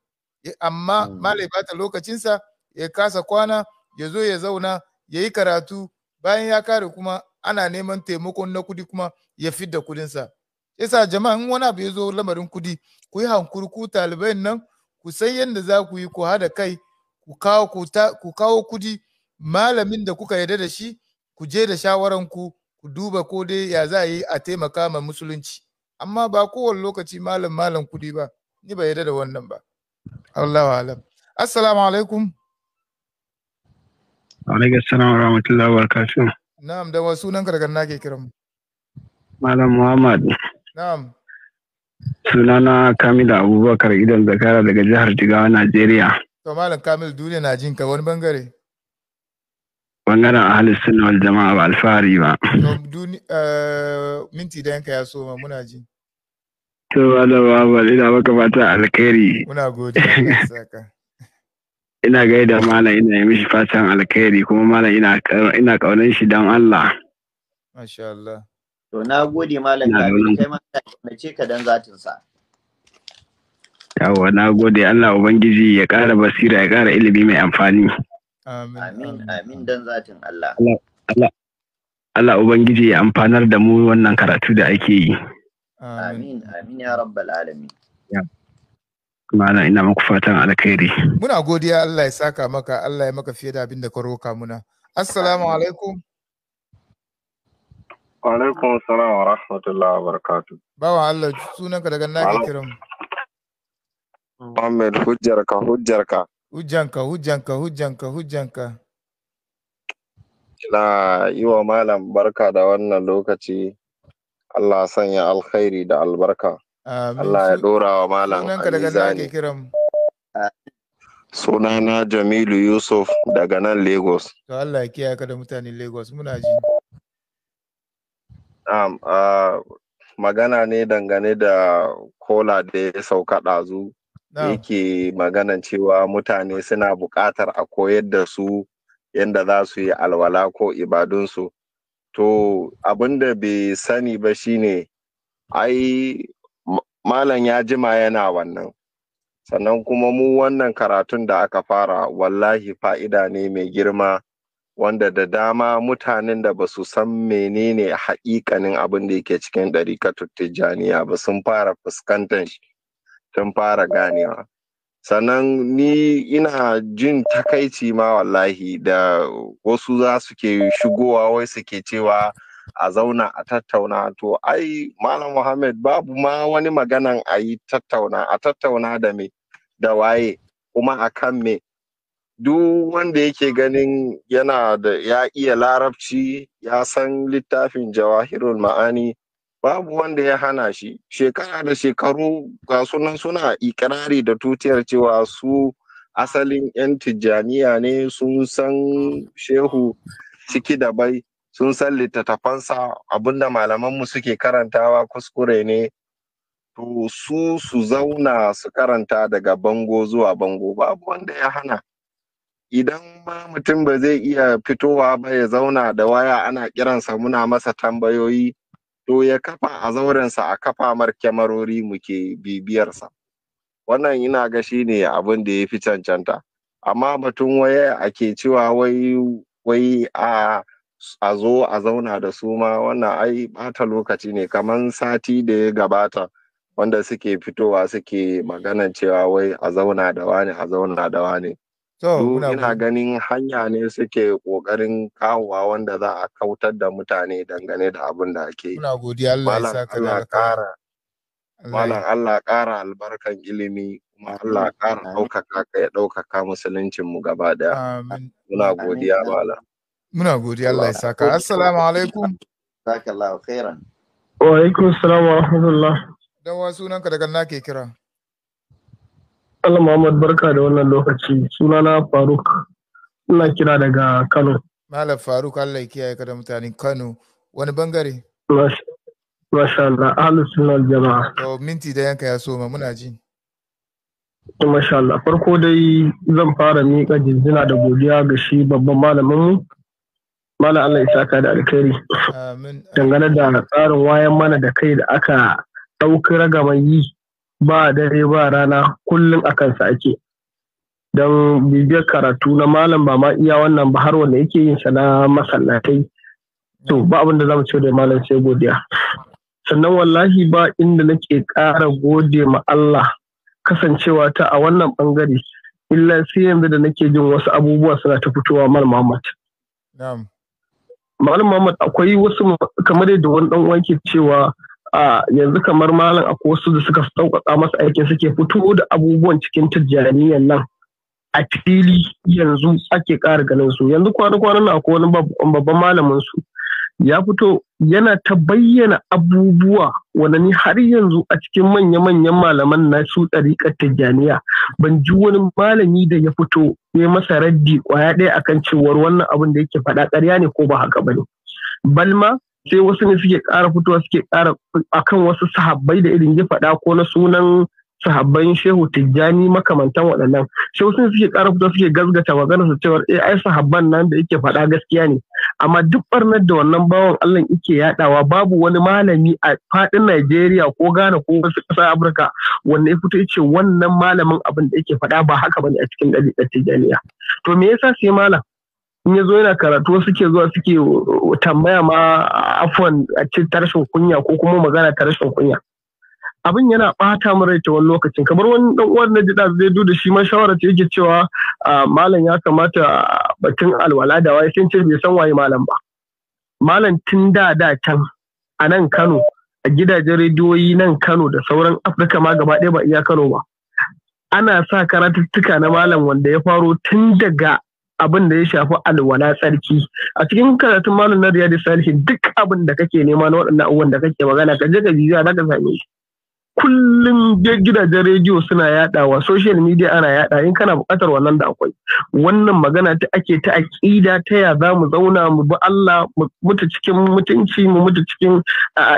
Eh, amma mm. malam ba ta lokacinsa ya kasa kwana ya zo ya zauna ya yi karatu bayan ya kare kuma ana neman taimakon na kudi kuma ya fidda kudinsa isa jama'a in wani abu ya zo lamarin kudi ku yi hankuri ku talibai nan ku san yadda za ku yi ku hada kai ku kawo ku kawo kudi malamin da kuka yarda da shi ku je da shawaran ku ku duba ko dai ya za a yi a taimaka ma musulunci amma ba kowane lokaci malam malam kuɗi ba ni ba yarda da wannan ba Allah wa alam assalamu alaikum alaikum assalam wa rahmatullahi wa barakatuh na'am da wasu nan na ke kiran malam muhammad na'am sunana kamil abubakar idan zakara daga jihar jigawa najeriya to malam kamil duniya na jinka wani bangare bangaren ahalus suna wal jama'a ba alfahari ba eh, minti da yanka ya ma muna ji to ba ba ina baka fata alkhairi muna gode saka [LAUGHS] ina gaida malam ina yi mishi fatan alkhairi kuma malam ina ina kaunan shi dan Allah masha Allah to na gode malam kabi kai ma na ce ka dan zatin sa Yawwa na gode Allah ubangiji ya ƙara basira ya ƙara ilimi mai amfani Amin, amin don zatin Allah. Allah Ubangiji ya amfanar da mu wannan karatu da ake yi. Amin, amin ya rabbal alamin. Mana ina muku fatan alkhairi. Muna godiya Allah ya saka maka, Allah ya maka fiye da abin da ka roka muna. Assalamu alaikum. Wa alaikum assalam wa rahmatullahi wa barakatuh. Bawan Allah sunanka daga nake kiran. Muhammad hujjarka hujjarka. hujjanka hujjanka hujjanka hujjanka na yi wa malam barka da wannan lokaci Allah sanya alkhairi da albarka Allah ya dora wa malam suna sunana Jamilu Yusuf daga nan Lagos to Allah ya kiyaye ka da mutanen Lagos muna ji ah, magana ne dangane da kola da ya sauka ɗazu yake magana cewa mutane suna buƙatar a koyar da su yadda za su yi alwala ko ibadunsu to abin da bai sani ba shine ai malam ya jima yana wannan sannan kuma mu wannan karatun da aka fara wallahi fa'ida ne mai girma wanda da dama mutanen da ba su san menene haƙiƙanin abin da yake cikin ɗarikatun tijjaniya ba sun fara fuskantar shi sun fara ganewa sannan ni ina jin takaici ma wallahi da wasu za su ke shigowa wai suke cewa a zauna a tattauna to ai malam muhammad babu ma wani maganan a yi tattauna a tattauna da me da waye kuma a kan me duk wanda yake ganin yana da ya iya larabci ya san littafin jawahirul ma'ani babu wanda ya hana shi shekara da shekaru ga sunan suna ikirari da tutiyar cewa su asalin 'yan tijjaniya ne sun san shehu ciki da bai sun san littattafansa abinda malamanmu suke karantawa kuskure ne to su su zauna su karanta daga bango zuwa bango babu wanda ya hana idan ma mutum ba zai iya fitowa ba ya zauna da waya ana kiransa muna masa tambayoyi to ya kafa a zaurensa a kafa mar kyamarori muke bibiyarsa wannan ina ga shi ne abin da ya fi cancanta amma batun waya ake cewa wai wai a a zo a zauna da su ma wannan ai bata lokaci ne kaman sati da ya gabata wanda suke fitowa suke magana cewa wai a zauna da wani a zauna da wani To, muna ina ganin hanya ne suke ƙoƙarin kawowa wanda za a kautar da mutane dangane da abin da ake yi. Muna Allah ya saka da ƙara. Malam Allah ƙara albarkan ilimi kuma Allah ƙara ɗaukaka ka ya ɗaukaka musuluncinmu gaba ɗaya. Muna godiya malam. Muna godiya Allah ya saka. Assalamu alaikum. Saka Allah khairan. Wa alaikum assalam alaikum. rahmatullah. wasu nan sunanka daga na ke kira. Allah Muhammad barka da wannan lokaci sunana Faruk ina kira daga Kano. Malam Faruk Allah ya kiyaye ka da mutanen Kano wani bangare? Masha Allah ahlus sunnah jama'a. To minti da yanka ya soma muna ji. Masha Allah farko dai zan fara miƙa jinjina da godiya ga shi babban malamin mu? Malam Allah ya saka da alkhairi. Dangane da tsarin wayan mana da kai da aka ɗauki ragaman yi ba dare ba rana kullum a kansa ake don bibiyar karatu na malam ba ma iya wannan ba har wanda yake yin sa na masallatai to ba abin da zamu ce da malam sai godiya sannan wallahi ba inda nake kara gode ma Allah kasancewa ta a wannan bangare illa sai yanzu da nake jin wasu abubuwa suna ta fitowa mal Muhammad Malam Muhammad akwai wasu kamar yadda wani dan wanke cewa a yanzu kamar malam a wasu da suka sauƙaƙa masa aikin suke fito da abubuwan cikin tijjaniyan nan a fili yanzu ake ƙara ganin su yanzu kwana-kwanan na ko wani babban malamin su ya fito yana ta bayyana abubuwa wani ni har yanzu a cikin manya-manyan malaman na su ɗariƙar tijjaniya ban ji wani malami da ya fito ya masa raddi ƙwaya ɗaya akan cewar wannan abin da yake faɗa ƙarya ne ko ba haka ba ne balma sai wasu ne suke ƙara fitowa suke ƙara akan wasu sahabbai da irin ya faɗa ko na sunan sahabban shehu tijjani makamantan waɗannan sai wasu ne suke ƙara fitowa suke gazgata magana su cewa eh ai sahabban nan da yake faɗa gaskiya ne amma duk barnar da wannan bawan Allah yake yadawa babu wani malami a faɗin Najeriya ko Ghana ko wasu ƙasar Afirka wanda ya fito ya wannan malamin abin da yake faɗa ba haka bane a cikin ɗabi'ar tijjaniya to me yasa sai malam in ya zo yana karatu suke zuwa suke tambaya ma afwan a ce kunya ko kuma magana ta rashin kunya abin yana ɓata min rai wani lokacin kamar wani dan uwan na jida zai duda shi ma shawara ta yake cewa ah, malam ya kamata batun alwala da waye sun ce bai san waye malam ba malam tun da da can a nan Kano a gidajen rediyoyi nan Kano da sauran Afirka ma gaba ɗaya ba iya Kano ba ana sa karatuttuka na malam wanda ya faro tun daga abin da ya shafi alwala tsarki a cikin karatun malam na da salihin duk abin da kake nema na waɗannan abubuwan da kake magana ka je ka bibiya za ka same shi kullum gidajen rediyo suna yadawa social media ana yada in kana bukatar wannan da akwai wannan magana ta ake ta aƙida ta ya za mu zauna mu bi Allah mu mutu cikin mutunci mu mutu cikin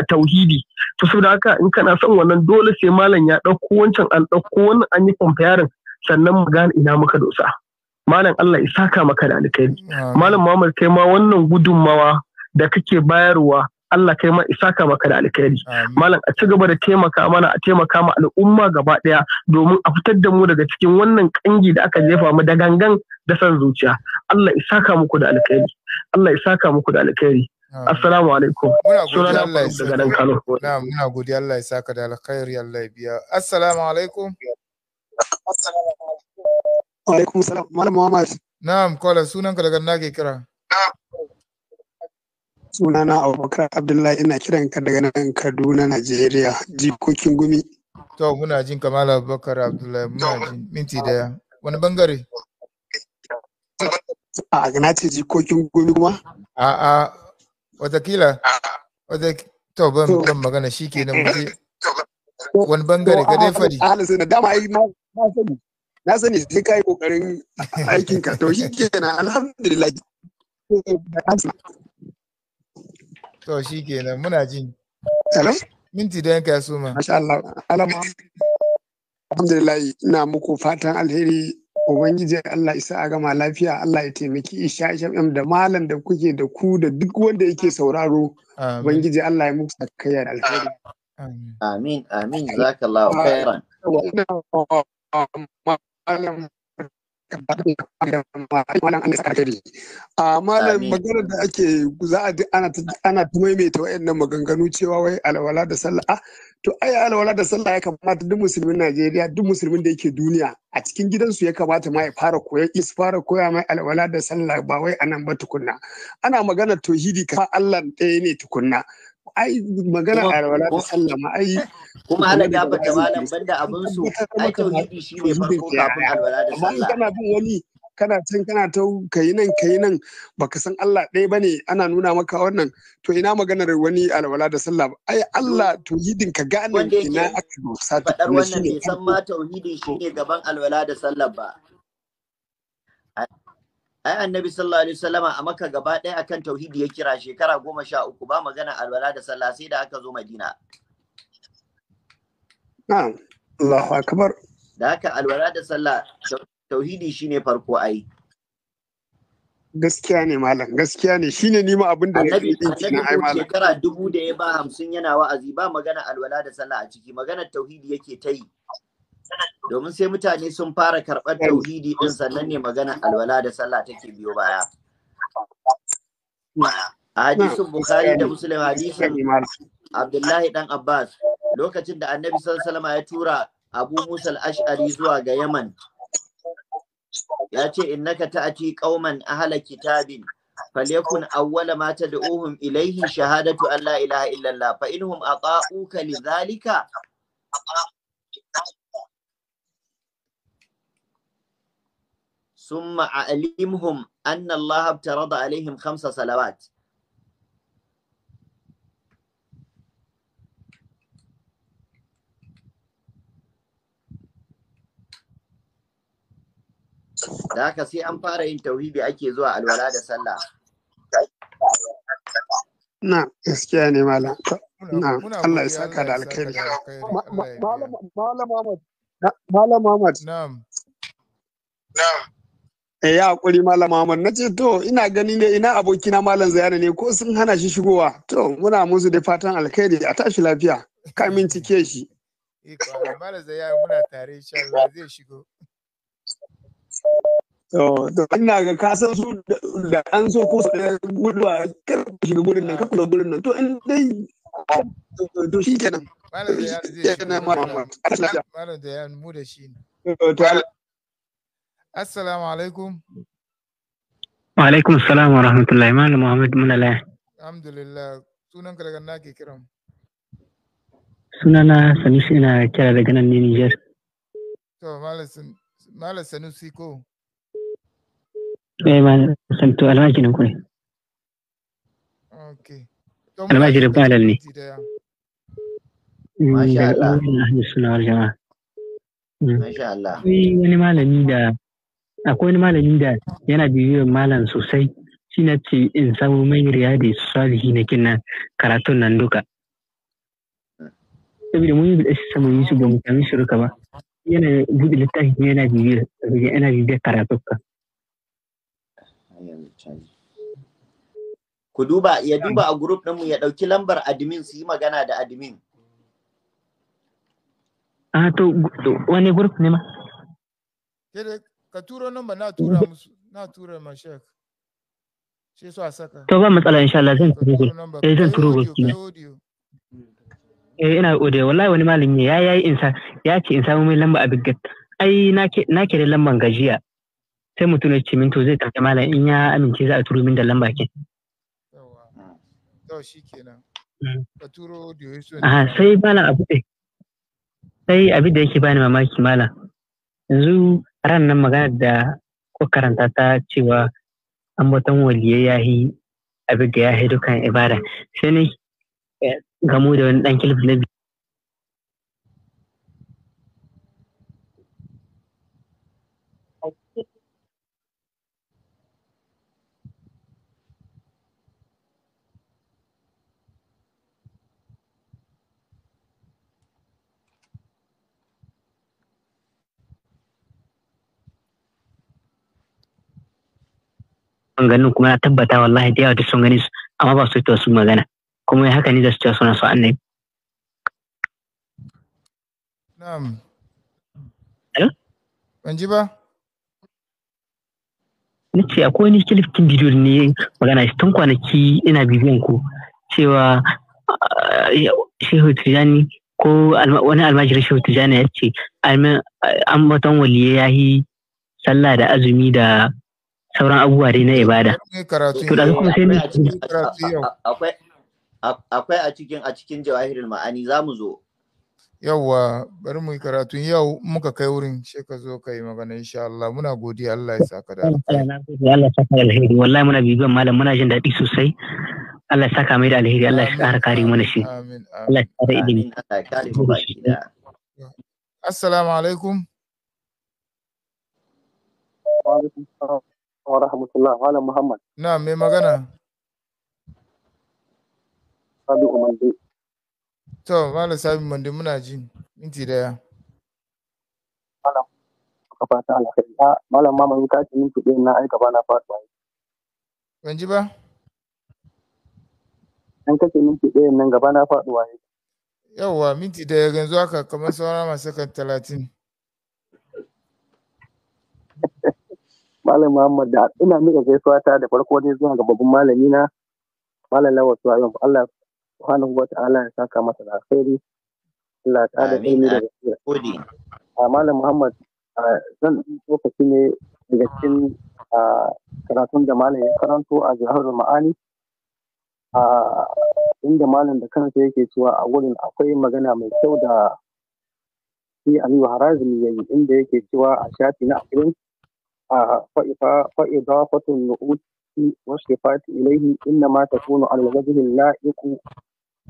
tauhidi to saboda haka in kana son wannan dole sai malam ya ɗauko wancan an ɗauko wannan an yi comparing sannan mu gane ina muka dosa malam Allah ya saka maka da alkhairi malam Muhammad kai ma wannan gudunmawa da kake bayarwa Allah kai ma isaka maka da alkhairi malam a ci gaba da taimaka mana a taimaka ma al'umma gaba daya domin a fitar da mu daga cikin wannan kangi da aka jefa mu da gangan da san zuciya Allah isaka muku da alkhairi Allah isaka muku da alkhairi assalamu alaikum Allah daga sa muna godiya Allah ya saka da alkhairi Allah ya biya assalamu alaikum assalamu alaikum alaikum salam malam muhammad na'am kola sunanka daga na ke kira sunana abubakar abdullahi ina kiran ka daga nan kaduna najeriya jikokin gumi to muna jin kamal abubakar abdullahi muna jin minti daya wani bangare a na ce jikokin gumi kuma a a watakila wata to ban kan magana shi ke na mutu wani bangare ka dai fari dama na sani na sani sai ka yi ƙoƙarin aikin ka to shi kenan alhamdulillah to shi kenan muna jin hello minti da yanka su ma masha Allah alama alhamdulillah ina muku fatan alheri ubangiji Allah isa a gama lafiya Allah ya taimaki isha isha da malam da kuke da ku da duk wanda yake sauraro ubangiji Allah ya muku sakayya da alheri amin amin jazakallahu khairan A malam magana da ake za a ana ana maimaita wayannan maganganu cewa wai alwala da sallah ah, to ai alwala da sallah ya kamata duk musulmin Najeriya duk musulmin da yake duniya a cikin gidansu ya kamata ma ya fara koya is fara koya mai alwala da sallah ba wai anan ba tukunna ana magana tauhidi ka Allah ɗaya ne tukunna ai magana a rawala ta sallah ai kuma ana gaba da malam banda abin su ai yi shi ne farko kafin alwala da sallah amma kana bin wani kana can kana ta kai nan kayi nan baka san Allah ɗaya bane ana nuna maka wannan to ina maganar wani alwala da sallah ai Allah to tauhidin ka gane ina aka dosa ta wannan bai san ma tauhidin shi ne gaban alwala da sallah ba ai annabi sallallahu alaihi wasallama a maka gaba ɗaya akan tauhidi ya kira shekara goma sha uku ba magana alwala da sallah sai da aka zo madina na'am allahu akbar da haka alwala da sallah tauhidi shine farko ai gaskiya ne malam gaskiya ne shine ni ma abin da na ai malam shekara dubu da ya ba hamsin yana wa'azi ba magana alwala da sallah a ciki magana tauhidi yake ta yi domin sai mutane sun fara karɓar tauhidi din sannan ne magana alwala da sallah take biyo baya a hadisin bukhari da muslim hadisin abdullahi ɗan abbas lokacin da annabi sallallahu salama ya tura abu musa al-ash'ari zuwa ga yaman ya ce innaka ta'ati qauman ahla kitabin falyakun awwala da tad'uhum ilayhi shahadatu an la ilaha illallah fa inhum ata'uka lidhalika summa a'limhum anna Allah abtarada alaihim khamsa salawat da haka sai an fara yin tauhidi ake zuwa alwala da sallah na gaskiya ne malam na Allah ya saka da alkhairi malam Ahmad malam Ahmad na'am na'am Eh, ya hakuri Malam Muhammad na ce to ina gani ne ina abokina Malam Zayana ne ko sun hana shi shigowa. To muna musu da fatan alkhairi a tashi lafiya. Ka cike shi. Eh Malam Zayana muna tare zai shigo. To ina ga ka su da an so ko shiga gurin nan nan to in dai to shi kenan. Malam Zayana zai mu da shi ne. Assalamu alaikum. Wa alaikum salam wa rahmatullahi malam Muhammad muna laya. Alhamdulillah ka daga na ke kiran. Sunana Sanusi kira daga nan ne Nijar. To malam Sanusi ko. Eh malam Santo almajirin ku ne. Okay. Almajirin ba ne. Masha Allah. Hmm. Masha Allah. Wani malami da akwai wani malamin da yana bibiyar malam sosai shi na ce in samu mai riyadi salihi na kina karatun nan duka saboda mun yi bude shi saman yusuf ba mu sami shirka ba yana bude littafi ne yana bibiyar yana bibiyar karatuka ku duba ya duba a group mu ya ɗauki lambar admin su yi magana da admin a ah, to wani group ne ma ka turo number na tura musu na tura ma shek sai su a saka to ba matsala insha Allah zan turo eh zan turo gaskiya eh ina ode wallahi wani malami ya yayi insa ya ce in samu mai lamba a biggat ai na ke da lamban gajiya sai mutum ya ce min to zai tafi malam in ya amince za a turo min da lamba ke to shikenan mm. ka turo audio sai bala abu eh, sai abin da yake bani mamaki malam yanzu ran nan maganar da ko karanta ta cewa an ambaton waliyai ya yi abin da ya yi dukan ibada sai ne eh, gamu da wani dan kilifi na ganin kuma na tabbata wallahi da yawa duk sun gani su amma ba su fito su magana kuma haka ni da su cewa suna so annabi na'am ban ji ba na ce akwai wani kilifin bidiyo ne magana shi tun kwanaki ina bibiyan ku cewa eh, shehu tijani ko wani almajiri shehu tijani ya ce an baton waliye ya yi sallah da azumi da sauran abubuwa dai na ibada. To da kuma sai akwai a cikin a cikin jawahirul ma'ani za mu zo. Yawwa bari mu yi karatu yau muka kai wurin sai ka zo ka yi magana insha Allah muna godiya Allah ya saka da Allah ya saka alheri wallahi muna bibiyan malam muna jin daɗi sosai. Allah ya saka mai da alheri Allah ya ƙara kare mana shi. Allah ya ƙara ilimi. Assalamu alaikum. Wa alaikum salam. wa rahmatullah wa Muhammad. Na mai magana? Sabi Umande. To, Malam Sabi Umande muna ji minti daya. Malam, ka fata alkhairi. Malam Mama in ka ci minti ɗaya na aika ba na fatuwa. Ban ji ba? An kace minti ɗaya nan gaba na faɗuwa ne. Yawwa minti daya yanzu haka kamar sauran masu kan talatin. Malam Muhammad da ina miƙa gaisuwa ta da farko dai zuwa ga babban malami na Malam Lawal Suwayon Allah subhanahu wa ta'ala ya saka masa da alkhairi. Allah ta da ilimi da gaskiya. A ah, Malam Muhammad ah, zan lokaci ne daga cikin ah, karatun da malam ya karanto a jihar Ma'ani. Inda malam da kansa yake cewa a wurin akwai magana mai kyau da shi Aliyu Harazmi ya yi inda yake cewa a shafi na ashirin فإضافة النعوت والصفات إليه إنما تكون على الوجه اللائق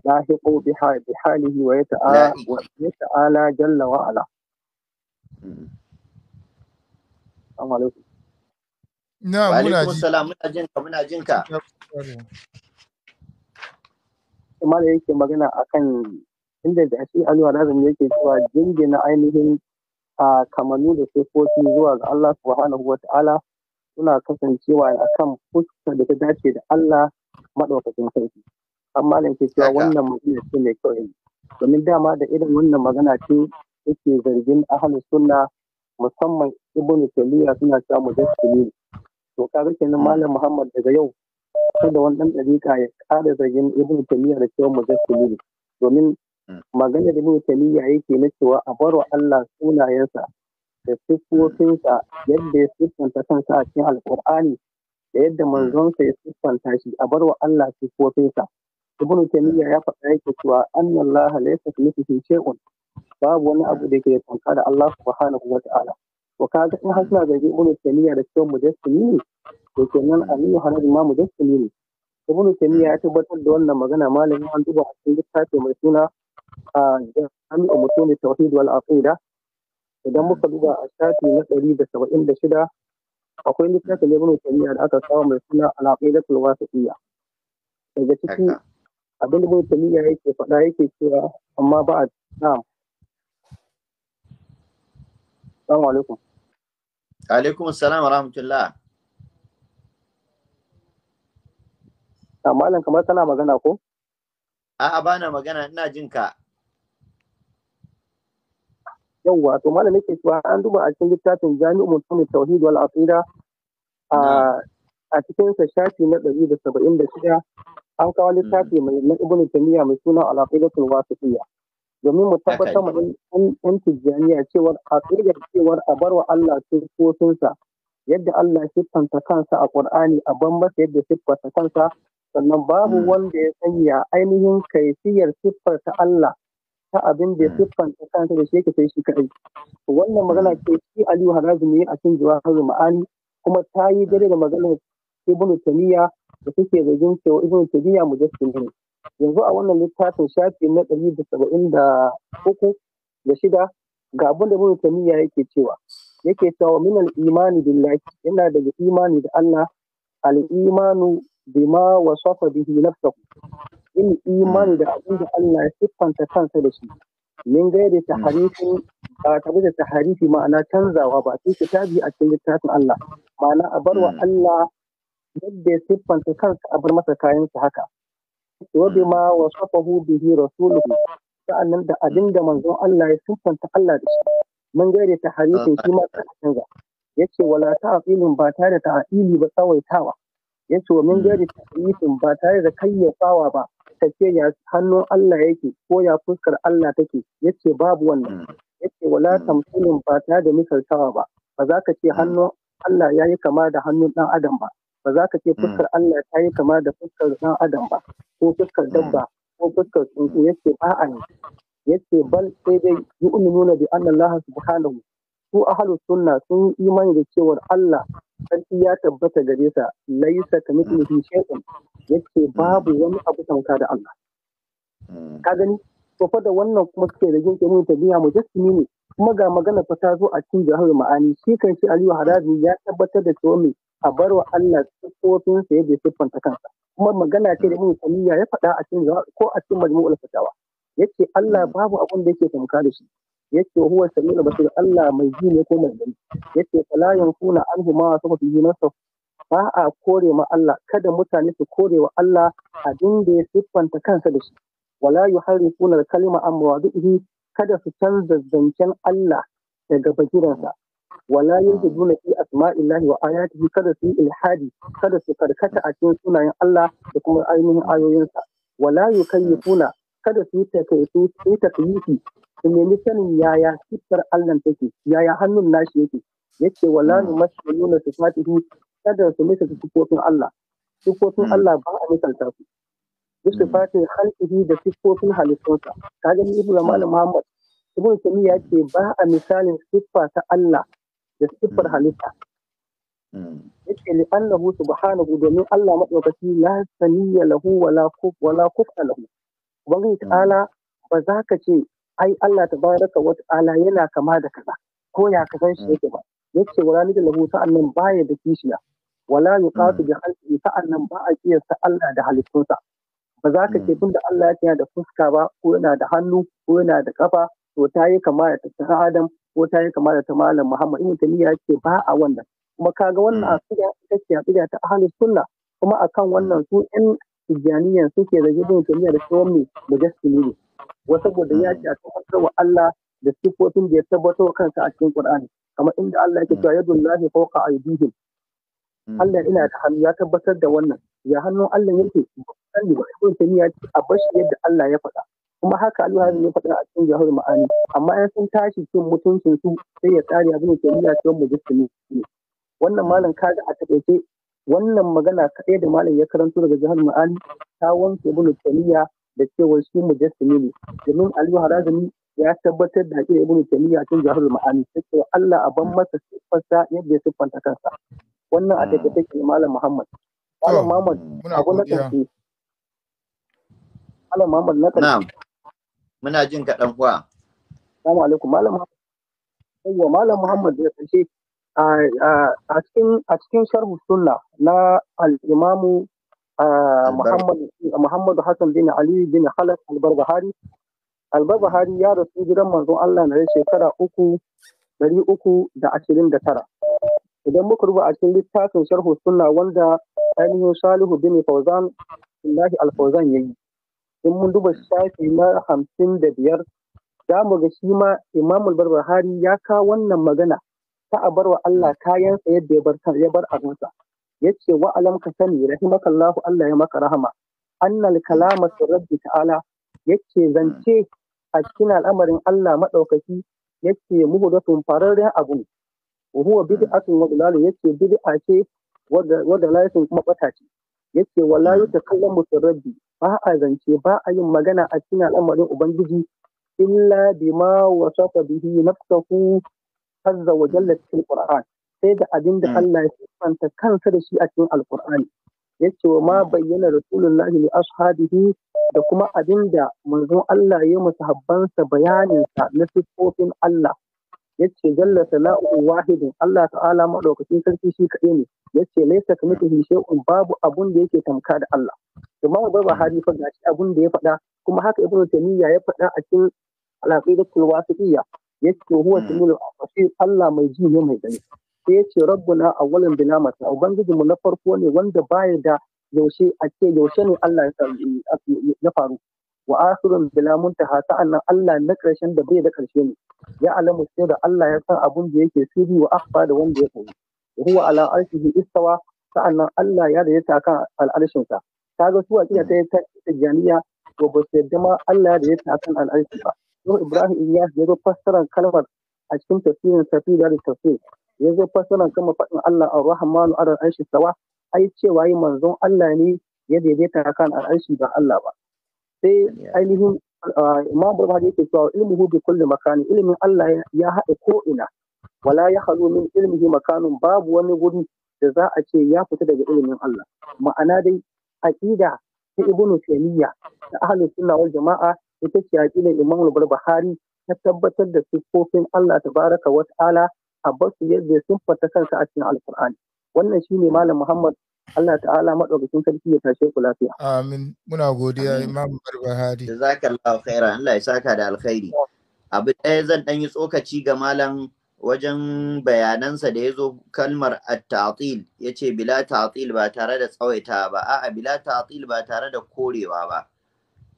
لاحق بحاله ويتعالى ويتعالى جل وعلا. السلام عليكم. نعم وعليكم السلام muna jinka muna jinka. Kamar yake magana akan inda da shi alwa lazim yake cewa jingina ainihin a kamannu da sifofi zuwa ga Allah subhanahu wa ta'ala suna kasancewa a kan fuskar da ta dace da Allah maɗaukacin sarki. Amma da ke cewa wannan magana ce mai kyau ne. Domin dama da irin wannan magana ce yake zargin ahalin sunna musamman ibn taymiya suna cewa ne to kaga kenan malam muhammad daga yau kada wani dan dariƙa ya ƙara zargin ibn taymiya da cewa ne domin Mm. magana da Ibn Taymiyyah yake na cewa a baro Allah sunayensa da siffofinsa yadda ya siffanta kansa a cikin Alƙur'ani da yadda manzonsa ya siffanta shi a barwa Allah siffofinsa Ibn Taymiyyah ya faɗa yake cewa anna Allah laysa kamithlihi shay'un babu wani abu da yake tsanka da Allah subhanahu wa ta'ala to kaga in har suna zargi Ibn Taymiyyah da cewa mujassimi ne to kenan Aliyu Hanabi ma mujassimi ne Ibn Taymiyyah ya tabbatar da wannan magana malamin an duba a cikin mai suna a jami'u mutumin tauhid wal aqida idan muka duba a shafi na ɗari da saba'in da shida akwai littafin ibn taymiya da aka kawo mai suna al aqidatul wasiqiyya daga ciki abin ibn taymiya yake faɗa yake cewa amma ba a na'am assalamu alaikum alaikum assalam wa rahmatullah ah, malam kamar kana magana ko A'a bana magana ina jin ka. Yawwa to mana nake cewa an duba a cikin littafin Jami'u Mutumin Tauhid wal Aqida a cikin sa shafi na 176 an kawo hmm. littafi mai na Ibn Taymiya mai suna Al-Aqidatul Wasitiyya. Domin mu tabbatar mu ɗan tijjaniya cewar aqidar cewar a barwa Allah sirkokinsa yadda Allah siffanta kansa a Qur'ani a ban masa yadda siffanta kansa sannan babu hmm. wanda ya sanya ainihin kaifiyar siffar ta Allah ta abin da hmm. siffar ta kanta da shi yake sai shi kai wannan magana hmm. ce shi Aliyu Harazmi a cikin Jawahir Ma'ani kuma ta yi dare da maganar Ibn Taymiya da suke zargin cewa Ibn Taymiya mujassim ne yanzu a wannan littafin shafi na ɗari da saba'in da shida ga abin da Ibn Taymiya yake cewa yake cewa minal imani billahi yana daga imani da Allah al-imanu bima wasafa bihi nafsahu in imani da abin da Allah ya siffanta kansa da shi min gaida taharifin ba tare da taharifi ma'ana canzawa ba sai kitabi a cikin littafin Allah ma'ana a barwa hmm. Allah yadda ya siffanta kansa a bar masa kayansa haka wa bima hmm. wasafahu bihi rasuluhu sa'annan da hmm. abin da manzon Allah ya siffanta Allah da shi mun gaida taharifin shi ma ta canza yace wala ta'ilun ba tare da ta'ili ba tsawaitawa ya ce wa min hmm. gari ta'ifin ba tare da kayyafawa ba ta ce ya hannun Allah yake ko ya fuskar Allah take ya ce babu wannan hmm. ya ce wala hmm. tamsilin ba tare da misaltawa ba ba za ka ce hannun Allah ya yi kama da hannun ɗan adam ba ba za ka ce fuskar Allah ta yi kama da fuskar ɗan adam ba ko fuskar dabba ko fuskar tsuntsu ya ce ba a ne ya ce bal sai dai yi nuna bi annan subhanahu su ahalu sunna sun yi imani da cewar Allah sarki ya tabbata gare sa laisa kamithlihi shay'un yace babu wani abu tamka da Allah hmm. ka gani to fa da wannan kuma suke da jinke mun tabiya mu jassimi ne kuma ga magana fa ta zo a cikin jahar ma'ani shi kan shi Aliyu Harabi ya tabbatar da cewa mai a bar wa Allah sifofin sa yadda siffanta kansa kuma magana ce da mun tabiya ya faɗa a cikin ko a cikin majmu'ul fatawa yace Allah hmm. babu abun da yake tamka da shi yace huwa da basir Allah mai ji ne ko mai gani Yake fala kuna anhu ma wasafa na nafsuhu ba a kore ma Allah kada mutane su kore wa Allah abin da ya siffanta kansa da shi wala yuharifuna kalima an mawadihi kada su canza zancen Allah daga bakiransa wala yajiduna fi asma'illahi wa ayatihi kada su yi ilhadi kada su karkata a cikin sunayen Allah da kuma ainihin ayoyinsa wala yukayyifuna kada su yi takayyifi ku nemi sanin yaya siffar Allah take yaya hannun nashi yake yace wala hmm. nu masu sifatihi kada su misa siffofin Allah siffofin hmm. Allah ba a misalta su hmm. sifatin khalqihi da sifofin halittunsa kaga ni ibnu malam muhammad ibnu tamiya yace ba a misalin siffa ta Allah da siffar halitta yake li annahu subhanahu domin Allah madaukaki la saniya lahu wala kuf wala kuf lahu ubangiji ta'ala ba za ka ce ai Allah ta baraka wata ala yana kama da kaza ko ya kasan shi mm. yake ba yace wala ni da lahu sa'annan baya da kishiya wala yuqatu mm. bi khalqi sa'annan ba a kiyasta Allah da halittunsa ba za ka ce mm. tunda Allah yana da fuska ba ko yana da hannu ko yana da kafa to ta yi kama da ta Adam ko ta yi kama da ta Malam Muhammad ta niyya ce ba a wannan kuma kaga wannan aqida ita ce aqida ta ahli sunna kuma akan wannan su yan tijjaniyan suke da Ibn Taymiyyah da tsawon mai da gaskiya ne wa saboda ya ce a tabbatar wa Allah da sifofin da ya tabbatar wa kansa a cikin Qur'ani kamar inda Allah yake cewa yadun lahi fawqa aydihim hmm. Allah ina da hannu ya tabbatar da wannan ya hannun Allah yake sani ba ko sani ya ce a bashi yadda Allah ya faɗa kuma haka Allah ya faɗa a cikin jahar ma'ani amma ya san tashi cin mutuncin su sai ya tsari abin da ya ce mu jikin wannan malam kaga a takaice wannan magana kaɗai da malam ya karanto daga jihar ma'ani ta wanke ibn da cewa shi mujassimi ne domin aliyu harazumi ya tabbatar da haƙiƙa ibnu taymiya cikin jahrul ma'ani cewa Allah a ban masa siffarsa yadda ya siffanta kansa wannan a take take malam Muhammad malam Muhammad abu na kanki malam Muhammad na kanki muna jin ka dan uwa assalamu alaikum malam Muhammad. yawa malam Muhammad da kanki a cikin a cikin sharhu sunna na al-imamu Muhammad Muhammadu Hassan bin Ali bin Khalaf al-Barbahari al-Barbahari ya rasu gidan manzon Allah na shekara uku dari uku da ashirin da tara idan muka ruba a cikin littafin sharhu sunna wanda ainihin Salihu bin Fauzan Allahi al-Fauzan yayi in mu duba shafi na hamsin da biyar za ga shi ma Imam al-Barbahari ya kawo wannan magana ta a bar wa Allah kayansa yadda ya bar abinsa. yace wa alam ka sani rahimakallahu Allah ya maka rahama annal kalama rabbi ta'ala yace zance a cikin al'amarin Allah madaukaki yace muhdatun fararren abu huwa bid'atun wa dalal yace bid'a ce wanda dalalun kuma bata ce yace wala hmm. yutakallamu rabbi ba a zance ba a yin magana a cikin al'amarin ubangiji illa bima wasafa bihi nafsuhu azza wa jalla cikin qur'an sai da abin da mm. Allah ya sifanta kansa da shi a cikin alkur'ani ya ce wa ma mm. bayyana rasulullahi li ashabihi da kuma abin da manzon Allah ya masa habbansa bayaninsa na siffofin Allah ya ce jalla sala'u wahidin Allah ta'ala maɗaukacin sarki shi kaɗai ne ya ce laisa ka mutu shay'un babu abun da yake tamka da Allah imamu bai bahari fa gashi abun da ya faɗa kuma haka ibnu taymiya ya faɗa a cikin al-aqidatul wasitiyya yace huwa tumul mm. Allah mai ji ne mai gani sai ya ce rabbuna awwalan bila mata ubangiji mu na farko ne wanda baya da yaushe a ce yaushe ne Allah ya faru wa akhirun bila muntaha sa'annan Allah na karshen da bai da karshe ne ya alamu sai da Allah ya san abun da yake sirri wa akhfa da wanda ya koyi huwa ala arshihi istawa sa'annan Allah ya da ya kan al'arshin sa kaga su akida ta tijaniya to ba su yadda ma Allah da ya ta kan al'arki ba. Yau Ibrahim Ilyas ya zo fassara kalmar a cikin tafsirin safi da tafsir ya zo fasaran kama faɗin Allah ar-Rahmanu ar arshi sawa ai cewa yi manzon Allah ne ya daidaita kan al'arshi ba Allah ba sai ainihin Imam Bukhari yake cewa ilmuhu bi kulli makani ilmin Allah ya haɗa ko ina wala ya halu min ilmihi makanun babu wani guri da za a ce ya fita daga ilimin Allah ma'ana dai aqida ta Ibnu Taymiyyah da ahlus sunna wal jama'a ita ce aqidar Imam Bukhari ta tabbatar da siffofin Allah tabaraka wa ta'ala abbas basu yadda sun fata kansa a cikin alkur'ani wannan shine malam muhammad Allah ta'ala maɗaukakin sarki ya tashe ku lafiya. Amin. Muna godiya Imam Barbahari. Jazakallahu khairan. Allah ya saka da alkhairi. Abu ɗaya zan ɗan yi tsokaci ga malam wajen bayanansa da ya zo kalmar at ya ce bila ta'til ba tare da tsawaita ba a'a bila ta'til ba tare da korewa ba.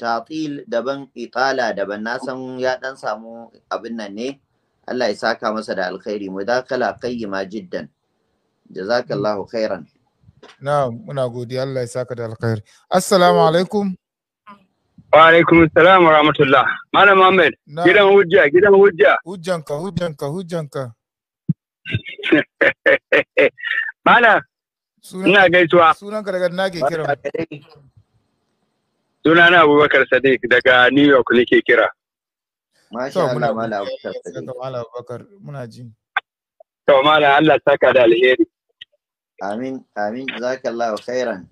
Ta'til daban itala daban na san ya ɗan samu abin nan ne. Allah ya saka masa da alkhairi mu mudakala qayyima jiddan jazakallahu khairan Na'am, muna godiya Allah ya saka da alkhairi assalamu alaikum wa alaikum assalam wa rahmatullah malam Ahmed gidan hujja gidan hujja hujjanka hujjanka hujjanka [LAUGHS] mana ina gaisuwa sunanka daga nake kira sunana Abubakar Sadiq daga New York nake kira Masha Allah Malam Abubakar. Muna ji. To Malam Allah saka da alheri. Amin, amin, jazakallahu khairan.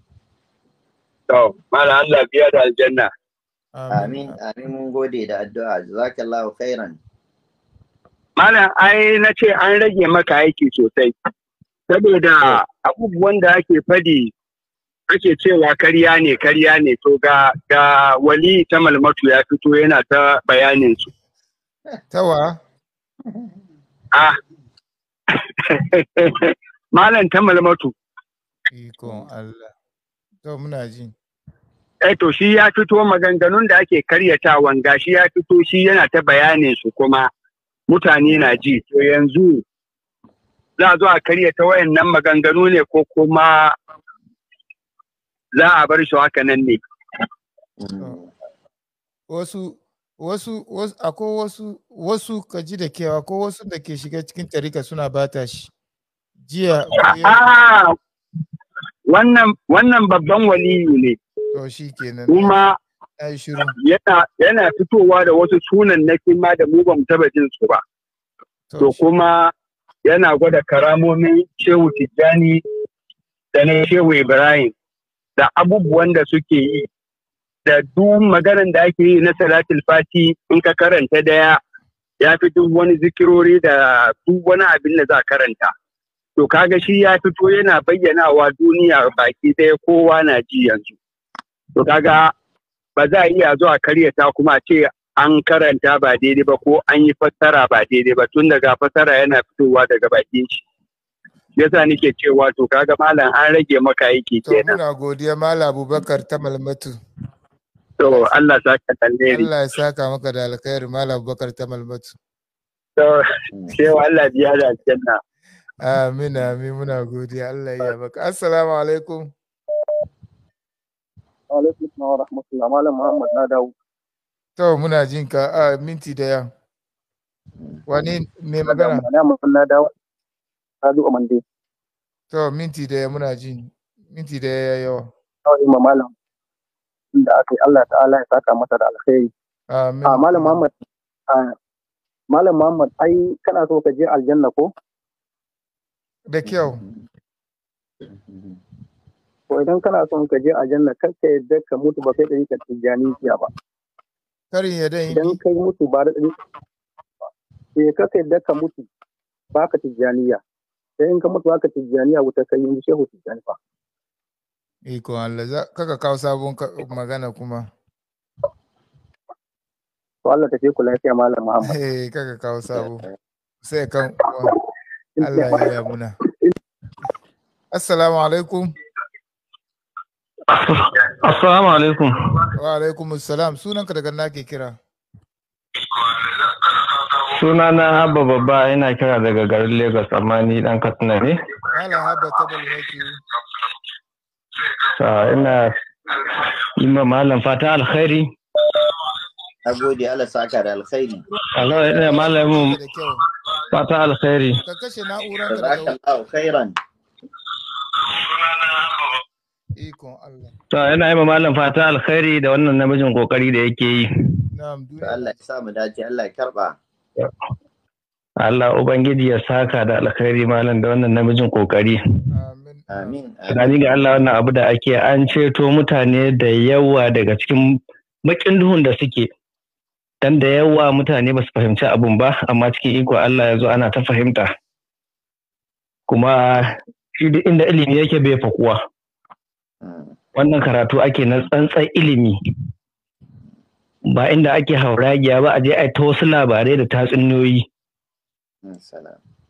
To Malam Allah biya da aljanna. Amin, amin mun gode da addu'a, jazakallahu khairan. Malam ai na ce an rage maka aiki sosai. Saboda abubuwan da ake fadi ake cewa karya ne karya ne to ga ga wali ta malmatu ya fito yana ta bayanin su. Tawa. [LAUGHS] Ah. [LAUGHS] Malam ta malmatu. Ikon Allah. To muna ji. Eh, to shi ya fito maganganun da ake karyatawan gashi ya fito shi yana ta bayanin su kuma mutane na ji. To yanzu za a zo a karyata wayannan maganganu ne ko kuma za a bar shi haka nan ne. Wasu wasu akwai wasu wasu ka ji da kewa ko wasu da ke shiga cikin tarika suna bata shi jiya wannan wannan babban waliyu ne to shi kenan kuma yana yana fitowa da wasu sunan na kima da mu ba mu taba jin su ba to kuma yana gwada karamomin shehu tijjani da na shehu ibrahim da abubuwan da suke yi da duk maganan da ake yi na salatul fati in ka karanta daya ya fi duk wani zikirori da duk wani abin da za karanta to kaga shi ya fito yana bayyanawa duniya baki daya kowa na ji yanzu to kaga ba za a iya zuwa karyata kuma ce an karanta ba daidai ba ko an yi fassara ba daidai ba tun daga fassara yana fitowa daga bakin shi yasa nake cewa to kaga malam an rage maka aiki kenan to muna godiya malam Abubakar ta malmatu To Allah saka alheri. Allah ya saka maka da alkhairi Malam Bakar ta malmatu. To cewa Allah biya da nan. Amin amin muna godiya Allah ya baka. Assalamu alaikum. Alaikum wa rahmatullah Malam Muhammad na dawo. To muna jin ka a minti daya. Wani mai magana? Na dawo. Sadu Mande. To minti daya muna jin. Minti daya ya yawa. Kawai malam. da aka yi Allah ta'ala ya saka masa da alkhairi amin ah, malam Muhammad ah, malam Muhammad ai kana so ka je aljanna ko da kyau ko idan kana so ka je aljanna kar ka yadda ka mutu ba kai yi ka tijani siya ba karin ya yi idan kai mutu ba da dari Ke eh, kar ka yadda ka mutu ba ka tijjaniya? sai in ka mutu ba ka tijjaniya wuta kai yi shehu tijjani ba. Iko Allah, kaka kawo sabon magana kuma. To Allah tafi ku lafiya Malam Muhammad. Eh, kaka kawo sabo. Eh. Sai kan Allah ya yi muna. Assalamu alaikum. Assalamu alaikum. Wa alaikum assalam. Sunan ka daga na ke kira. Suna na Habba Babba ina kira daga garin Lagos amma ni dan Katsina ne. Hala Habba ta balwaki. ina yi ma malam fata alkhairi a gode Allah saka da alkhairi Allah ina malamin fata alkhairi ka kashe na'uran ka da khairan ikon Allah to ina yi ma malam fata alkhairi da wannan namijin kokari da yake yi Allah ya sa mu dace Allah ya karba Allah ubangiji ya saka da alkhairi malam da wannan namijin kokari amin Amin. ga Allah wannan abu da ake an ceto mutane da yawa daga cikin bakin duhun da suke. Dan da yawa mutane ba su fahimci abun ba, amma cikin iko Allah ya zo ana ta fahimta. Kuma shi duk inda ilimi yake bai fakuwa. Wannan karatu ake na tsantsan ilimi. Ba inda ake hauragiya ba a je a ta wasu labarai da tatsuniyoyi.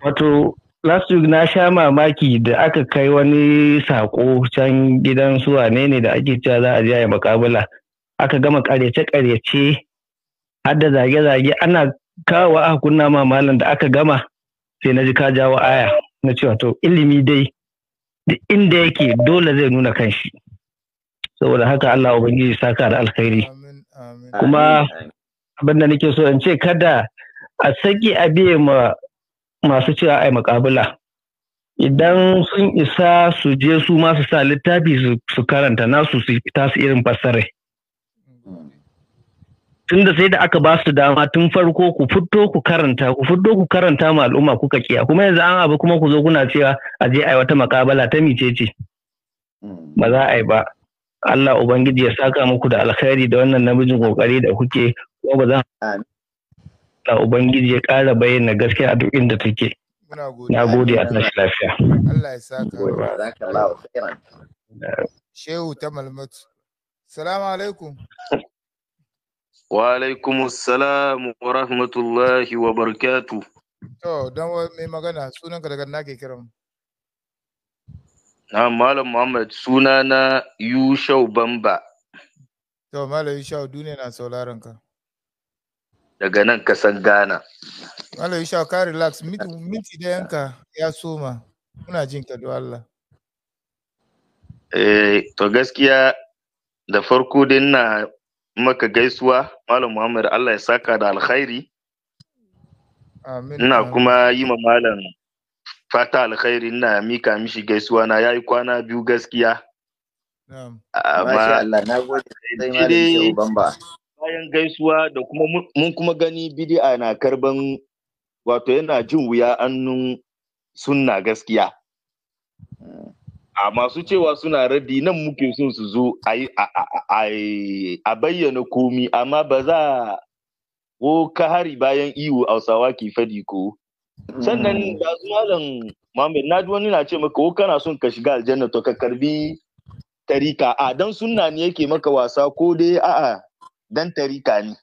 Wato last week na sha mamaki da aka kai wani sako can gidan su ne ne da ake cewa za a je ya makabula aka gama karyace-karyace har da zage-zage ana kawo a kunna mamalan da aka gama sai na ji ka jawo aya na cewa to ilimi dai da inda yake dole zai nuna kanshi saboda haka Allah ubangiji saka da alkhairi kuma abin da nake so in ce kada a saki a ma masu cewa ai makabula idan sun isa su je su masu sa littafi su karanta nasu su fita su irin fassare tunda sai da aka ba su dama tun farko ku fito ku karanta ku fito ku karanta ma al'umma kuka kiya kuma yanzu an abu kuma ku zo kuna cewa a je ai wata makabala ta micece ba za a yi ba Allah ubangiji ya saka muku da alkhairi da wannan namijin kokari da kuke kuma ba za Allah Ubangiji ya ƙara bayyana gaskiya a duk inda take. Na gode a tashi lafiya. Allah ya saka. Shehu ta malmatu. Salamu alaikum. Wa alaikum salamu wa rahmatullahi wa barkatu. To, don mai magana sunan ka daga nake kiran. Na Malam Muhammad suna na Yushau Bamba. To, Malam Yushau duniya na sauraron ka. daga nan kasan Ghana. Allah ya sha ka relax minti da yanka ya soma muna jin ka don Allah. Eh to gaskiya da farko dai na maka gaisuwa Malam Muhammad Allah ya saka da alkhairi. Ina kuma yi ma malam fata alkhairi ina mika mishi gaisuwa na yayi kwana biyu gaskiya. Amma Allah na gode sai malam Shehu Bamba. bayan gaisuwa da kuma mun kuma gani bidi'a na karban wato yana jin wuya annun sunna gaskiya a masu cewa suna radi nan muke son su zo a bayyana komi amma ba za ko ka hari bayan iwo hausawa ke fadi ko sannan da mm. malam Muhammad na wani na ce maka ko kana son ka shiga aljanna to ka karbi tarika a dan sunna ne yake maka wasa ko dai a'a dan tarika ne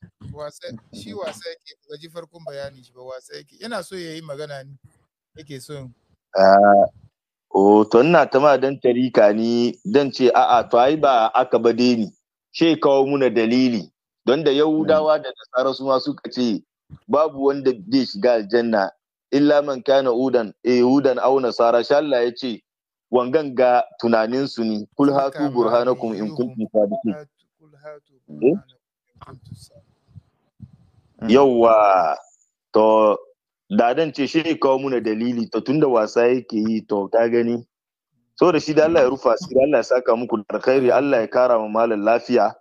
shi wasa yake ba ji farkon bayani shi ba wasa yake yana so ya yi magana ne yake so ah, o to ina ta ma dan tarika ni dan ce a'a to ai ba aka bade ni she kawo muna dalili don da yahudawa da nasara su ma suka ce babu wanda zai shiga aljanna illa man kana udan yahudan eh, aw nasara sha Allah ya ce wangan ga tunanin su ne kul hatu burhanakum in kuntum sadiqin Mm. yauwa to da dan ce shi ne kawo muna dalili to tunda wasa yake yi to ka gani so da shi da Allah ya rufa shi da Allah ya saka muku da alkhairi Allah ya kara ma malam lafiya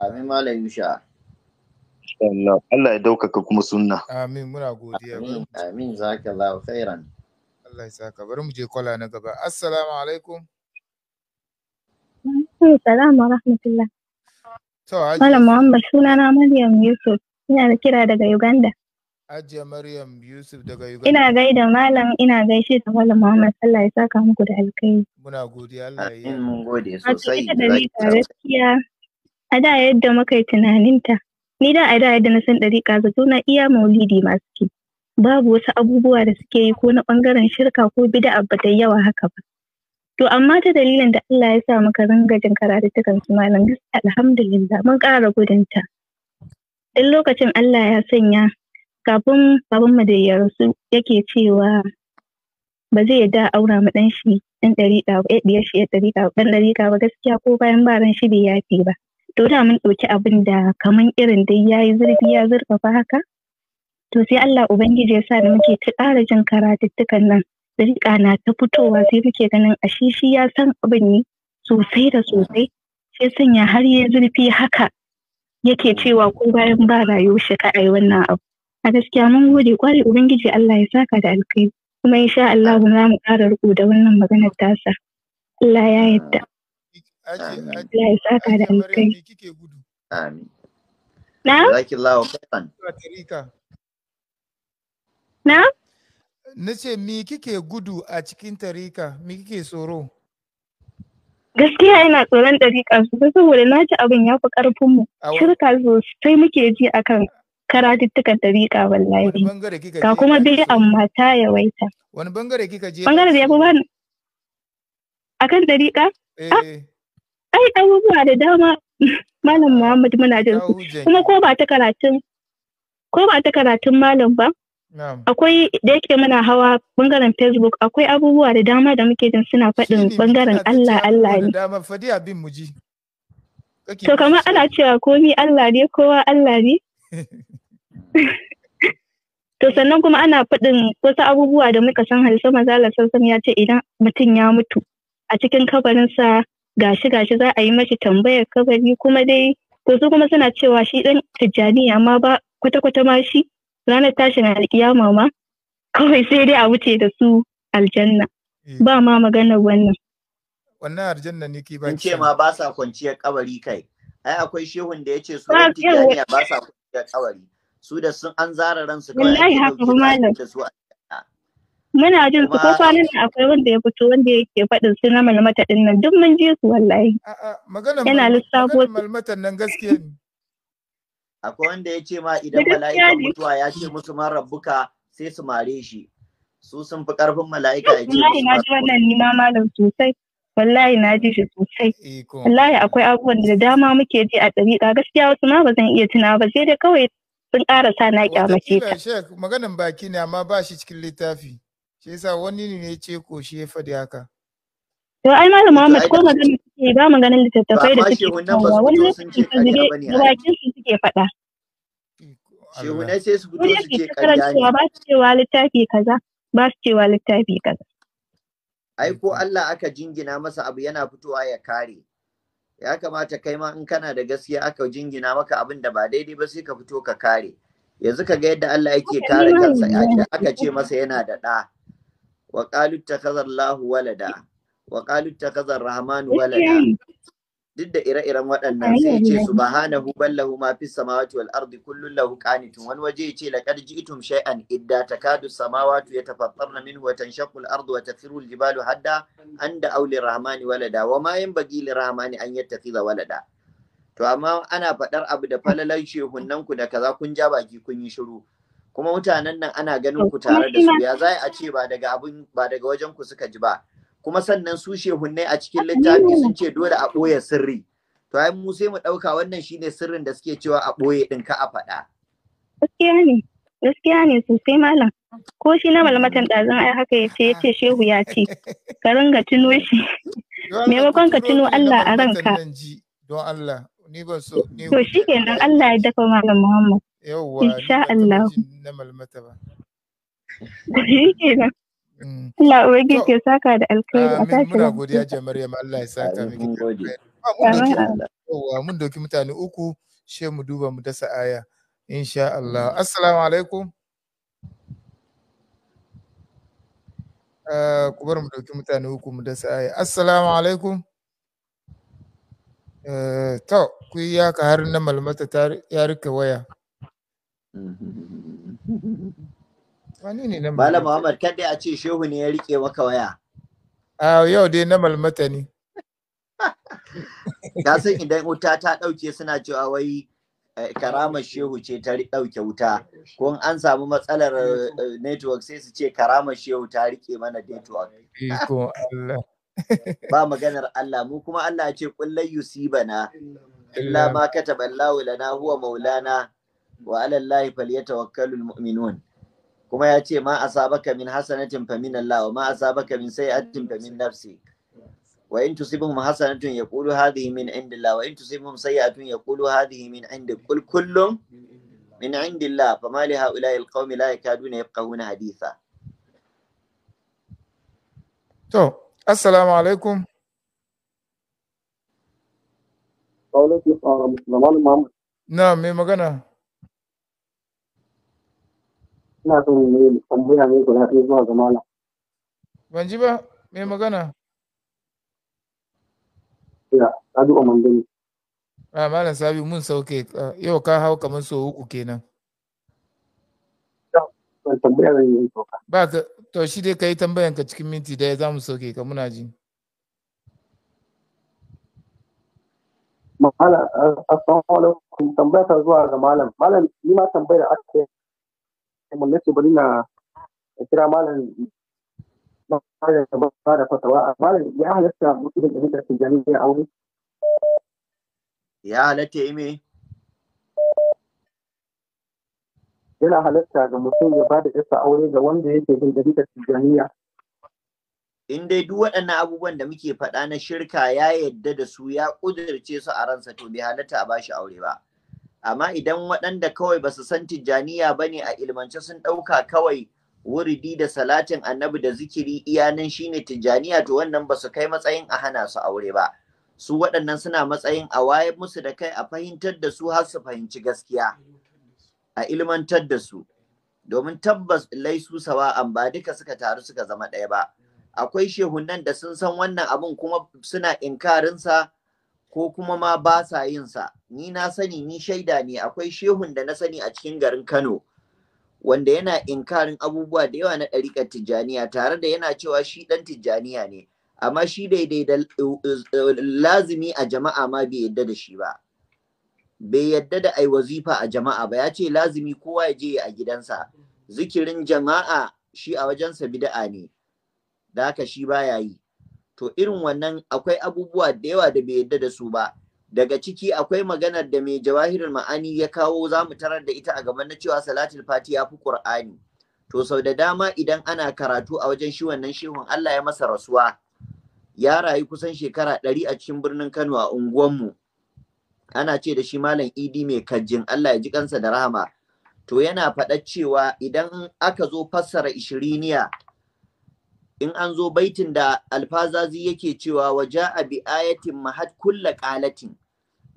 amin malam yusha Allah ya daukaka kuma sunna amin muna godiya amin zakallahu khairan Allah ya saka bari mu je kwala na gaba assalamu alaikum Assalamu alaikum wa rahmatullah Malam Muhammad suna na Maryam Yusuf ina da kira daga Uganda. Ajiya Maryam Yusuf daga Uganda. Ina gaida malam ina gaishe da malam Muhammad Allah ya saka muku da alkai. Muna godiya Allah ya yi. Mun gode sosai. A da gaskiya a da yadda muka yi tunaninta. Ni da a da yadda na san ɗariƙa zato na iya maulidi masu ke. Babu wasu abubuwa da suke yi ko na ɓangaren shirka ko bida abu da yawa haka ba. To amma ta dalilin da Allah ya sa muka ringa jin karatuttukan su malam gaskiya alhamdulillah mun ƙara gudunta. Duk lokacin Allah ya sanya kafin baban mu da ya yake cewa ba zai yarda aura mu dan shi dan ba ɗiyar shi dan ba gaskiya ko bayan baran shi bai yafi ba. To da mun ɗauki abin da kaman irin dai yayi zurfi ya zurfafa haka. To sai Allah Ubangiji ya sa da muke ta ƙara jin karatuttukan nan. Dariƙa na ta fitowa sai muke ganin ashe shi ya san abin ne sosai da sosai sai sanya har ya zurfi haka yake cewa ko bayan ba rayuwar shi ka ai wannan abu a gaskiya mun gode kwari ubangiji Allah ya saka da alkai kuma insha Allah za mu ƙara riko da wannan maganar tasa Allah ya yarda Allah ya saka da amin na na ce mi kike gudu a cikin tarika mi kike tsoro gaskiya ina tsoron tarika sosai saboda na ci abin ya fi karfin mu shirka sosai muke ji akan karatuttukan tarika wallahi ga kuma bai amma ta yawaita wani bangare kika je bangare da ya fi bani akan tarika eh. ah, ai abubuwa da dama [LAUGHS] malam Muhammad muna jin su kuma ko ba ta karatun ko ba ta karatun malam ba Akwai da yake muna hawa bangaren Facebook akwai abubuwa da dama da muke jin suna faɗin bangaren Allah Allah ne. To kamar ana cewa komi Allah ne kowa Allah ne. [LAUGHS] To sannan kuma ana faɗin wasu abubuwa da muka san halisa mazalar sassan ya ce idan mutum ya mutu a cikin kabarinsa gashi gashi za a yi mashi tambayar kabari kuma dai to su kuma suna cewa shi ɗan tijjani amma ba kwata-kwata ma shi ranar tashin alkiyama ma kawai sai dai a wuce da su aljanna eh. ba ma maganar wannan wannan aljanna ne ki ba ce ma ba sa kwanciyar kabari kai ai akwai shehun da yace su tijaniya ba sa kwanciyar kabari su da sun an zara ransu kawai wallahi haka ba malam muna jin su ko kwanan nan akwai wanda ya fito wanda yake faɗin su na malmata din nan duk mun ji su wallahi a'a magana yana lissafo malmatan nan gaskiya ne akwai wanda ya ce ma idan mala'ikan mutuwa ya ce musu ma rabbuka sai su mare shi su sun fi karfin mala'ika ya ce wallahi na ji wannan nima malam sosai wallahi na ji shi sosai eh, wallahi akwai abubuwan da dama muke ji a ɗariƙa gaskiya wasu ma ba zan iya tuna ba sai dai kawai sun ƙara sa na kyamace ta maganin baki ne amma ba shi cikin littafi shi yasa wani ne ya ce ko shi ya faɗi haka to ai malam Muhammad ko magana eh ba mu ganin littattafai da suke kawo wani littattafai da bakin su suke faɗa shehunai sai su fito su ce ne ba su cewa littafi kaza ba su cewa littafi kaza ai ko Allah aka jingina masa abu yana fitowa ya kare ya kamata kai ma in kana da gaskiya aka jingina maka abin da ba daidai ba sai ka fito ka kare yanzu ka ga yadda Allah yake kare kansa aka ce masa yana da ɗa wa qalu takhazallahu walada wa qalu takaza rahmanu walada duk da ire-iren waɗannan sai ce subhanahu ballahu ma fis samawati wal ardi kullun lahu qanitun wani waje ya ce laqad ji'tum shay'an idda takadu samawati yatafattarna minhu wa tanshaqu al ardu wa tafiru al jibalu hadda anda auli rahmani walada wa ma yanbaghi lir rahmani an yattakhidha walada to amma ana faɗar abu da falalan shehunan ku da kaza kun ja baki kun yi shiru kuma mutanen nan ana ganin ku tare da su ya za a ce ba daga abun ba daga wajen ku suka ji ba kuma sannan su shehunnai a cikin littafi sun ce dole a ɓoye sirri to ai mu sai mu ɗauka wannan shine sirrin da suke cewa a ɓoye ɗin ka a faɗa. gaskiya ne gaskiya ne sosai malam ko shi na malmatan ɗazun ai haka yace yace shehu ya ce ka ringa tuno shi maimakon ka tuno Allah a ranka. don Allah ni ba so ni to shi kenan Allah ya dafa malam Muhammad yawwa insha Allah na malamata ba [LAUGHS] shi kenan Allah ubangi ke saka da alkhairi a tashi muna godiya je Maryam Allah ya saka miki yawa mun doki mutane uku she mu duba mu dasa aya insha Allah assalamu alaikum eh, ku bar mu dauki mutane uku mu dasa aya assalamu alaikum eh, to ku yi haka har na malmata ya rika waya [LAUGHS] Malam Muhammad kan dai a ce shehu ne ya rike maka waya. A yau dai na malmata ne. Ka [LAUGHS] san idan wuta ta ɗauke suna cewa wai eh, karamar shehu ce ta ɗauke wuta. Ko an samu matsalar eh, eh, network sai su ce karamar shehu ta rike mana network. Iko Allah. [LAUGHS] Ba maganar Allah mu kuma Allah ya ce kullai yusibana illa ma kataba lana huwa maulana wa ala Allah falyatawakkalul mu'minun. kuma ya ce ma asabaka min hasanatin fa min Allah wa ma asabaka min sayyi'atin fa min nafsi wa in tusibhum hasanatun yaqulu hadhihi min indillah wa in tusibhum sayyi'atun yaqulu hadhihi min indik kul kullum min indillah fama li ha'ula'i alqaumi la yakaduna yafqahuna haditha to assalamu alaikum Na, mai magana? ina son ne tambaya ne guda ɗaya zuwa ga malam ban ji ba mai magana ya addu'a mandani a ah, malam sabi mun sauke ah, yau ka hau kamar so uku kenan ba ka to shi dai kai tambayan ka cikin minti daya za mu sauke ka muna ji a tsawon wani tambaya ta zuwa ga malam malam ni ma tambayar aka kamar nace bari na kira malam malam ba da fatawa malam ya halatta mutum da yake cikin jami'a aure ya halatta ime yana halatta ga mutum ya ba da isa aure ga wanda yake bin dalilin tijaniya in dai duk waɗannan abubuwan da muke faɗa na shirka ya yadda da su ya ƙudurce su a ransa to bai halatta a bashi aure ba amma idan waɗanda kawai ba su san tijjaniya ba ne a ilmance sun ɗauka kawai wuridi da salatin annabi da zikiri iyanan shine tijjaniya to wannan ba su kai matsayin a hana su aure ba su waɗannan suna matsayin a wayar musu da kai a fahimtar da su har su fahimci gaskiya a ilmantar da su domin tabbas laisu sawa'an ba duka suka taru suka zama ɗaya ba akwai shehunan da sun san wannan abun kuma suna inkarinsa ko kuma ma ba sa yin sa ni na sani ni shaida ne akwai shehun da na sani a cikin garin Kano wanda yana inkarin abubuwa da yawa na ɗariƙar Tijjaniya tare da yana cewa shi ɗan Tijjaniya ne amma shi daidai da lazimi a jama'a ma bai yadda da shi ba bai yadda da ai wazifa a jama'a ba ya ce lazimi kowa ya je a gidansa zikirin jama'a shi a wajensa bid'a ne da haka shi baya yi to irin wannan akwai abubuwa da yawa da bai yadda da su ba daga ciki akwai maganar da mai jawahirul ma'ani ya kawo za mu tarar da ita a gaban na cewa salatul fati ya fi qur'ani to sau da dama idan ana karatu a wajen shi wannan shehun Allah ya masa rasuwa ya rayu kusan shekara ɗari a cikin birnin Kano a unguwanmu ana ce da shi malam idi mai kajin Allah ya ji kansa da rahama to yana faɗa cewa idan aka zo fassara ishiriniya in an zo baitin da alfazazi yake cewa waja a bi ayatin mahad kulla qalatin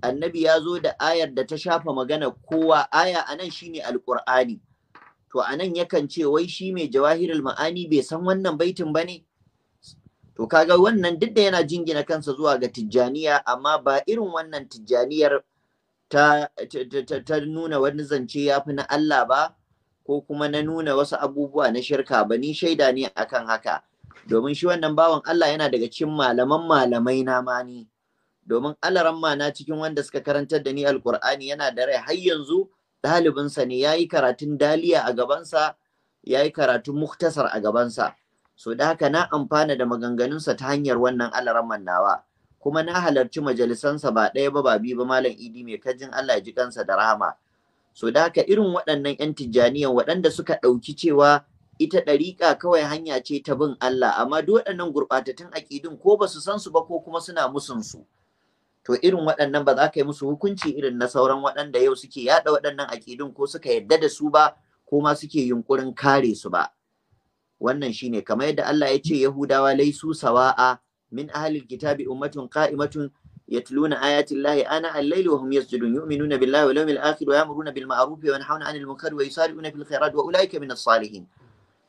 annabi ya zo da ayar da ta shafa magana kowa aya anan shine alqur'ani to anan yakan ce wai shi mai jawahirul ma'ani bai san wannan baitin bane to kaga wannan duk da yana jingina kansa zuwa ga tijjaniya amma ba irin wannan tijjaniyar ta, ta nuna wani zance ya fi na Allah ba ko kuma na nuna wasu abubuwa na shirka ba ni shaida ne akan haka domin shi wannan bawan Allah yana daga cikin malaman malamai na ma ni domin alaramma na cikin wanda suka karantar da ni alkur'ani yana da rai har yanzu ɗalibinsa ne ya yi karatun daliya a gabansa ya yi karatun muktasar a gabansa so da haka na amfana da maganganunsa ta hanyar wannan alaramman nawa kuma na halarci majalisansa ba ɗaya ba ba biyu ba malam idi mai kajin Allah ya ji kansa da rahama so da haka irin waɗannan 'yan tijjaniyan waɗanda suka ɗauki cewa ita ɗariƙa kawai hanya ce ta bin Allah amma duk waɗannan gurɓatattun aƙidun ko ba su san su ba ko kuma suna musun su to irin waɗannan ba za ka yi musu hukunci irin na sauran waɗanda yau suke yaɗa waɗannan aƙidun ko suka yadda da su ba ko ma suke yunƙurin kare su ba wannan shine kamar yadda Allah ya ce Yahudawa su sawa'a min ahlil kitabi ummatun qa'imatun يتلون آيات الله آناء الليل وهم wa يؤمنون بالله واليوم الآخر ويأمرون بالمعروف وينحون عن yusari'una fil في wa ulaika minas salihin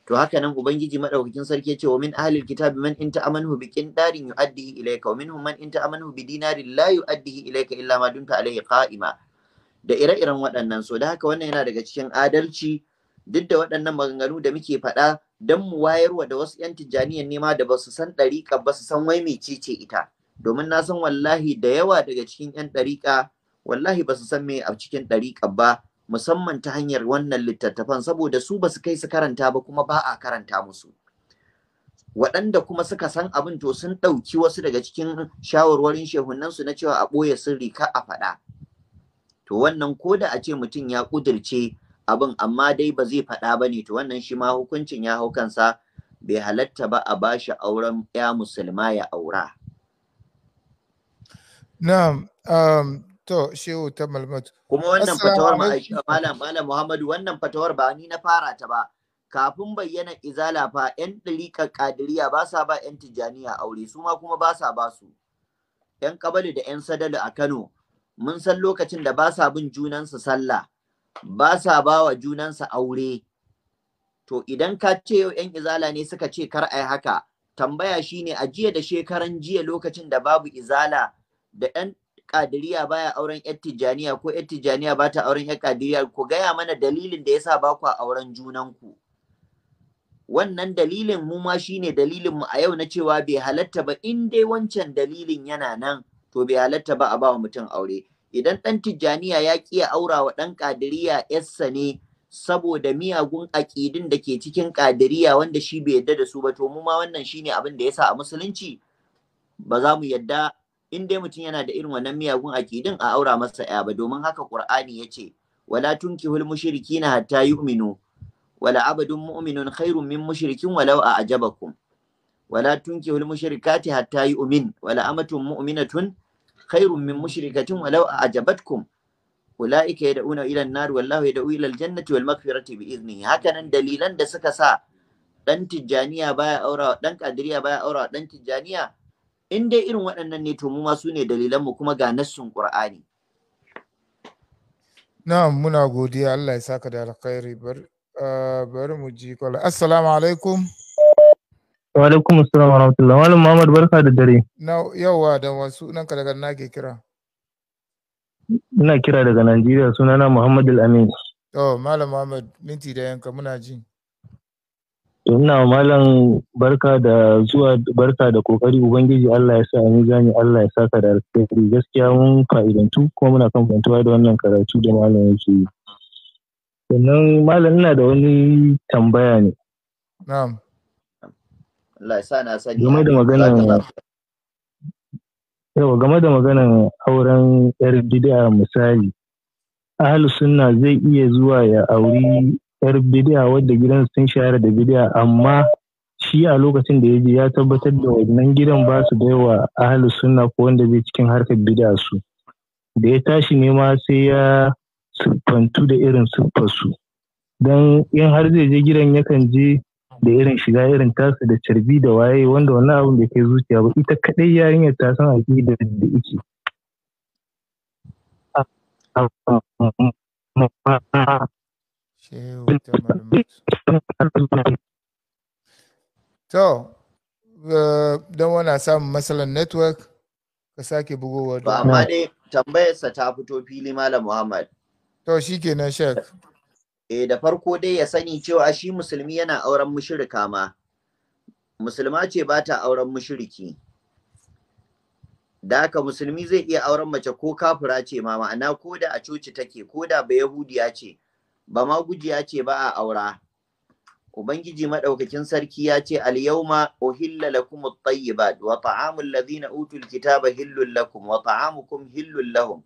to haka nan ubangiji madaukakin sarki ya ce wa min ahlil kitabi man in ta'amanhu bi qindarin yu'addihi ilayka wa minhum man in ta'amanhu bi dinarin la yu'addihi ilayka illa ma dunta alayhi qa'ima da ire-iren waɗannan so da haka wannan yana daga cikin adalci duk da waɗannan maganganu da muke faɗa don mu wayarwa da wasu 'yan tijjaniyan nema da ba su san ɗariƙa ba su san wai mecece ita domin na san wallahi da yawa daga cikin ƴan ɗariƙa wallahi ba su san me a cikin ɗariƙa ba musamman ta hanyar wannan littattafan saboda su basu kai su karanta ba kuma ba a karanta musu waɗanda kuma suka san abin to sun ɗauki wasu daga cikin shawarwarin shehunansu na cewa a ɓoye sirri ka a faɗa to wannan ko da a ce mutum ya ƙudirce abin amma dai ba zai faɗa ba ne to wannan shi ma hukuncin ya hau kansa bai halatta ba a bashi auren ya musulma ya aura. Na'am, um, To, Shehu ta malmatu. Kuma wannan fatawar malam malam Muhammadu wannan fatawar ba ni na fara ta ba. Kafin bayyana izala fa 'yan ɗariƙar ƙadiriya ba sa ba 'yan tijjaniya aure su ma kuma ba sa ba su. 'Yan kabali da 'yan sadalu a Kano mun san lokacin da ba sa bin junansu sallah ba sa ba wa junansu aure. To idan ka ce yau 'yan izala ne suka ce kar a yi haka tambaya shine a jiya da shekaran jiya lokacin da babu izala da 'yan kadiriya baya auren yar tijjaniya ko yar tijjaniya bata auren yar kadiriya ku gaya mana dalilin da yasa ba ku auren junanku wannan dalilin mu ma shine dalilin mu a yau na cewa bai halatta ba in dai wancan dalilin yana nan to bai halatta ba a ba mutum aure idan ɗan tijjaniya ya kiya ya aura wa ɗan kadiriya yarsa ne saboda miyagun aƙidin da ke cikin ƙadiriya wanda shi bai yadda da su ba to mu ma wannan shine abin da yasa a musulunci ba za mu yadda in dai mutum yana da irin wannan miyagun akidin a aura masa ya ba domin haka qur'ani yace wala tunkihul mushrikina hatta yu'minu wala abadun mu'minun khairun min mushrikin walau a'jabakum wala tunkihul mushrikati hatta yu'min wala amatun mu'minatun khairun min mushrikatin walau a'jabatkum ulaika yad'una ila an-nar wallahu yad'u ila al-jannati wal maghfirati bi idnihi hakanan dalilan da suka sa dan tijjaniya baya aura dan kadiriya baya aura dan tijjaniya in dai irin waɗannan ne to mu ma su ne dalilanmu kuma ga nassun Qur'ani na'am muna godiya Allah ya saka da alkhairi bar ah, bari mu ji kwala assalamu alaikum wa alaikum assalam wa rahmatullah malam Muhammad barka da dare na yawa da wasu nan ka daga nake kira ina kira daga Najeriya sunana Muhammad Al-Amin oh malam Muhammad minti da yanka muna ji. To ina malam barka da zuwa barka da kokari Ubangiji Allah ya sa a gani Allah ya saka da alkhairi gaskiya mun fa'idantu kuma muna kan fantuwa da wannan karatu da malam yake yi. Sannan malam ina da wani tambaya ne. Na'am. Allah ya sa na sani. Game da maganar Yawa game da maganan auren yar bid'a misali. Ahlus sunna zai iya zuwa ya auri yar bidiya wadda gidan sun shayar da bidiya amma shi a lokacin da ya je ya tabbatar da wannan gidan ba su da yawa ahli sunna ko wanda bai cikin harkar bidiya su da ya tashi nema sai ya siffantu da irin siffarsu don in har zai je gidan yakan je da irin shiga irin tasa da carbi da waye wanda wannan abin bai kai zuciya ba ita kadai yarinyar ta san aƙida da ike Shehu To, e, don wana samun matsalar network ka sake bugowa. Ba ma ne tambayarsa ta fito fili Malam Muhammad. To shi kenan shek. E eh, da farko dai ya sani cewa shi musulmi yana auren mushirika ma. Musulma ce ba ta auren mushiriki. da haka musulmi zai iya auren mace ko kafura ce ma ma'ana ko da a coci take ko da ba yahudiya ce ba ma guji ce ba a aura. Ubangiji maɗaukakin sarki ya ce alyauma uhilla lakum at-tayyibat wa ta'amul ladina utul kitaba hillul lakum wa ta'amukum hillul lahum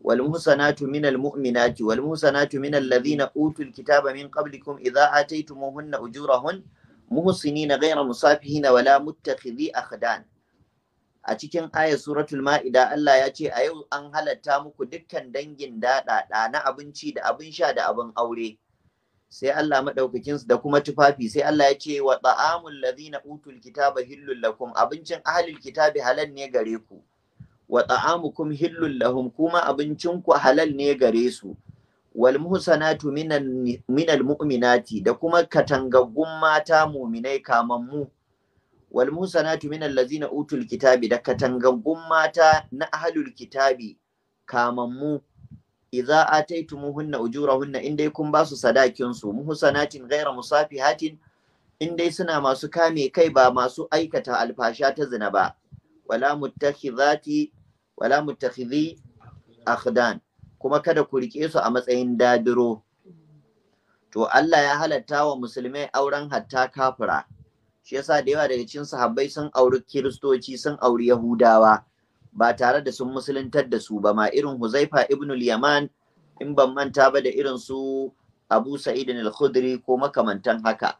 wal muhsanatu minal mu'minati wal muhsanatu minal ladina utul kitaba min qablikum idha ataytumuhunna ujurahun muhsinina ghayra musafihin wala muttakhidhi akhdan a cikin ay'ar suratul ma'ida Allah ya ce a yau an halatta muku dukkan dangin daɗaɗa na abinci da abin sha da abin aure sai Allah maɗaukakin da kuma tufafi sai Allah ya ce wa ta'amul ladhina utul kitaba hillul lakum abincin ahlul kitabi halal ne gare ku wa ta'amukum hillul lahum kuma abincin ku halal ne gare su wal muhsanatu minal mu'minati da kuma katangaggun mata muminai kamammu mu wal musanatu min allazina utul kitabi da katangangun mata na ahlul kitabi kamammu idza ataytumuhunna ujurahunna in dai kun basu sadakin su muhsanatin ghaira musafihatin in dai suna masu kame kai ba masu aikata alfasha ta zina ba wala muttakhidhati wala muttakhidhi akhdan kuma kada ku rike su a matsayin dadiro to Allah ya halatta wa musulmai auren hatta kafira shi yasa da yawa daga cikin sahabbai sun auri kiristoci sun auri yahudawa ba tare da sun musuluntar da su ba ma irin huzaifa ibnul yaman in ban manta ba da irin su abu sa'idin al-khudri ko makamantan haka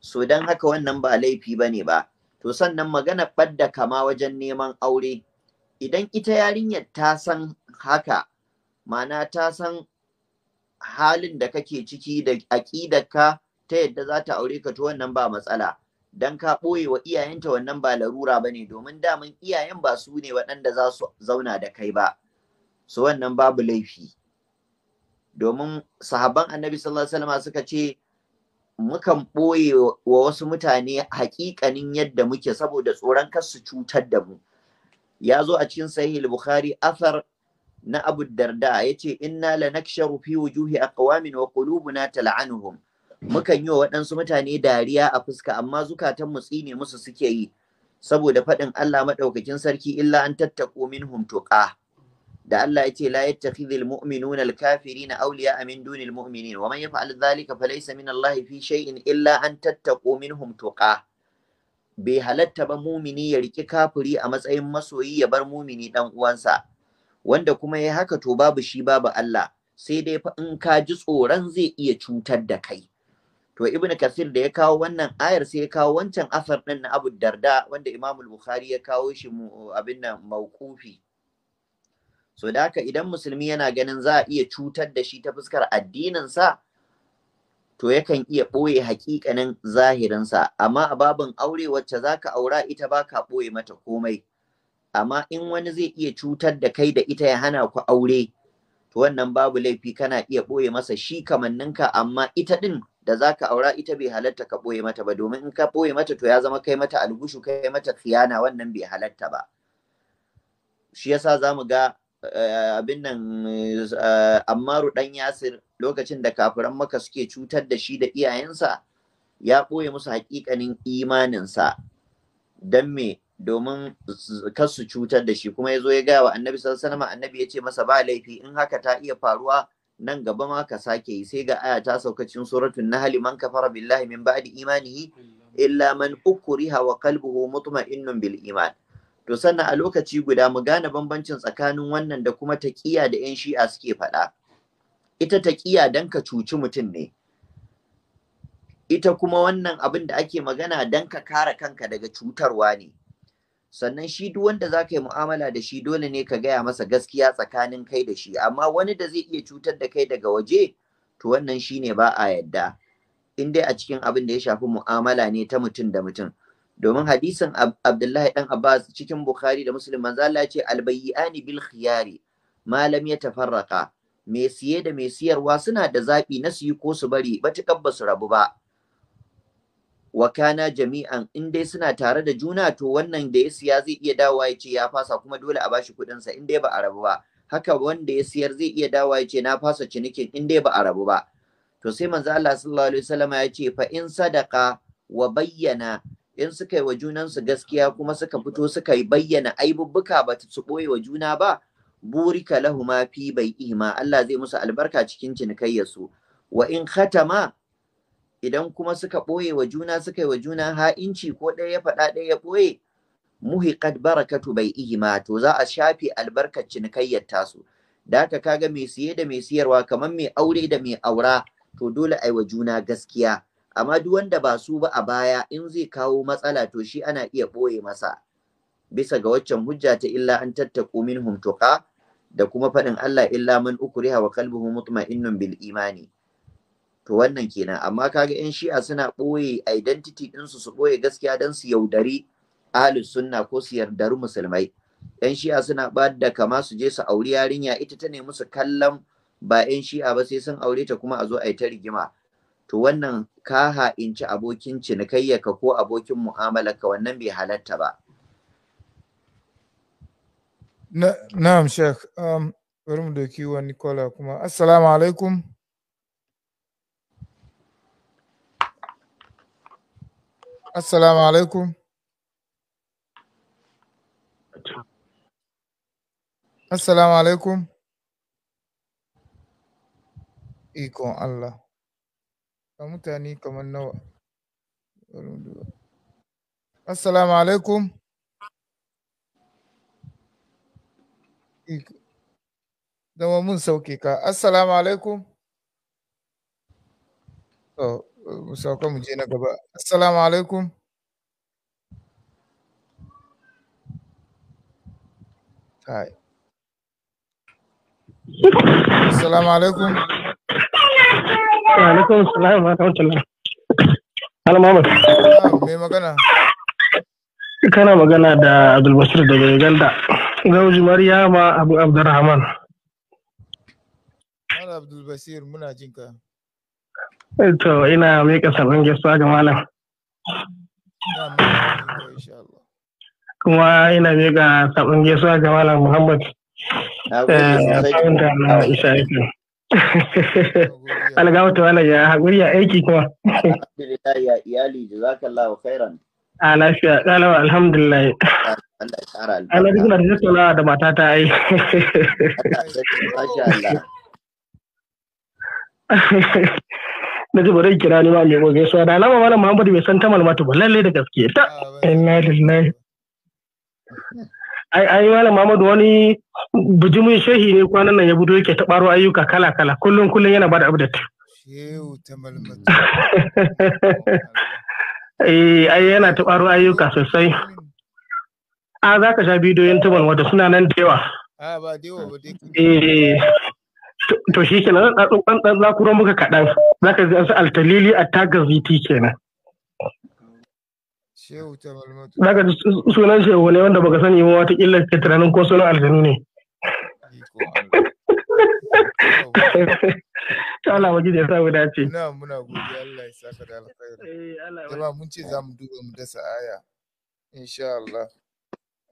so don haka wannan ba laifi ba ne ba to sannan magana badda kama wajen neman aure idan ita yarinyar ta san haka ma'ana ta san halin da kake ciki da aƙidarka ta yadda za ta aure ka to wannan ba matsala dan ka ɓoye wa iyayenta wannan ba larura ba ne domin daman iyayen ba su ne waɗanda za su zauna da kai ba su wannan babu laifi domin sahabban annabi sallallahu alaihi suka ce mukan ɓoye wa wasu mutane haƙiƙanin yadda muke saboda tsoron kar su cutar da mu ya zo a cikin sahih bukhari athar na abu darda ya yace inna lanaksharu fi wujuhi aqwamin wa qulubuna tal'anuhum mukan yi wa waɗansu mutane dariya a fuska amma zukatan mu tsine musu suke yi saboda faɗin Allah maɗaukakin sarki illa an tattaku minhum tuqa da Allah yace la yattakhidhul mu'minuna al-kafirina awliya'a min dunil mu'minin wa man yaf'al dhalika falaysa min Allah fi shay'in illa an tattaku minhum tuqa bai halatta ba mumini ya riki kafiri a matsayin masoyi ya bar mumini ɗan uwansa wanda kuma ya haka to babu shi babu Allah sai dai fa in ka ji tsoron zai iya cutar da kai to ibn kasir da ya kawo wannan ayar sai ya kawo wancan asar din na abu darda wanda imam bukhari ya kawo shi abin nan mauqufi so da haka idan musulmi yana ganin za a iya cutar da shi ta fuskar addinin sa to yakan iya ɓoye hakikanin zahirinsa amma a babin aure wacce zaka aura ita baka boye ɓoye mata komai amma in wani zai iya cutar da kai da ita ya hana ku aure to wannan babu laifi kana iya ɓoye masa shi kamanninka amma ita ɗin da za ka aura ita bai halatta ka ɓoye mata ba domin in ka ɓoye mata to ya zama kai mata algushu kai mata khiyana wannan bai halatta ba shi yasa za mu ga eh, abin nan eh, ammaru ɗan yasir lokacin da kafiran maka suke cutar da shi da iyayensa ya ɓoye musu haƙiƙanin imaninsa don me domin kar su cutar da shi kuma ya zo ya gaya wa annabi sallallahu alaihi annabi ya ce masa ba laifi in haka ta iya faruwa nan gaba ma ka sake yi sai ga aya ta sauka cikin suratul nahl man kafara billahi min ba'di imanihi illa man ukriha wa qalbuhu mutma'innun bil iman to sannan a lokaci guda mu gane bambancin tsakanin wannan da kuma taqiya da yan shi'a suke faɗa ita taqiya dan ka cuci mutum ne ita kuma wannan abin da ake magana dan ka kare kanka daga cutarwa ne sannan shi duk wanda za ka yi mu'amala da shi dole ne ka gaya masa gaskiya tsakanin kai da shi amma wani da zai iya cutar da kai daga waje to wannan shi ne ba a yadda in dai a cikin abin da ya shafi mu'amala ne ta mutum da mutum domin hadisin abdullahi dan abbas cikin bukhari da muslim manzo Allah ce albayyani bil khiyari malam ya tafarraka mai siye da mai siyarwa suna da zaɓi na su yi ko su bari batukar ba su rabu ba wa kana jami'an in dai suna tare da juna to wannan da ya siya zai iya dawowa ya ce ya fasa kuma dole a bashi kuɗin sa in dai ba a rabu ba haka wanda ya siyar zai iya dawowa ya ce na fasa cinikin in dai ba a rabu ba to sai manzo Allah sallallahu alaihi wasallam ya ce fa in sadaqa wa bayyana in suka yi wa junansu gaskiya kuma suka fito suka yi bayyana aibubbuka ba su ɓoye wa juna ba burika lahumafi fi bai ihima Allah zai musu albarka cikin cinikayyarsu wa in khatama idan kuma suka ɓoye wa juna suka yi wa juna ha'inci ko ɗaya ya faɗa ɗaya ya ɓoye kad barakatu bai ma, to za a shafe albarkar cinikayyar su. da haka kaga mai siye da mai siyarwa kamar mai aure da mai aura to dole a yi wa juna gaskiya amma duk wanda ba su ba a baya in zai kawo matsala to shi ana iya ɓoye masa bisa ga waccan hujja ta illa an tattaku minhum tuqa da kuma faɗin Allah illa man ukriha wa qalbuhu mutma'innun bil imani to wannan kenan amma kaga yan shi'a suna ɓoye identity ɗinsu su ɓoye gaskiya don su yaudari ahlus sunna ko su yardari musulmai yan shi'a suna ba da kama su je su auri yarinya ita ta nemi su kallon ba yan shi'a ba sai sun aure ta kuma a zo a yi ta rigima to wannan ka ha'inci abokin cinikayyaka ko abokin mu'amalarka wannan bai halarta ba na'am shek um, bari mu doki wani kola kuma assalamu alaikum Assalamu alaikum. Assalamu alaikum. Ikon alaikum. Zama mun sauke ka. musauka mu je na gaba assalamu alaikum Hi. Assalamu alaikum. alaikum salam wa rahmatullah. Hal Muhammad. Me magana? Kana magana da Abdul Basir daga Uganda. Gauji Maryama Abu Abdurrahman. Mala Abdul Basir muna jinka. To ina miƙa sabon gaisuwa ga malam. Kuma ina miƙa sabon gaisuwa ga malam Muhammad. na eh, [LAUGHS] ya haƙuri ya aiki kuma. Alhamdulillah ya iyali A lafiya alhamdulillah. ya da matata ai. [LAUGHS] na ji bari kira ni ma mai gobe gaisuwa da alama malam Muhammadu bai san ta mata ba lalle da gaske ta inna lillahi ai ai malam Muhammadu wani bijimin shehi ne kwanan nan ya budo yake ta baro ayyuka kala kala kullum kullum yana bada update yau ta [LAUGHS] eh, ai yana ta baro ayyuka sosai a za ka sha bidiyoyin ta wata suna nan da yawa a ba da yawa ba dai eh, eh, to shi ke nan na ɗan ɗan zakuro muka kaɗan za ka ji su altalili a tagar ziti kenan za ka ji sunan shehu ne wanda baka sani ma wata illa ke tunanin ko sunan aljanu ne Allah waje [LAUGHS] da ya samu dace na muna godiya Allah ya saka da alkhairi eh, jama'a mun ce za mu duba mu dasa aya insha Allah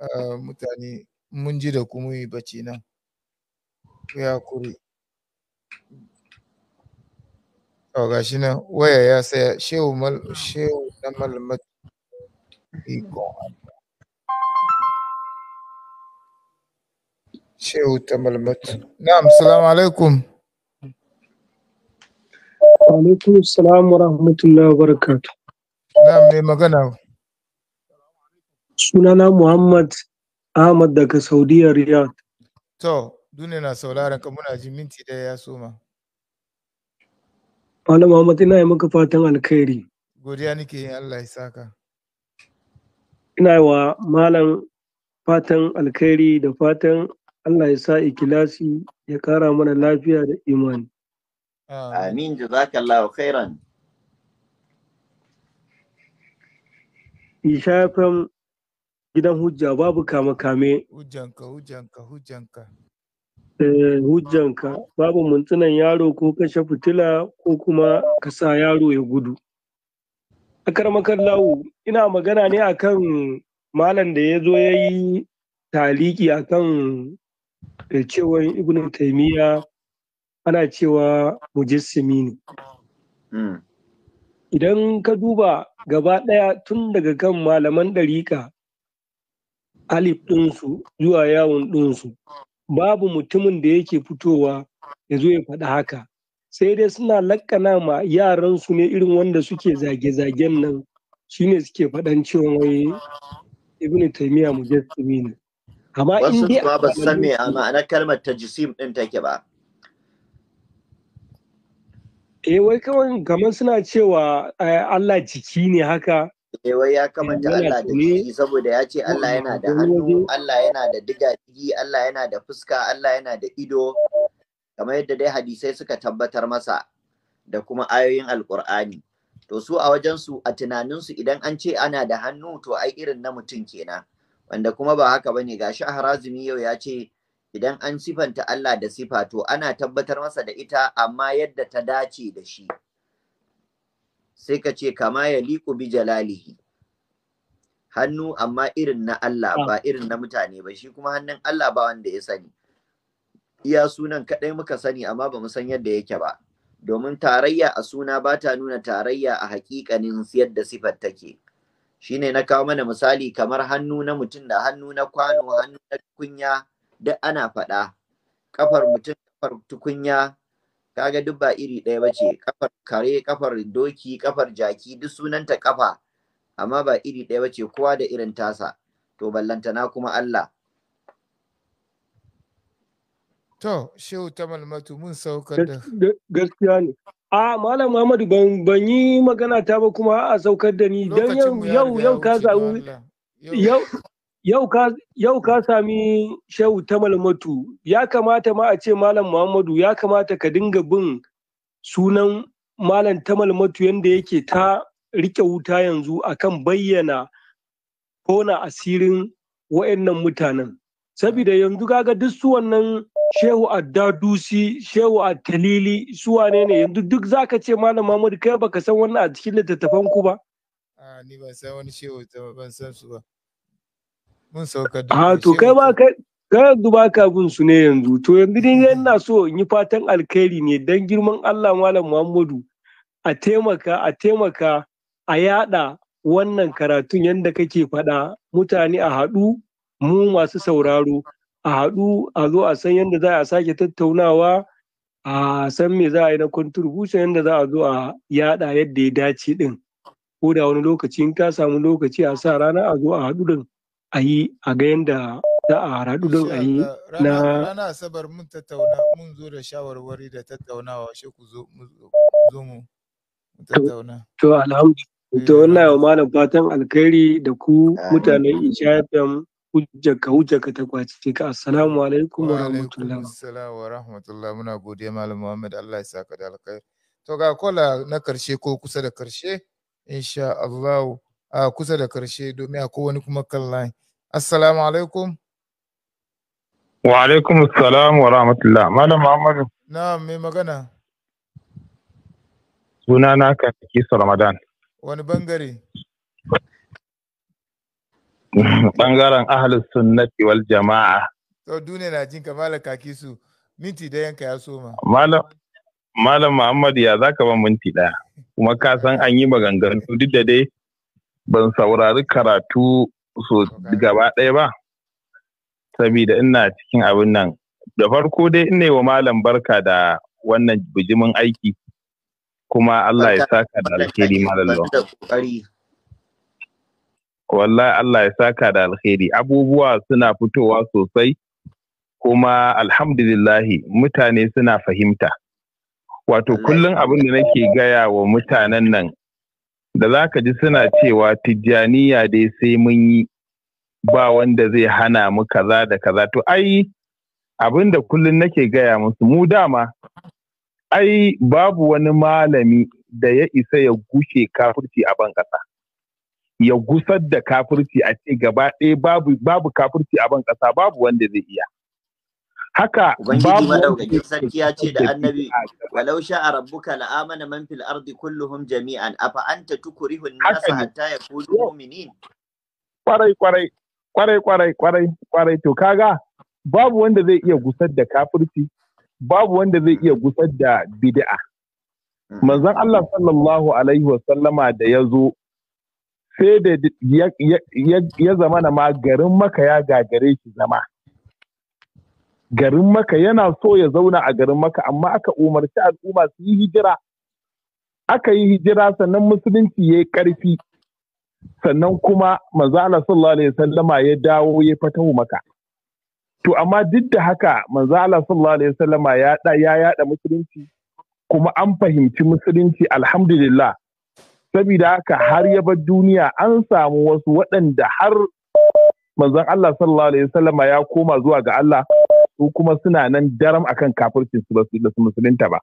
ah, mutane mun ji da kuma yi bacci nan ya kuri To ga shi nan waya ya saya shehu mal shehu na malamat ikon Shehu ta malamat. Na'am, salamu alaikum. Wa alaikum salam wa rahmatullahi wa barakatuh. Na'am, ne magana. Sunana Muhammad Ahmad daga Saudiya Riyadh. To, Duniya na sauraron ka muna ji minti da ya soma. Malam Muhammad ina yi maka fatan alkhairi. Godiya nake yin Allah ya saka. Ina wa malam fatan alkhairi da fatan Allah ya sa ikilasi ya kara mana lafiya da imani. Amin jazakallahu khairan. Ishafin gidan hujja babu kame-kame. Hujjanka, hujjanka, hujjanka. Eh, hujjanka babu muntunan yaro ko kashe fitila ko kuma ka sa yaro ya gudu A karmakar lawu ina magana ne akan malam da ya zo ya yi taliki akan eh, cewar ibn taimiyya ana cewa mujassimi ne hmm. idan ka duba gaba ɗaya tun daga kan malaman ɗarika alif ɗinsu zuwa yawon ɗinsu babu mutumin da yake fitowa ya zo ya faɗi haka sai dai suna lakkana ma yaransu ne irin wanda suke zage-zagen nan shine suke faɗan cewa wai ibn taymiya mujassimi ne amma in dai ba ba san me ma'anar kalmar tajsim din take ba eh wai kawai kamar suna cewa Allah jiki ne haka Eh, wai ya kamanta Allah da jiki saboda ya ce Allah yana da hannu, Allah yana da digadigi, Allah yana da fuska, Allah yana da ido, kamar yadda dai hadisai suka tabbatar masa da kuma ayoyin Alƙur'ani. To su a wajensu a tunaninsu idan an ce ana da hannu to ai irin na mutum kenan. Wanda kuma ba haka bane gashi harazumi yau ya ce idan an sifanta Allah da sifa to ana tabbatar masa da ita amma yadda ta dace da shi. sai ka ce kama ya liku bi jalalihi hannu amma irin na Allah ba irin na mutane ba shi kuma hannun Allah ba wanda ya sani iya sunan kaɗai muka sani amma ba mu san yadda yake ba domin tarayya a suna ba ta nuna tarayya a hakikanin yadda sifar take shine na kawo mana misali kamar hannu na mutum da hannu na kwano hannu na tukunya duk ana faɗa kafar mutum kafar tukunya kaga duk ba iri ɗaya ba ce kafar kare kafar doki kafar jaki duk sunanta kafa amma ba iri ɗaya ba ce kowa da irin tasa to ballantana kuma Allah to shehu ta malmatu mun saukar da gaskiya ne a malam Muhammadu ban ban yi magana ta ba kuma a saukar da ni dan yau yau yau ka zaɓi yau yau ka sami shehu ta malmatu ya kamata ma a ce malam muhammadu ya kamata ka dinga bin sunan malam ta malmatu yadda yake ta rike wuta yanzu akan bayyana kona asirin wa'annan mutanen saboda yanzu kaga duk su wannan shehu addadusi shehu talili, su wane ne yanzu duk ka ce malam muhammadu kai baka san wannan a cikin littattafan ku ba ni ban san wani shehu ban san su ba mun sauka da ah, to kai ba kai yanzu ba ka bin su ne yanzu to yanzu dai ina so in yi fatan alkhairi ne dan girman Allah malam Muhammadu a taimaka a taimaka a yada wannan karatun yadda kake faɗa mutane a haɗu mu masu sauraro a haɗu a zo a san yadda za a sake tattaunawa a san me za a yi na contribution yadda za a zo a yada yadda ya dace din ko da wani lokaci in ka samu lokaci a sa rana a zo a haɗu din a yi a ga yadda za a haɗu don a yi na rana asabar mun tattauna mun zo da shawarwari da tattaunawa shi ku zo mu tattauna to alhamdulillah to eh, wannan yau malam fatan alkhairi da ku mutanen isha fm hujjaka hujjaka ta kwace ka assalamu alaikum wa rahmatullahi wa assalamu wa rahmatullahi muna godiya malam muhammad Allah ya saka da alkhairi to ga kola na karshe ko kusa da karshe insha Allah a kusa da karshe domin akwai wani kuma kan layi assalamu alaikum wa alaikum assalam wa rahmatullah malam muhammadu na mai magana suna na kan kisa ramadan wani bangare bangaren ahalus sunnati wal jama'a Sau duniya na jin ka mala kaki su minti da yanka ya soma malam malam Muhammadu ya zaka ban minti ɗaya? kuma ka san an yi maganganu duk da dai ban saurari karatu so gaba ɗaya ba saboda ina cikin abin nan da farko dai ina wa malam barka da wannan bijimin aiki kuma Allah ya saka da alheri malallo wallahi Allah ya saka da alheri abubuwa suna fitowa sosai kuma alhamdulillahi mutane suna fahimta wato kullum abin da nake gaya wa mutanen nan da za ka ji suna cewa tijjaniya dai sai mun yi ba wanda zai hana mu kaza da kaza to ai abin da kullum nake gaya musu mu dama ai babu wani malami da ya isa ya gushe kafirci a ban ƙasa ya gusar da kafirci a ce gaba ɗaya babu, babu kafirci a ban ƙasa babu wanda zai iya haka babu madaukakin sarki ya ce da annabi walau sha'a rabbuka la'amana man fil ardi kulluhum jami'an afa anta tukrihu an nasa hatta yakunu mu'minin kwarai kwarai kwarai kwarai kwarai kwarai to kaga babu wanda zai iya gusar da kafirci babu wanda zai iya gusar da bid'a mm. manzon Allah sallallahu alaihi wa sallama da yazo sai da ya zamana ma garin maka ya gagare shi zama garin maka yana so ya zauna a garin maka amma aka umarci al'umma su yi hijira aka yi hijira sannan musulunci ya yi ƙarfi sannan kuma manzo Allah sallallahu alaihi wasallama ya dawo ya fatahu maka to amma duk da haka manzo Allah sallallahu alaihi wasallama ya da ya yada musulunci kuma an fahimci musulunci alhamdulillah saboda haka har ya bar duniya an samu wasu waɗanda har manzon Allah sallallahu alaihi wasallama ya koma zuwa ga Allah su kuma suna nan daram akan kafircin su ba su musulunta ba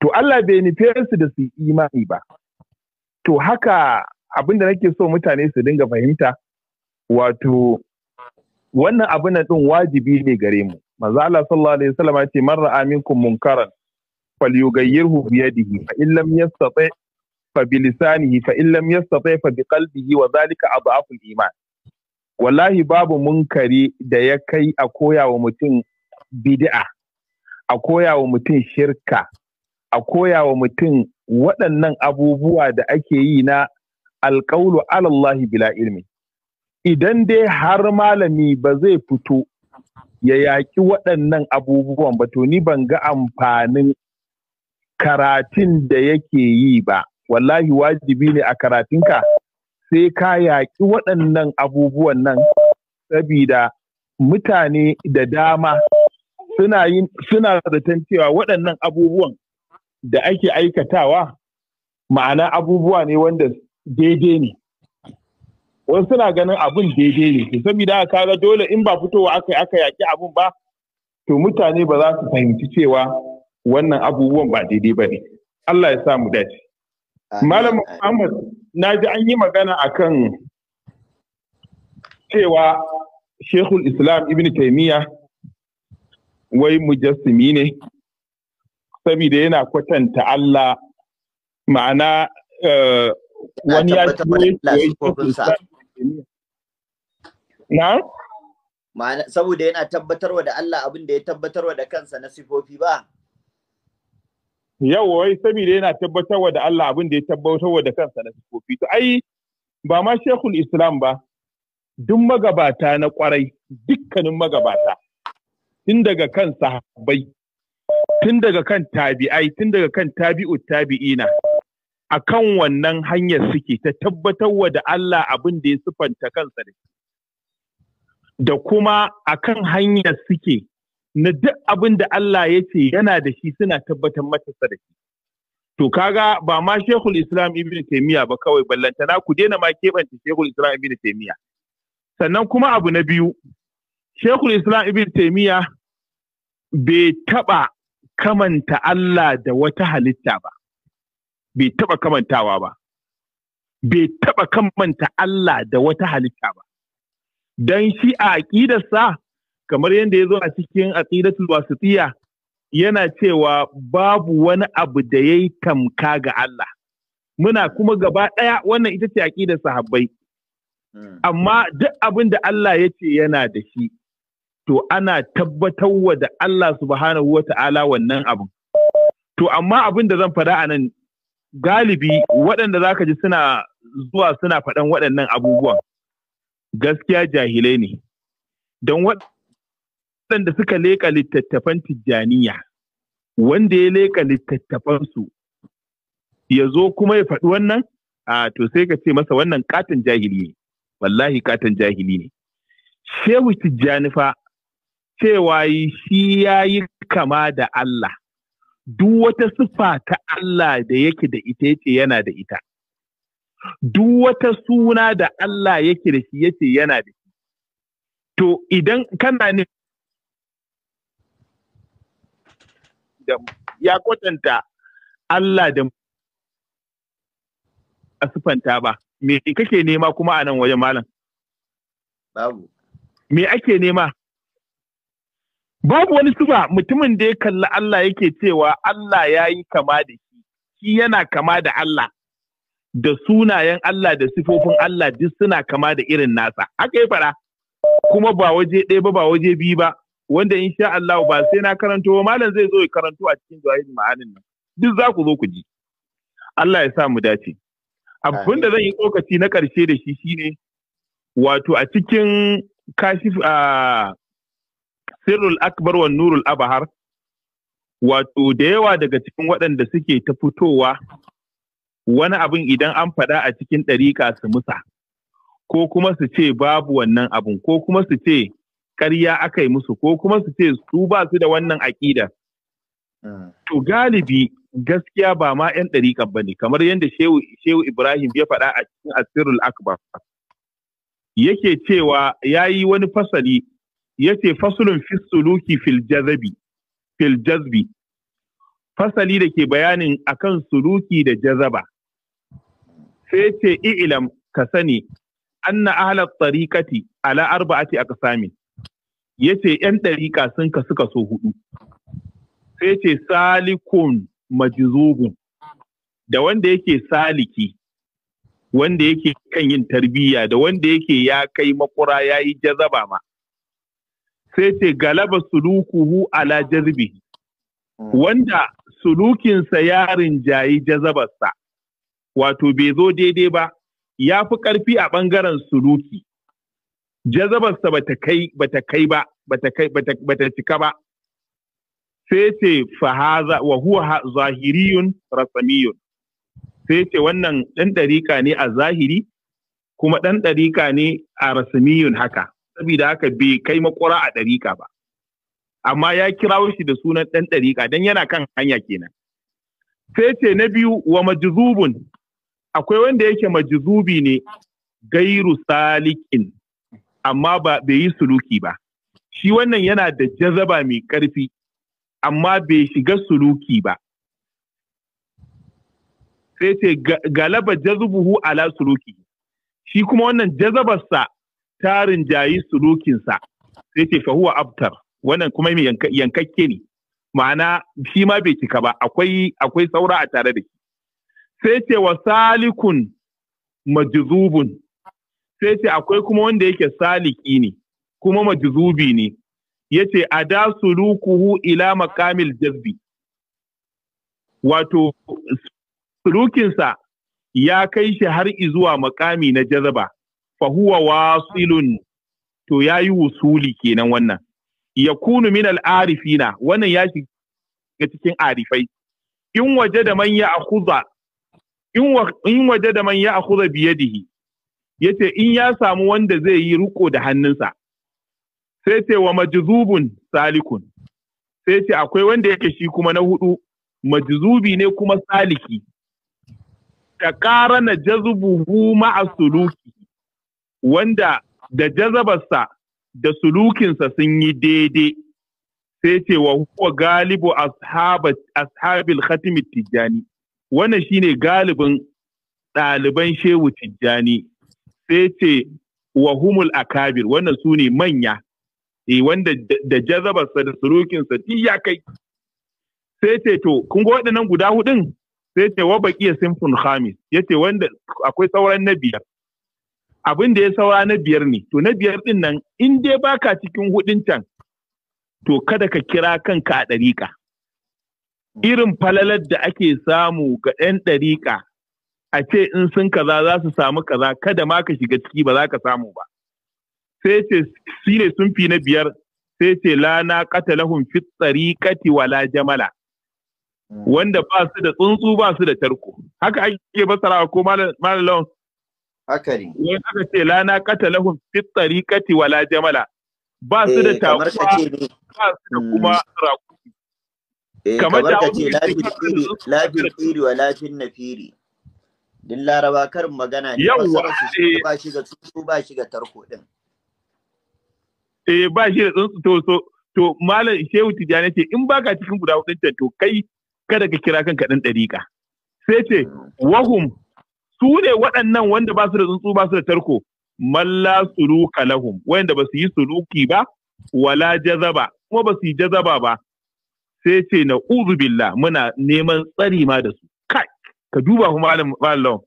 to Allah bai nufe su da su imani ba to haka abin da nake so mutane su dinga fahimta wato wannan abin din wajibi ne gare mu manzo Allah sallallahu alaihi wasallam ya ce man ra'a minkum munkaran falyughayyirhu bi yadihi fa in lam yastati fa bi lisanihi fa in lam yastati fa bi qalbihi wa dhalika adhafu al-iman wallahi babu munkari da ya kai a koya wa mutum bid'a a koya wa mutum shirka a koya wa mutum waɗannan abubuwa da ake yi na alƙaulu alallahi bila ilmi idan dai har malami ba zai fito ya yaƙi waɗannan abubuwan ba to ni ban ga amfanin karatun da yake yi ba wallahi wajibi ne a karatunka sai ka yaƙi waɗannan abubuwan nan sabida mutane da dama suna zaton cewa waɗannan abubuwan da ake aikatawa ma'ana abubuwa ne wanda daidai ne wasu suna ganin abin daidai ne to saboda aka kaga dole in ba fitowa aka aka yaƙi abin ba to mutane ba za su fahimci cewa wannan abubuwan ba daidai ba ne Allah ya sa mu dace Malam Muhammad na ji an yi magana a kan cewa Shekul Islam Ibn Taimiyya wai mujassimi ne, saboda yana kwatanta Allah ma'ana eh, wani ya Na? Ma'ana saboda yana tabbatarwa da Allah abin da ya tabbatarwa da kansa na sifofi ba. Yau wai sabida yana tabbatarwa da Allah abin da ya tabbatarwa da kansa na sifofi. To ai ba ma Shekul Islam ba duk magabata na kwarai dukkanin magabata tun daga kan sahabbai tun daga kan tabi'ai tun daga kan tabi'u tabi'ina akan wannan hanyar suke ta tabbatarwa da Allah abin da ya sifanta kansa da da kuma akan hanyar suke na duk abin da Allah ya ce yana da shi suna tabbatar matasa da shi. To kaga ba ma Shekul Islam Ibn Taimiyya ba kawai ballantana ku daina ma keɓance Shekul Islam Ibn Taimiyya. Sannan kuma abu na biyu, Shekul Islam Ibn Taimiyya bai taɓa kamanta Allah da wata halitta ba, bai taɓa kamantawa ba, bai taɓa kamanta Allah da wata halitta ba. Don shi a aƙidarsa kamar yadda ya zo a cikin aqidatul wasitiya yana cewa babu wani abu da ya yi tamka ga Allah muna kuma gaba ɗaya wannan ita ce aqidar sahabbai hmm. amma duk abin da Allah ya ce yana da shi to ana wa da Allah subhanahu wa ta'ala wannan abin to amma abin da zan faɗa a nan galibi waɗanda za ka ji suna zuwa suna faɗan waɗannan abubuwan gaskiya jahilai ne don waɗanda waɗanda suka leƙa littattafan tijjaniya wanda ya leƙa littattafansu ya zo kuma ya faɗi wannan a to sai ka ce masa wannan katon jahili ne wallahi katon jahili ne shehu tijjani fa cewa shi ya yi kama da Allah duk wata siffa ta Allah da yake da ita yace yana da ita duk wata suna da Allah yake da shi yace yana da shi to idan kana ne da ya kwatanta Allah da sufanta ba me kake nema kuma a nan wajen malam babu me ake nema babu wani suba mutumin da ya kalli Allah yake cewa Allah ya yi kama da shi shi yana kama da Allah da sunayen Allah da sifofin Allah duk suna kama da irin nasa haka ya fara kuma ba waje ɗaya ba ba waje biyu ba wanda in sha Allah ba sai na karanto malam zai zo ya karanto a cikin jawahirul ma'anin nan duk za ku zo ku ji Allah ya sa mu dace abin da zan yi tsokaci na karshe da shi shine wato a cikin kashif a sirrul akbar wa nurul abahar wato da yawa daga cikin waɗanda suke ta fitowa wani abin idan an faɗa a cikin ɗariƙa su musa ko kuma su ce babu wannan abin ko kuma su ce ƙarya aka yi musu ko kuma su ce su ba su da wannan aƙida. Hmm. To galibi gaskiya ba ma 'yan ɗariƙar ba ne kamar yadda Shehu Ibrahim ya faɗa a cikin Asirul Akbar. Yake cewa ya yi wani fasali ya ce fasulun fisuluki fil filjazbi, jazbi fasali da ke bayanin akan suluki da jazaba. Sai ce i'ilam ka sani anna ahla tsarikati ala arba'ati aqsamin ya ce ‘yan ɗariƙa sun kasu kaso hudu, sai ce salikun majizogun da wanda yake saliki, wanda yake kan yin tarbiyya da wanda yake ya kai makura ya yi jazaba ma. Sai ce galaba sulukuhu ala jazbi, wanda sulukinsa ya rinjayi jazabarsa, wato bai zo daidai ba, ya fi ƙarfi a ɓangaren suluki. jazabarsa ta kai ta kai ba bata kai cika ba sai ce fahaza wa huwa zahiriyun rasamiyun sai ce wannan dan ɗarika ne a zahiri kuma dan dariƙa ne a rasamiyun haka saboda haka bai kai makura a ɗarika ba amma ya kirawo shi da sunan dan dariƙa dan yana kan hanya kenan sai ce na biyu wa majzubun akwai wanda yake majzubi ne gairu salikin amma ba bai yi suluki ba shi wannan yana da jazaba mai ƙarfi amma bai shiga suluki ba sai ce galaba jazubuhu ala suluki shi kuma wannan jazabarsa ta rinjayi sulukinsa sai ce fahuwa abtar wannan kuma mai yankakke ne ma'ana shi ma bai cika ba akwai akwai saura a tare da shi sai ce wa salikun majizubun. sai ce akwai kuma wanda yake saliki ne kuma majzubi ne yace ada sulukuhu ila maqamil jazbi wato sulukinsa ya kai shi har zuwa makami na jazaba fa huwa wasilun to yi wusuli kenan wannan yakunu min al-arifina wannan ya shiga cikin arifai in waje da man ya akuza in waje da man ya akuza biyadihi yace in ya samu wanda zai yi riko da hannunsa sai ce wa majzubun salikun sai ce akwai wanda yake shi kuma na hudu majzubi ne kuma saliki ka ƙara na jazubuhu ma'a suluki wanda da jazabarsa da sulukinsa sun yi daidai sai ce wa huwa galibu ashabil khatimi tijjani wannan shine galibin ɗaliban shehu tijjani sai ce wa humul akabir wannan su ne manya e wanda da jazabarsa da surukinsa duk ya kai sai ce to kun ga waɗannan guda hudun sai ce wa baqiya sinfun khamis ce wanda akwai sauran na biyar abin da ya saura na biyar ne to na biyar din nan in dai baka cikin hudun can to kada ka kira kanka a ɗariƙa irin falalar da ake samu ga ɗan ɗariƙa a ce in sun kaza za su samu kaza kada ma ka shiga ciki ba za ka samu ba sai ce shi ne sun fi na biyar sai ce lana lahun fi tsariqati wala jamala wanda ba su da tsuntsu ba su da tarko haka ake basarawa ko malalon haka ne Wani aka ce lana qatalahum fi tsariqati wala jamala ba su da eh, tawa ba su da kuma hmm. rakuti eh, kamar da ce lafin firi wa lafin firi. Din laraba karin magana ne ba su eh. ba shi ga tsuntsu ba shi ga tarko din. Eh ba shi da tsuntsu to so to malam Shehu Tijani ce in baka cikin guda hudun to kai kada ka kira kanka dan dariƙa. Sai ce wahum su ne waɗannan wanda ba su da tsuntsu ba su da tarko malla suluka lahum wanda ba su yi suluki ba wala jazaba kuma ba su yi jazaba ba sai ce na uzu billah muna neman tsari ma da su ka duba kuma malam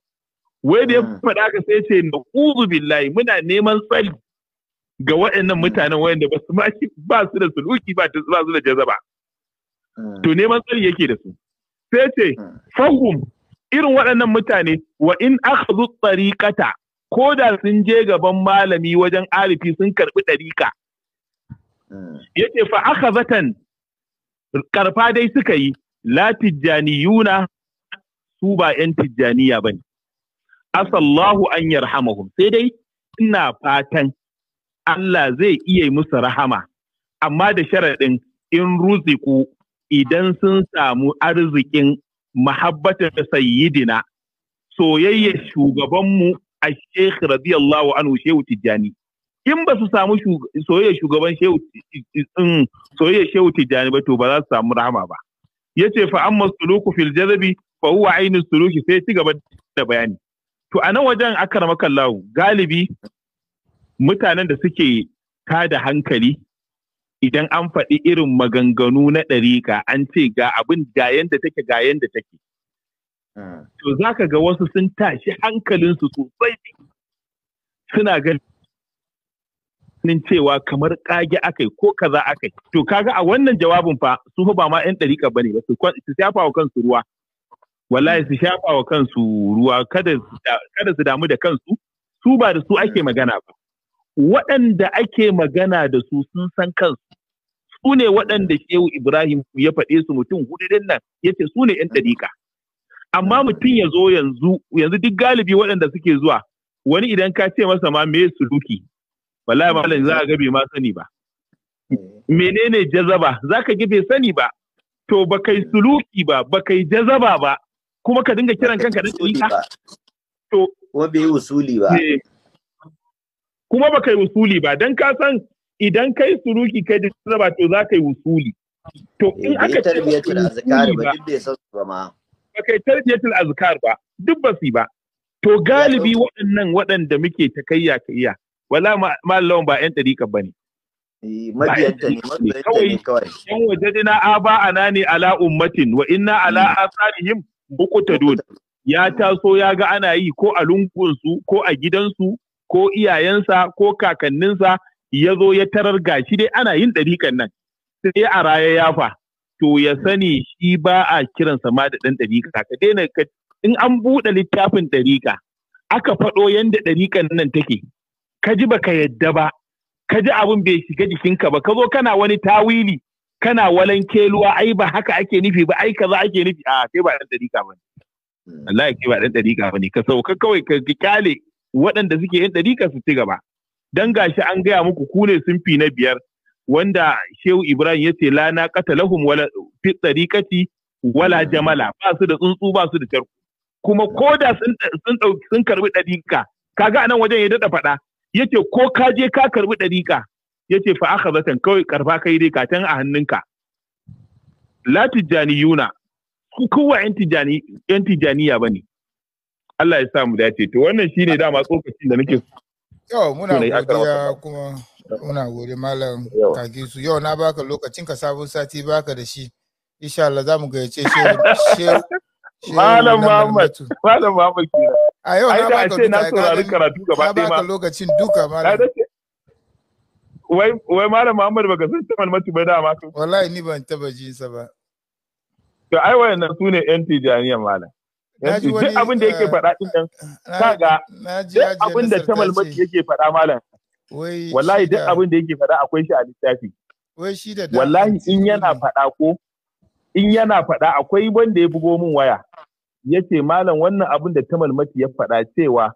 wai da ya hmm. faɗa ka sai ce na uzu billahi muna neman tsari ga waɗannan hmm. mutanen wayanda ba su ba su da suluki ba ba su da jazaba to neman tsari yake da su sai ce hmm. fahum irin waɗannan mutane wa in akhadhu tariqata ko da sun je gaban malami wajen arifi sun karbi ɗariƙa. yace fa akhazatan karfa dai suka yi la tijjaniyuna su ba 'yan tijjaniya ba ne. Asallahu an yarhamahum sai dai ina fatan Allah zai iya musu rahama, amma da sharaɗin in ruziku idan sun samu arzikin Mahabbatar sayyidina soyayyar shugabanmu a Sheikh radiyallahu anhu Shehu Tijjani. In ba su samu soyayyar shugaban Shehu Tijjani ba to ba za su samu rahama ba. Yace fa amma suluku fil jazabi fa huwa ainihin suruki sai ci gaba da bayani to a nan wajen akarama kallahu galibi mutanen da suke tada hankali idan an faɗi irin maganganu na ɗariƙa an ce ga abin ga yanda take ga yanda take to za ka ga wasu sun tashi hankalinsu sosai suna ganin cewa kamar kage yi ko kaza aka yi. to kaga a wannan jawabin fa su fa ba ma yan ba ne ba su siyafa wa kansu ruwa wallahi su shafa wa kansu ruwa kada su damu da kansu su ba da su ake magana ba waɗanda ake magana da su sun san kansu su ne waɗanda shehu ibrahim ya faɗe su mutum hudu nan ya ce su ne yan ɗariƙa amma mutum ya zo yanzu yanzu duk galibi waɗanda suke zuwa wani idan ka ce masa ma me su suluki wallahi malam za a ga ma sani ba menene jazaba za ka gabe sani ba to ba kai suluki ba ba kai jazaba ba kuma ka dinga kiran kanka dan ɗariƙa to kuma bai usuli ba eh. kuma ba kai usuli ba dan ka san idan kai suruki kai da zaba to za ka yi usuli to eh, in aka tarbiyatul azkar ba duk bai ba ma ba kai tarbiyatul azkar ba duk ba su ba to galibi waɗannan waɗanda muke ta kayya kayya wala mallawan ba yan ɗari ba ne eh, mabiyanta ne mabiyanta ne kawai yan A ba ana ne ala ummatin wa inna ala hmm. asarihim bukutadun ya taso ya ga ana yi ko a lungunsu ko a gidansu ko iyayensa ko kakanninsa ya zo ya tarar gashi dai ana yin ɗariƙan nan sai a raya yafa to ya sani shi ba a kiransa ma da ɗan ɗariƙa ka daina in an buɗe littafin ɗariƙa aka faɗo yadda ɗariƙan nan take ka ji ka yadda ba ka ji abin bai shiga jikinka ba ka zo kana wani tawili kana walan keluwa ai ba haka ake nufi ba ai kaza ake nufi a kai ba dan dariƙa ba hmm. wallahi kai ba dan dariƙa ba ne ka sauka kawai ka kyale waɗanda suke yin dariƙa su ci gaba dan gashi an gaya muku ku ne sun fi na biyar wanda Shehu Ibrahim ya ce la na qatalahum wala fi tariqati wala hmm. jamala ba su da tsuntsu ba su da tarko kuma ko da sun sun sun karbi dariƙa kaga anan wajen ya dada faɗa yace ko ka je ka karbi dariƙa ya ce fa aka batan kawai karfa kai dai katan a hannunka la tijaniyuna ku kowa yan tijjaniya ba ne. Allah ya sa mu dace to wannan shi ne dama tsokacin da nake yau muna godiya kuma muna gode malam kagisu yau na baka lokacin ka sabon sati baka da shi insha Allah za mu gayyace shehu Malam Muhammad, Malam Muhammad kenan. A yau na baka na baka lokacin duka malam. wai wai malam Muhammad baka san ta malmatu ba dama to wallahi ni ban taba jin sa ba to ai wayannan sune yan tijaniya malam duk abin da yake faɗa din nan kaga duk abin da ta malmatu yake faɗa malam wallahi duk abin da yake faɗa akwai shi a littafi wallahi in yana faɗa ko in yana faɗa akwai wanda ya bugo min waya yace malam wannan abin da ta malmatu ya faɗa cewa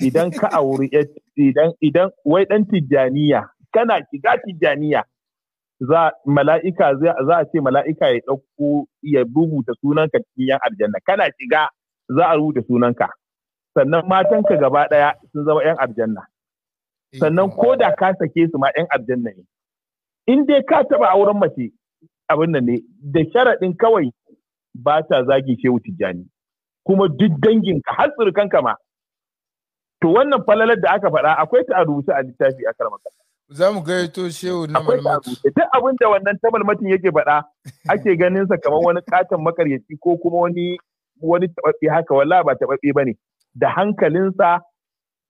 idan ka auri idan idan wai dan tijaniya kana shiga tijjaniya za mala'ika za a ce mala'ika ya ɗauko ya rubuta sunanka cikin yan aljanna kana shiga za a rubuta sunanka sannan matanka gaba ɗaya sun zama yan aljanna sannan eh. ko da ka sake su ma yan aljanna ne in dai ka taɓa auren mace abin nan ne da sharaɗin kawai ba ta zagi shehu tijjani kuma duk danginka har ka ma to wannan falalar da aka faɗa akwai ta a rubuce a littafi a karmakar Za mu to shehu na malmatu. Duk abin da wannan ta malmatin yake faɗa ake ganin sa kamar wani katon makaryaci ko kuma wani wani taɓaɓɓe haka walla ba taɓaɓɓe ba ne. Da hankalinsa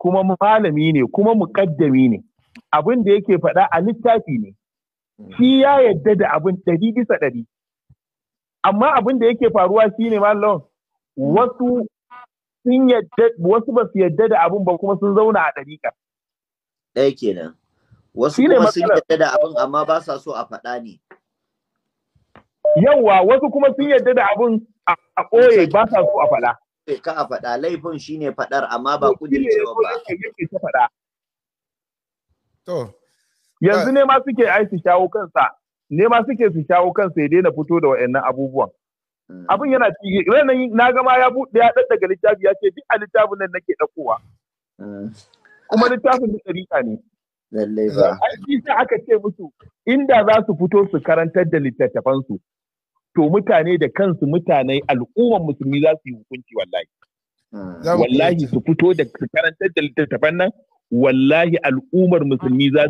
kuma malami ne kuma muƙaddami ne. Abin da yake faɗa a littafi ne. Shi ya yadda da abin ɗari bisa ɗari. Amma abin da yake faruwa shi ne wasu sun yadda wasu ba su yadda da abin ba kuma sun zauna a ɗariƙa. Ɗaya kenan. Wasu kuma sun yadda da abin amma ba sa so a faɗa ne. Yawwa wasu kuma sun yadda da abin a ɓoye ba sa so a faɗa. Ka a faɗa laifin shine faɗar amma ba kudircewa ba. To. Yanzu ne ma suke ai su shawo kansa, ne ma suke su shawo kansa ya daina fito da wa'annan abubuwan. Mm. Abin yana ciki, ranar na gama ya buɗe ya ɗaɗɗaga littafi ya ce duk a littafin nan nake ɗaukowa. Mm. Kuma littafin da ɗariƙa ne. lallai ba ai sai aka ce musu inda za su fito su karantar da littattafansu, to mutane da kansu mutane al'umman musulmi za su yi hukunci wallahi hmm. wallahi su fito da su karantar da littattafan nan wallahi al'ummar musulmi za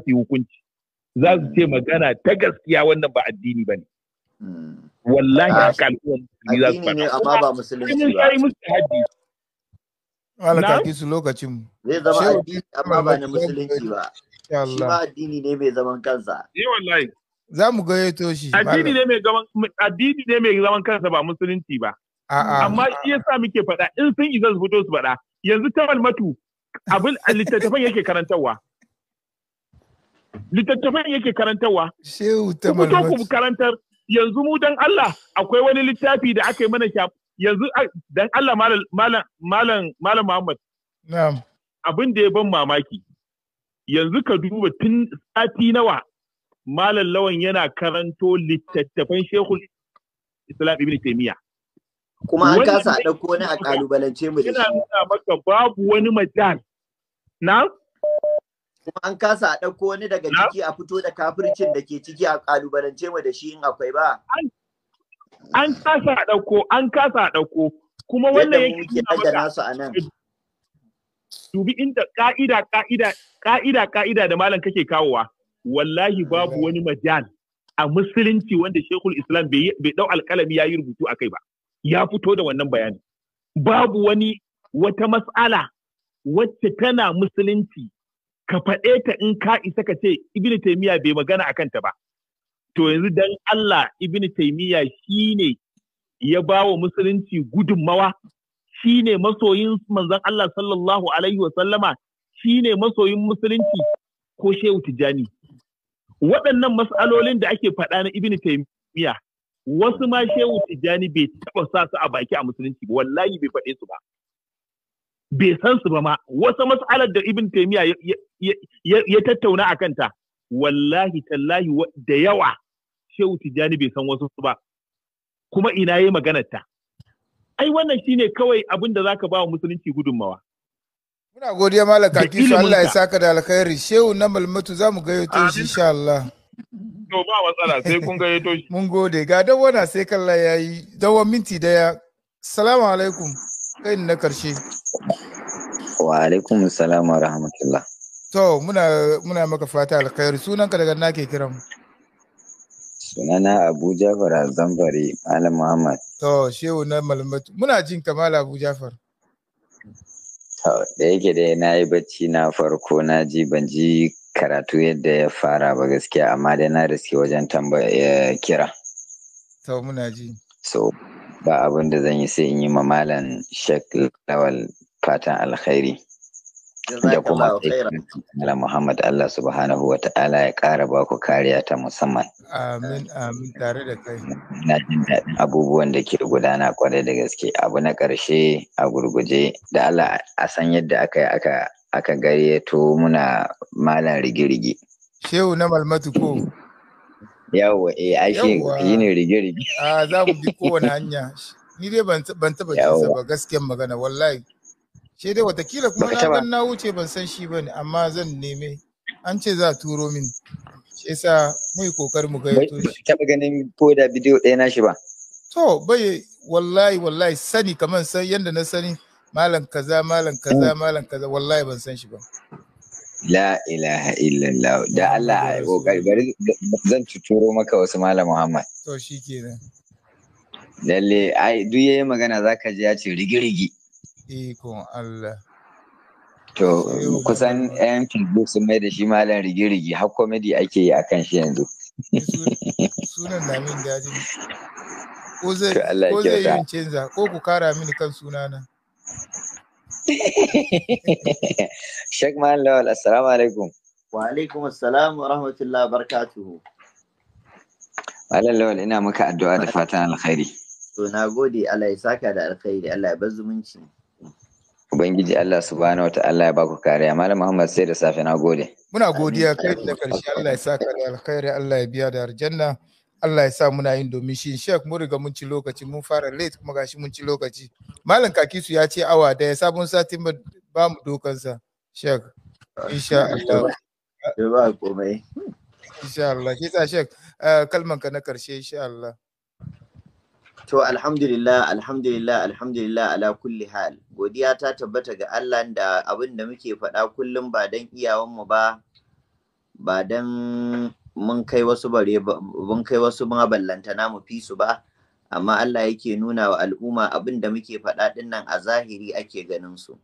su yi hukunci za su ce magana ta gaskiya wannan ba addini ba ne hmm. wallahi ah, haka al'ummar musulmi za su faɗa addini ne amma ba musulmi ba Allah ta kisu lokacin. Zai zama addini amma ba na musulunci ba. Shi ba addini ne mai zaman kansa. Eh wallahi. Za mu gayyato shi. Addini ne mai zaman addini ne mai zaman kansa ba musulunci ba. Amma shi yasa muke faɗa in sun isa su fito su faɗa. Yanzu ta malmatu abin [LAUGHS] littattafan yake karantarwa. Littattafan yake karantarwa. Shehu ta malmatu. Ku fito ku karantar yanzu mu dan Allah akwai wani littafi da aka yi mana yanzu dan Allah malam malam malam Muhammad na'am abin da ya ban mamaki yanzu ka duba tun sati nawa malam lawan yana karanto littattafan shehul islam ibn Taymiyyah. kuma an kasa a ɗauko ni a kalubalance mu da shi Ina maka babu wani majal Na'am. kuma an kasa a ɗauko wani daga ciki a fito da kafircin da ke ciki a kalubalance mu da shi in akwai ba an an kasa a ɗauko an kasa a ɗauko kuma wannan yake nuna maka dubi inda ka'ida ka'ida ka'ida ka'ida da malam kake kawowa wallahi babu wani majal a musulunci wanda shekul islam bai dau alkalami ya yi rubutu a kai ba ya fito da wannan bayani babu wani wata mas'ala wacce tana musulunci ka faɗe ta in ka isa ka ce ibn taymiya bai magana a kanta ba to yanzu dan Allah ibn taimiyya shine ya ba wa musulunci gudunmawa shine masoyin manzon Allah sallallahu alaihi wa sallama shine masoyin musulunci ko shehu Tijjani. waɗannan mas'alolin da ake faɗa na ibn taimiyya wasu ma shehu Tijjani bai taɓa sa su a baki a musulunci ba wallahi bai faɗe su ba bai san su ba ma wasu mas'alar da ibn taimiyya ya tattauna a kanta wallahi tallahi da yawa shehu tijjani bai san wasu ba kuma ina yi maganarta. ta ai wannan shine kawai abin da za ka ba wa musulunci gudunmawa muna godiya malam kaki su Allah ya saka da alkhairi shehu na malmatu za mu gayyato shi insha Allah to ba matsala sai kun to shi [LAUGHS] mun gode ga dawana sai kalla ya yi dawa minti daya Salamu alaikum kai na karshe wa alaikum assalam wa rahmatullah to muna muna maka fata alkhairi sunanka daga nake kiran mu Sunana Abu Jafar a Malam Muhammad. To, shehu na malamatu. Muna jin kamala Malam Abu To, da yake da na yi bacci na farko na ji ban ji karatu yadda ya fara ba gaskiya amma dai na riske wajen tambaya eh, kira. To, muna ji. So, ba abin zan yi sai in yi ma Malam Lawal fatan alkhairi. da kuma Malam Muhammad Allah subhanahu wa ta'ala ya kara ba ku kariya ta musamman. Amin amin tare da kai. Na jin daɗin abubuwan da ke gudana kwarai da gaske abu na ƙarshe a gurguje da Allah a san yadda aka aka aka gare to muna malan rigirigi. Shehu na malmatu ko. Yawwa eh ashe yi ne rigirigi. A ah, za ku bi kowane hanya. Ni dai ban taɓa jinsa ba gaskiyan magana wallahi. Shi dai watakila kuma na gan na wuce ban san shi bane amma zan neme an ce za a turo min. Sai sa mai kokar mu ga gayyato shi. Taba ganin ko da bidiyo ɗaya na shi ba. To bai wallahi wallahi sani kaman san yanda na sani malam kaza malam kaza mm. malam kaza wallahi ban san shi ba. La ilaha illallah da Allah a kokari bari zan tuturo maka wasu malam Muhammad. To shikenan. Lalle ai duk yayi magana zaka ji ya ce rigirigi. Allah to kusan yan facebook sun mai da shi malam rigirigi har komedi ake yi kan shi yanzu sunan na min daji ko zai canza ko ku kara mini kan [LAUGHS] Lawal, Assalamu alaikum. Wa alaikum assalam wa rahmatullah barakatuhu. Malam Lawal ina maka addu'a da fatan alkhairi. To na gode Allah ya saka da alkhairi, Allah ya bar zumunci. Ubangiji Allah subhanahu wa ta'ala ya baku kariya. Malam Muhammad sai da safe na gode. Muna godiya kai da karshe Allah ya sa ka da alkhairi Allah ya biya da aljanna. Allah ya sa muna yin domin shi Sheikh mun riga mun ci lokaci mun fara late kuma gashi mun ci lokaci. Malam Kakisu ya ce awa da sabon sati ba mu dokansa. Sheikh insha Allah. Ba komai. Insha Allah. Kisa Sheikh eh, kalmanka na karshe insha Allah. To alhamdulillah alhamdulillah alhamdulillah ala kulli hal godiya ta tabbata ga Allah da abin da muke faɗa kullum ba don iyawanmu ba ba don mun kai wasu bare mun kai wasu ma ballanta mu fi su ba amma Allah yake nuna wa al'umma abin da muke faɗa din nan a zahiri ake ganin su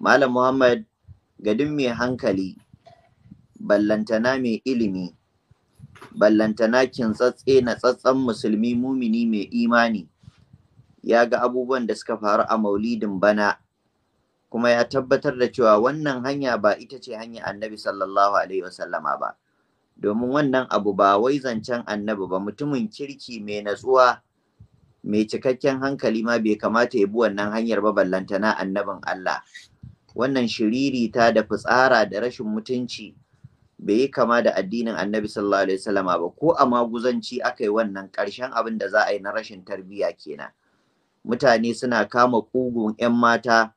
Malam Muhammad gadin mai hankali ballantana mai ilimi ballantana kintsatse na tsatsan musulmi mumini mai imani ya ga abubuwan da suka faru a maulidin bana kuma ya tabbatar da cewa wannan hanya ba ita ce hanyar annabi sallallahu alaihi wasallama ba domin wannan abu ba wai zancen annabi ba mutumin kirki mai natsuwa mai cikakken hankali ma bai kamata ya bi wannan hanyar ba ballantana annabin Allah wannan shiriri ta da fitsara da rashin mutunci bai yi kama da addinin annabi sallallahu alaihi wasallama ba ko a maguzanci aka yi wannan ƙarshen abin da za a yi na rashin tarbiyya kenan mutane suna kama ƙugun 'yan mata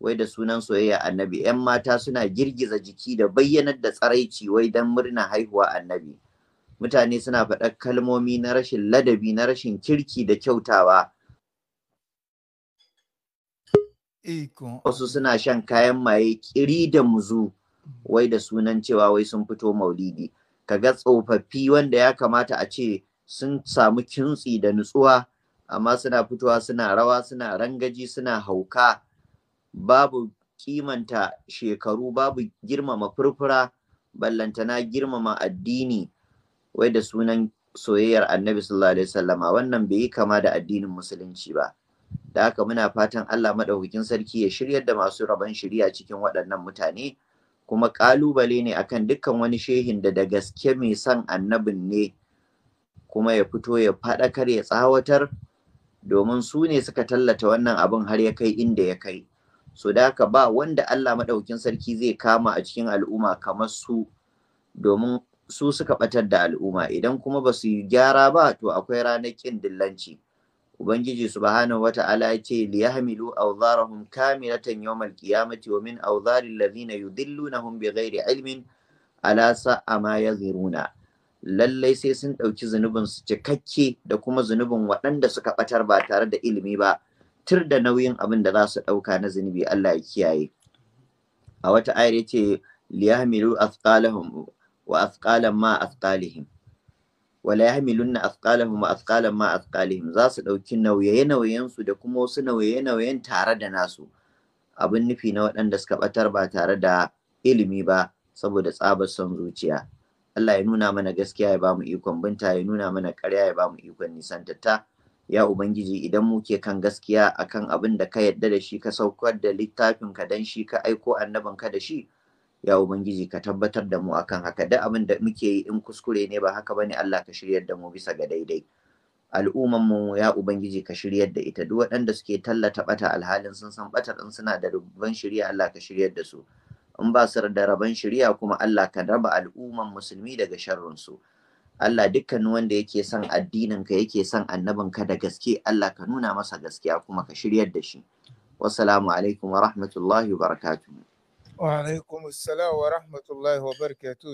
wai da sunan soyayya annabi 'yan mata suna girgiza jiki da bayyanar da tsaraici wai don murna haihuwa annabi mutane suna faɗar kalmomi na rashin ladabi na rashin kirki da kyautawa wasu suna shan kayan maye ƙiri da muzu wai da sunan cewa wai sun fito maulidi kaga tsofaffi wanda ya kamata a ce sun samu kintsi da nutsuwa amma suna fitowa suna rawa suna rangaji suna hauka babu kimanta shekaru babu girmama furfura ballantana girmama addini wai da sunan soyayyar annabi sallallahu alaihi wasallama wannan bai yi kama da addinin musulunci ba da haka muna fatan Allah madaukakin sarki ya shiryar da masu rabon shiriya cikin waɗannan mutane kuma ƙalubale ne akan dukkan wani shehin da da gaske mai son annabin ne kuma ya fito ya faɗakar ya tsawatar domin su ne suka tallata wannan abin har ya kai inda ya kai so da haka ba wanda Allah maɗaukin sarki zai kama a cikin al'umma kamar su domin su suka ɓatar da al'umma idan kuma ba su yi gyara ba to akwai ranar ƙin dillanci ubangiji subhanahu wata ya ce li yahmilu awzarahum kamilatan yawmal qiyamati wa min awzaril ladhina yudillunahum bighairi ilmin ala sa'a ma yaziruna lallai sai sun ɗauki zunubin su cikakke da kuma zunubin waɗanda suka ɓatar ba tare da ilimi ba tur da nauyin abin da za su ɗauka na zunubi Allah ya kiyaye a wata ayar yace liyahmilu athqalahum wa athqalan ma athqalihim wala yahmilunna athqalahum ma athqalan ma athqalihim za su ɗauki nauye nauyensu da kuma wasu nauye nauyen tare da nasu abin nufi na waɗanda suka batar ba tare da ilimi ba saboda tsabar son zuciya Allah ya nuna mana gaskiya ya bamu ikon binta ya nuna mana ƙarya ya bamu ikon nisantatta ya ubangiji idan muke kan gaskiya akan abin da ka yadda da shi ka saukar da littafin ka dan shi ka aiko annabin ka da shi ya ubangiji ka tabbatar da mu akan haka duk abin da muke yi in kuskure ne ba haka bane Allah ka shiryar da mu bisa ga daidai al'umman mu ya ubangiji ka shiryar da ita duk waɗanda suke tallata bata alhalin sun san batar in suna da rubban shirya Allah ka shiryar da su in ba su da rabon shirya kuma Allah ka raba al'umman musulmi daga sharrin su Allah dukkan wanda yake son addinin ka yake son annabin ka da gaske Allah ka nuna masa gaskiya kuma ka shiryar da shi wassalamu alaikum wa rahmatullahi wa barakatuh وعليكم السلام ورحمة الله وبركاته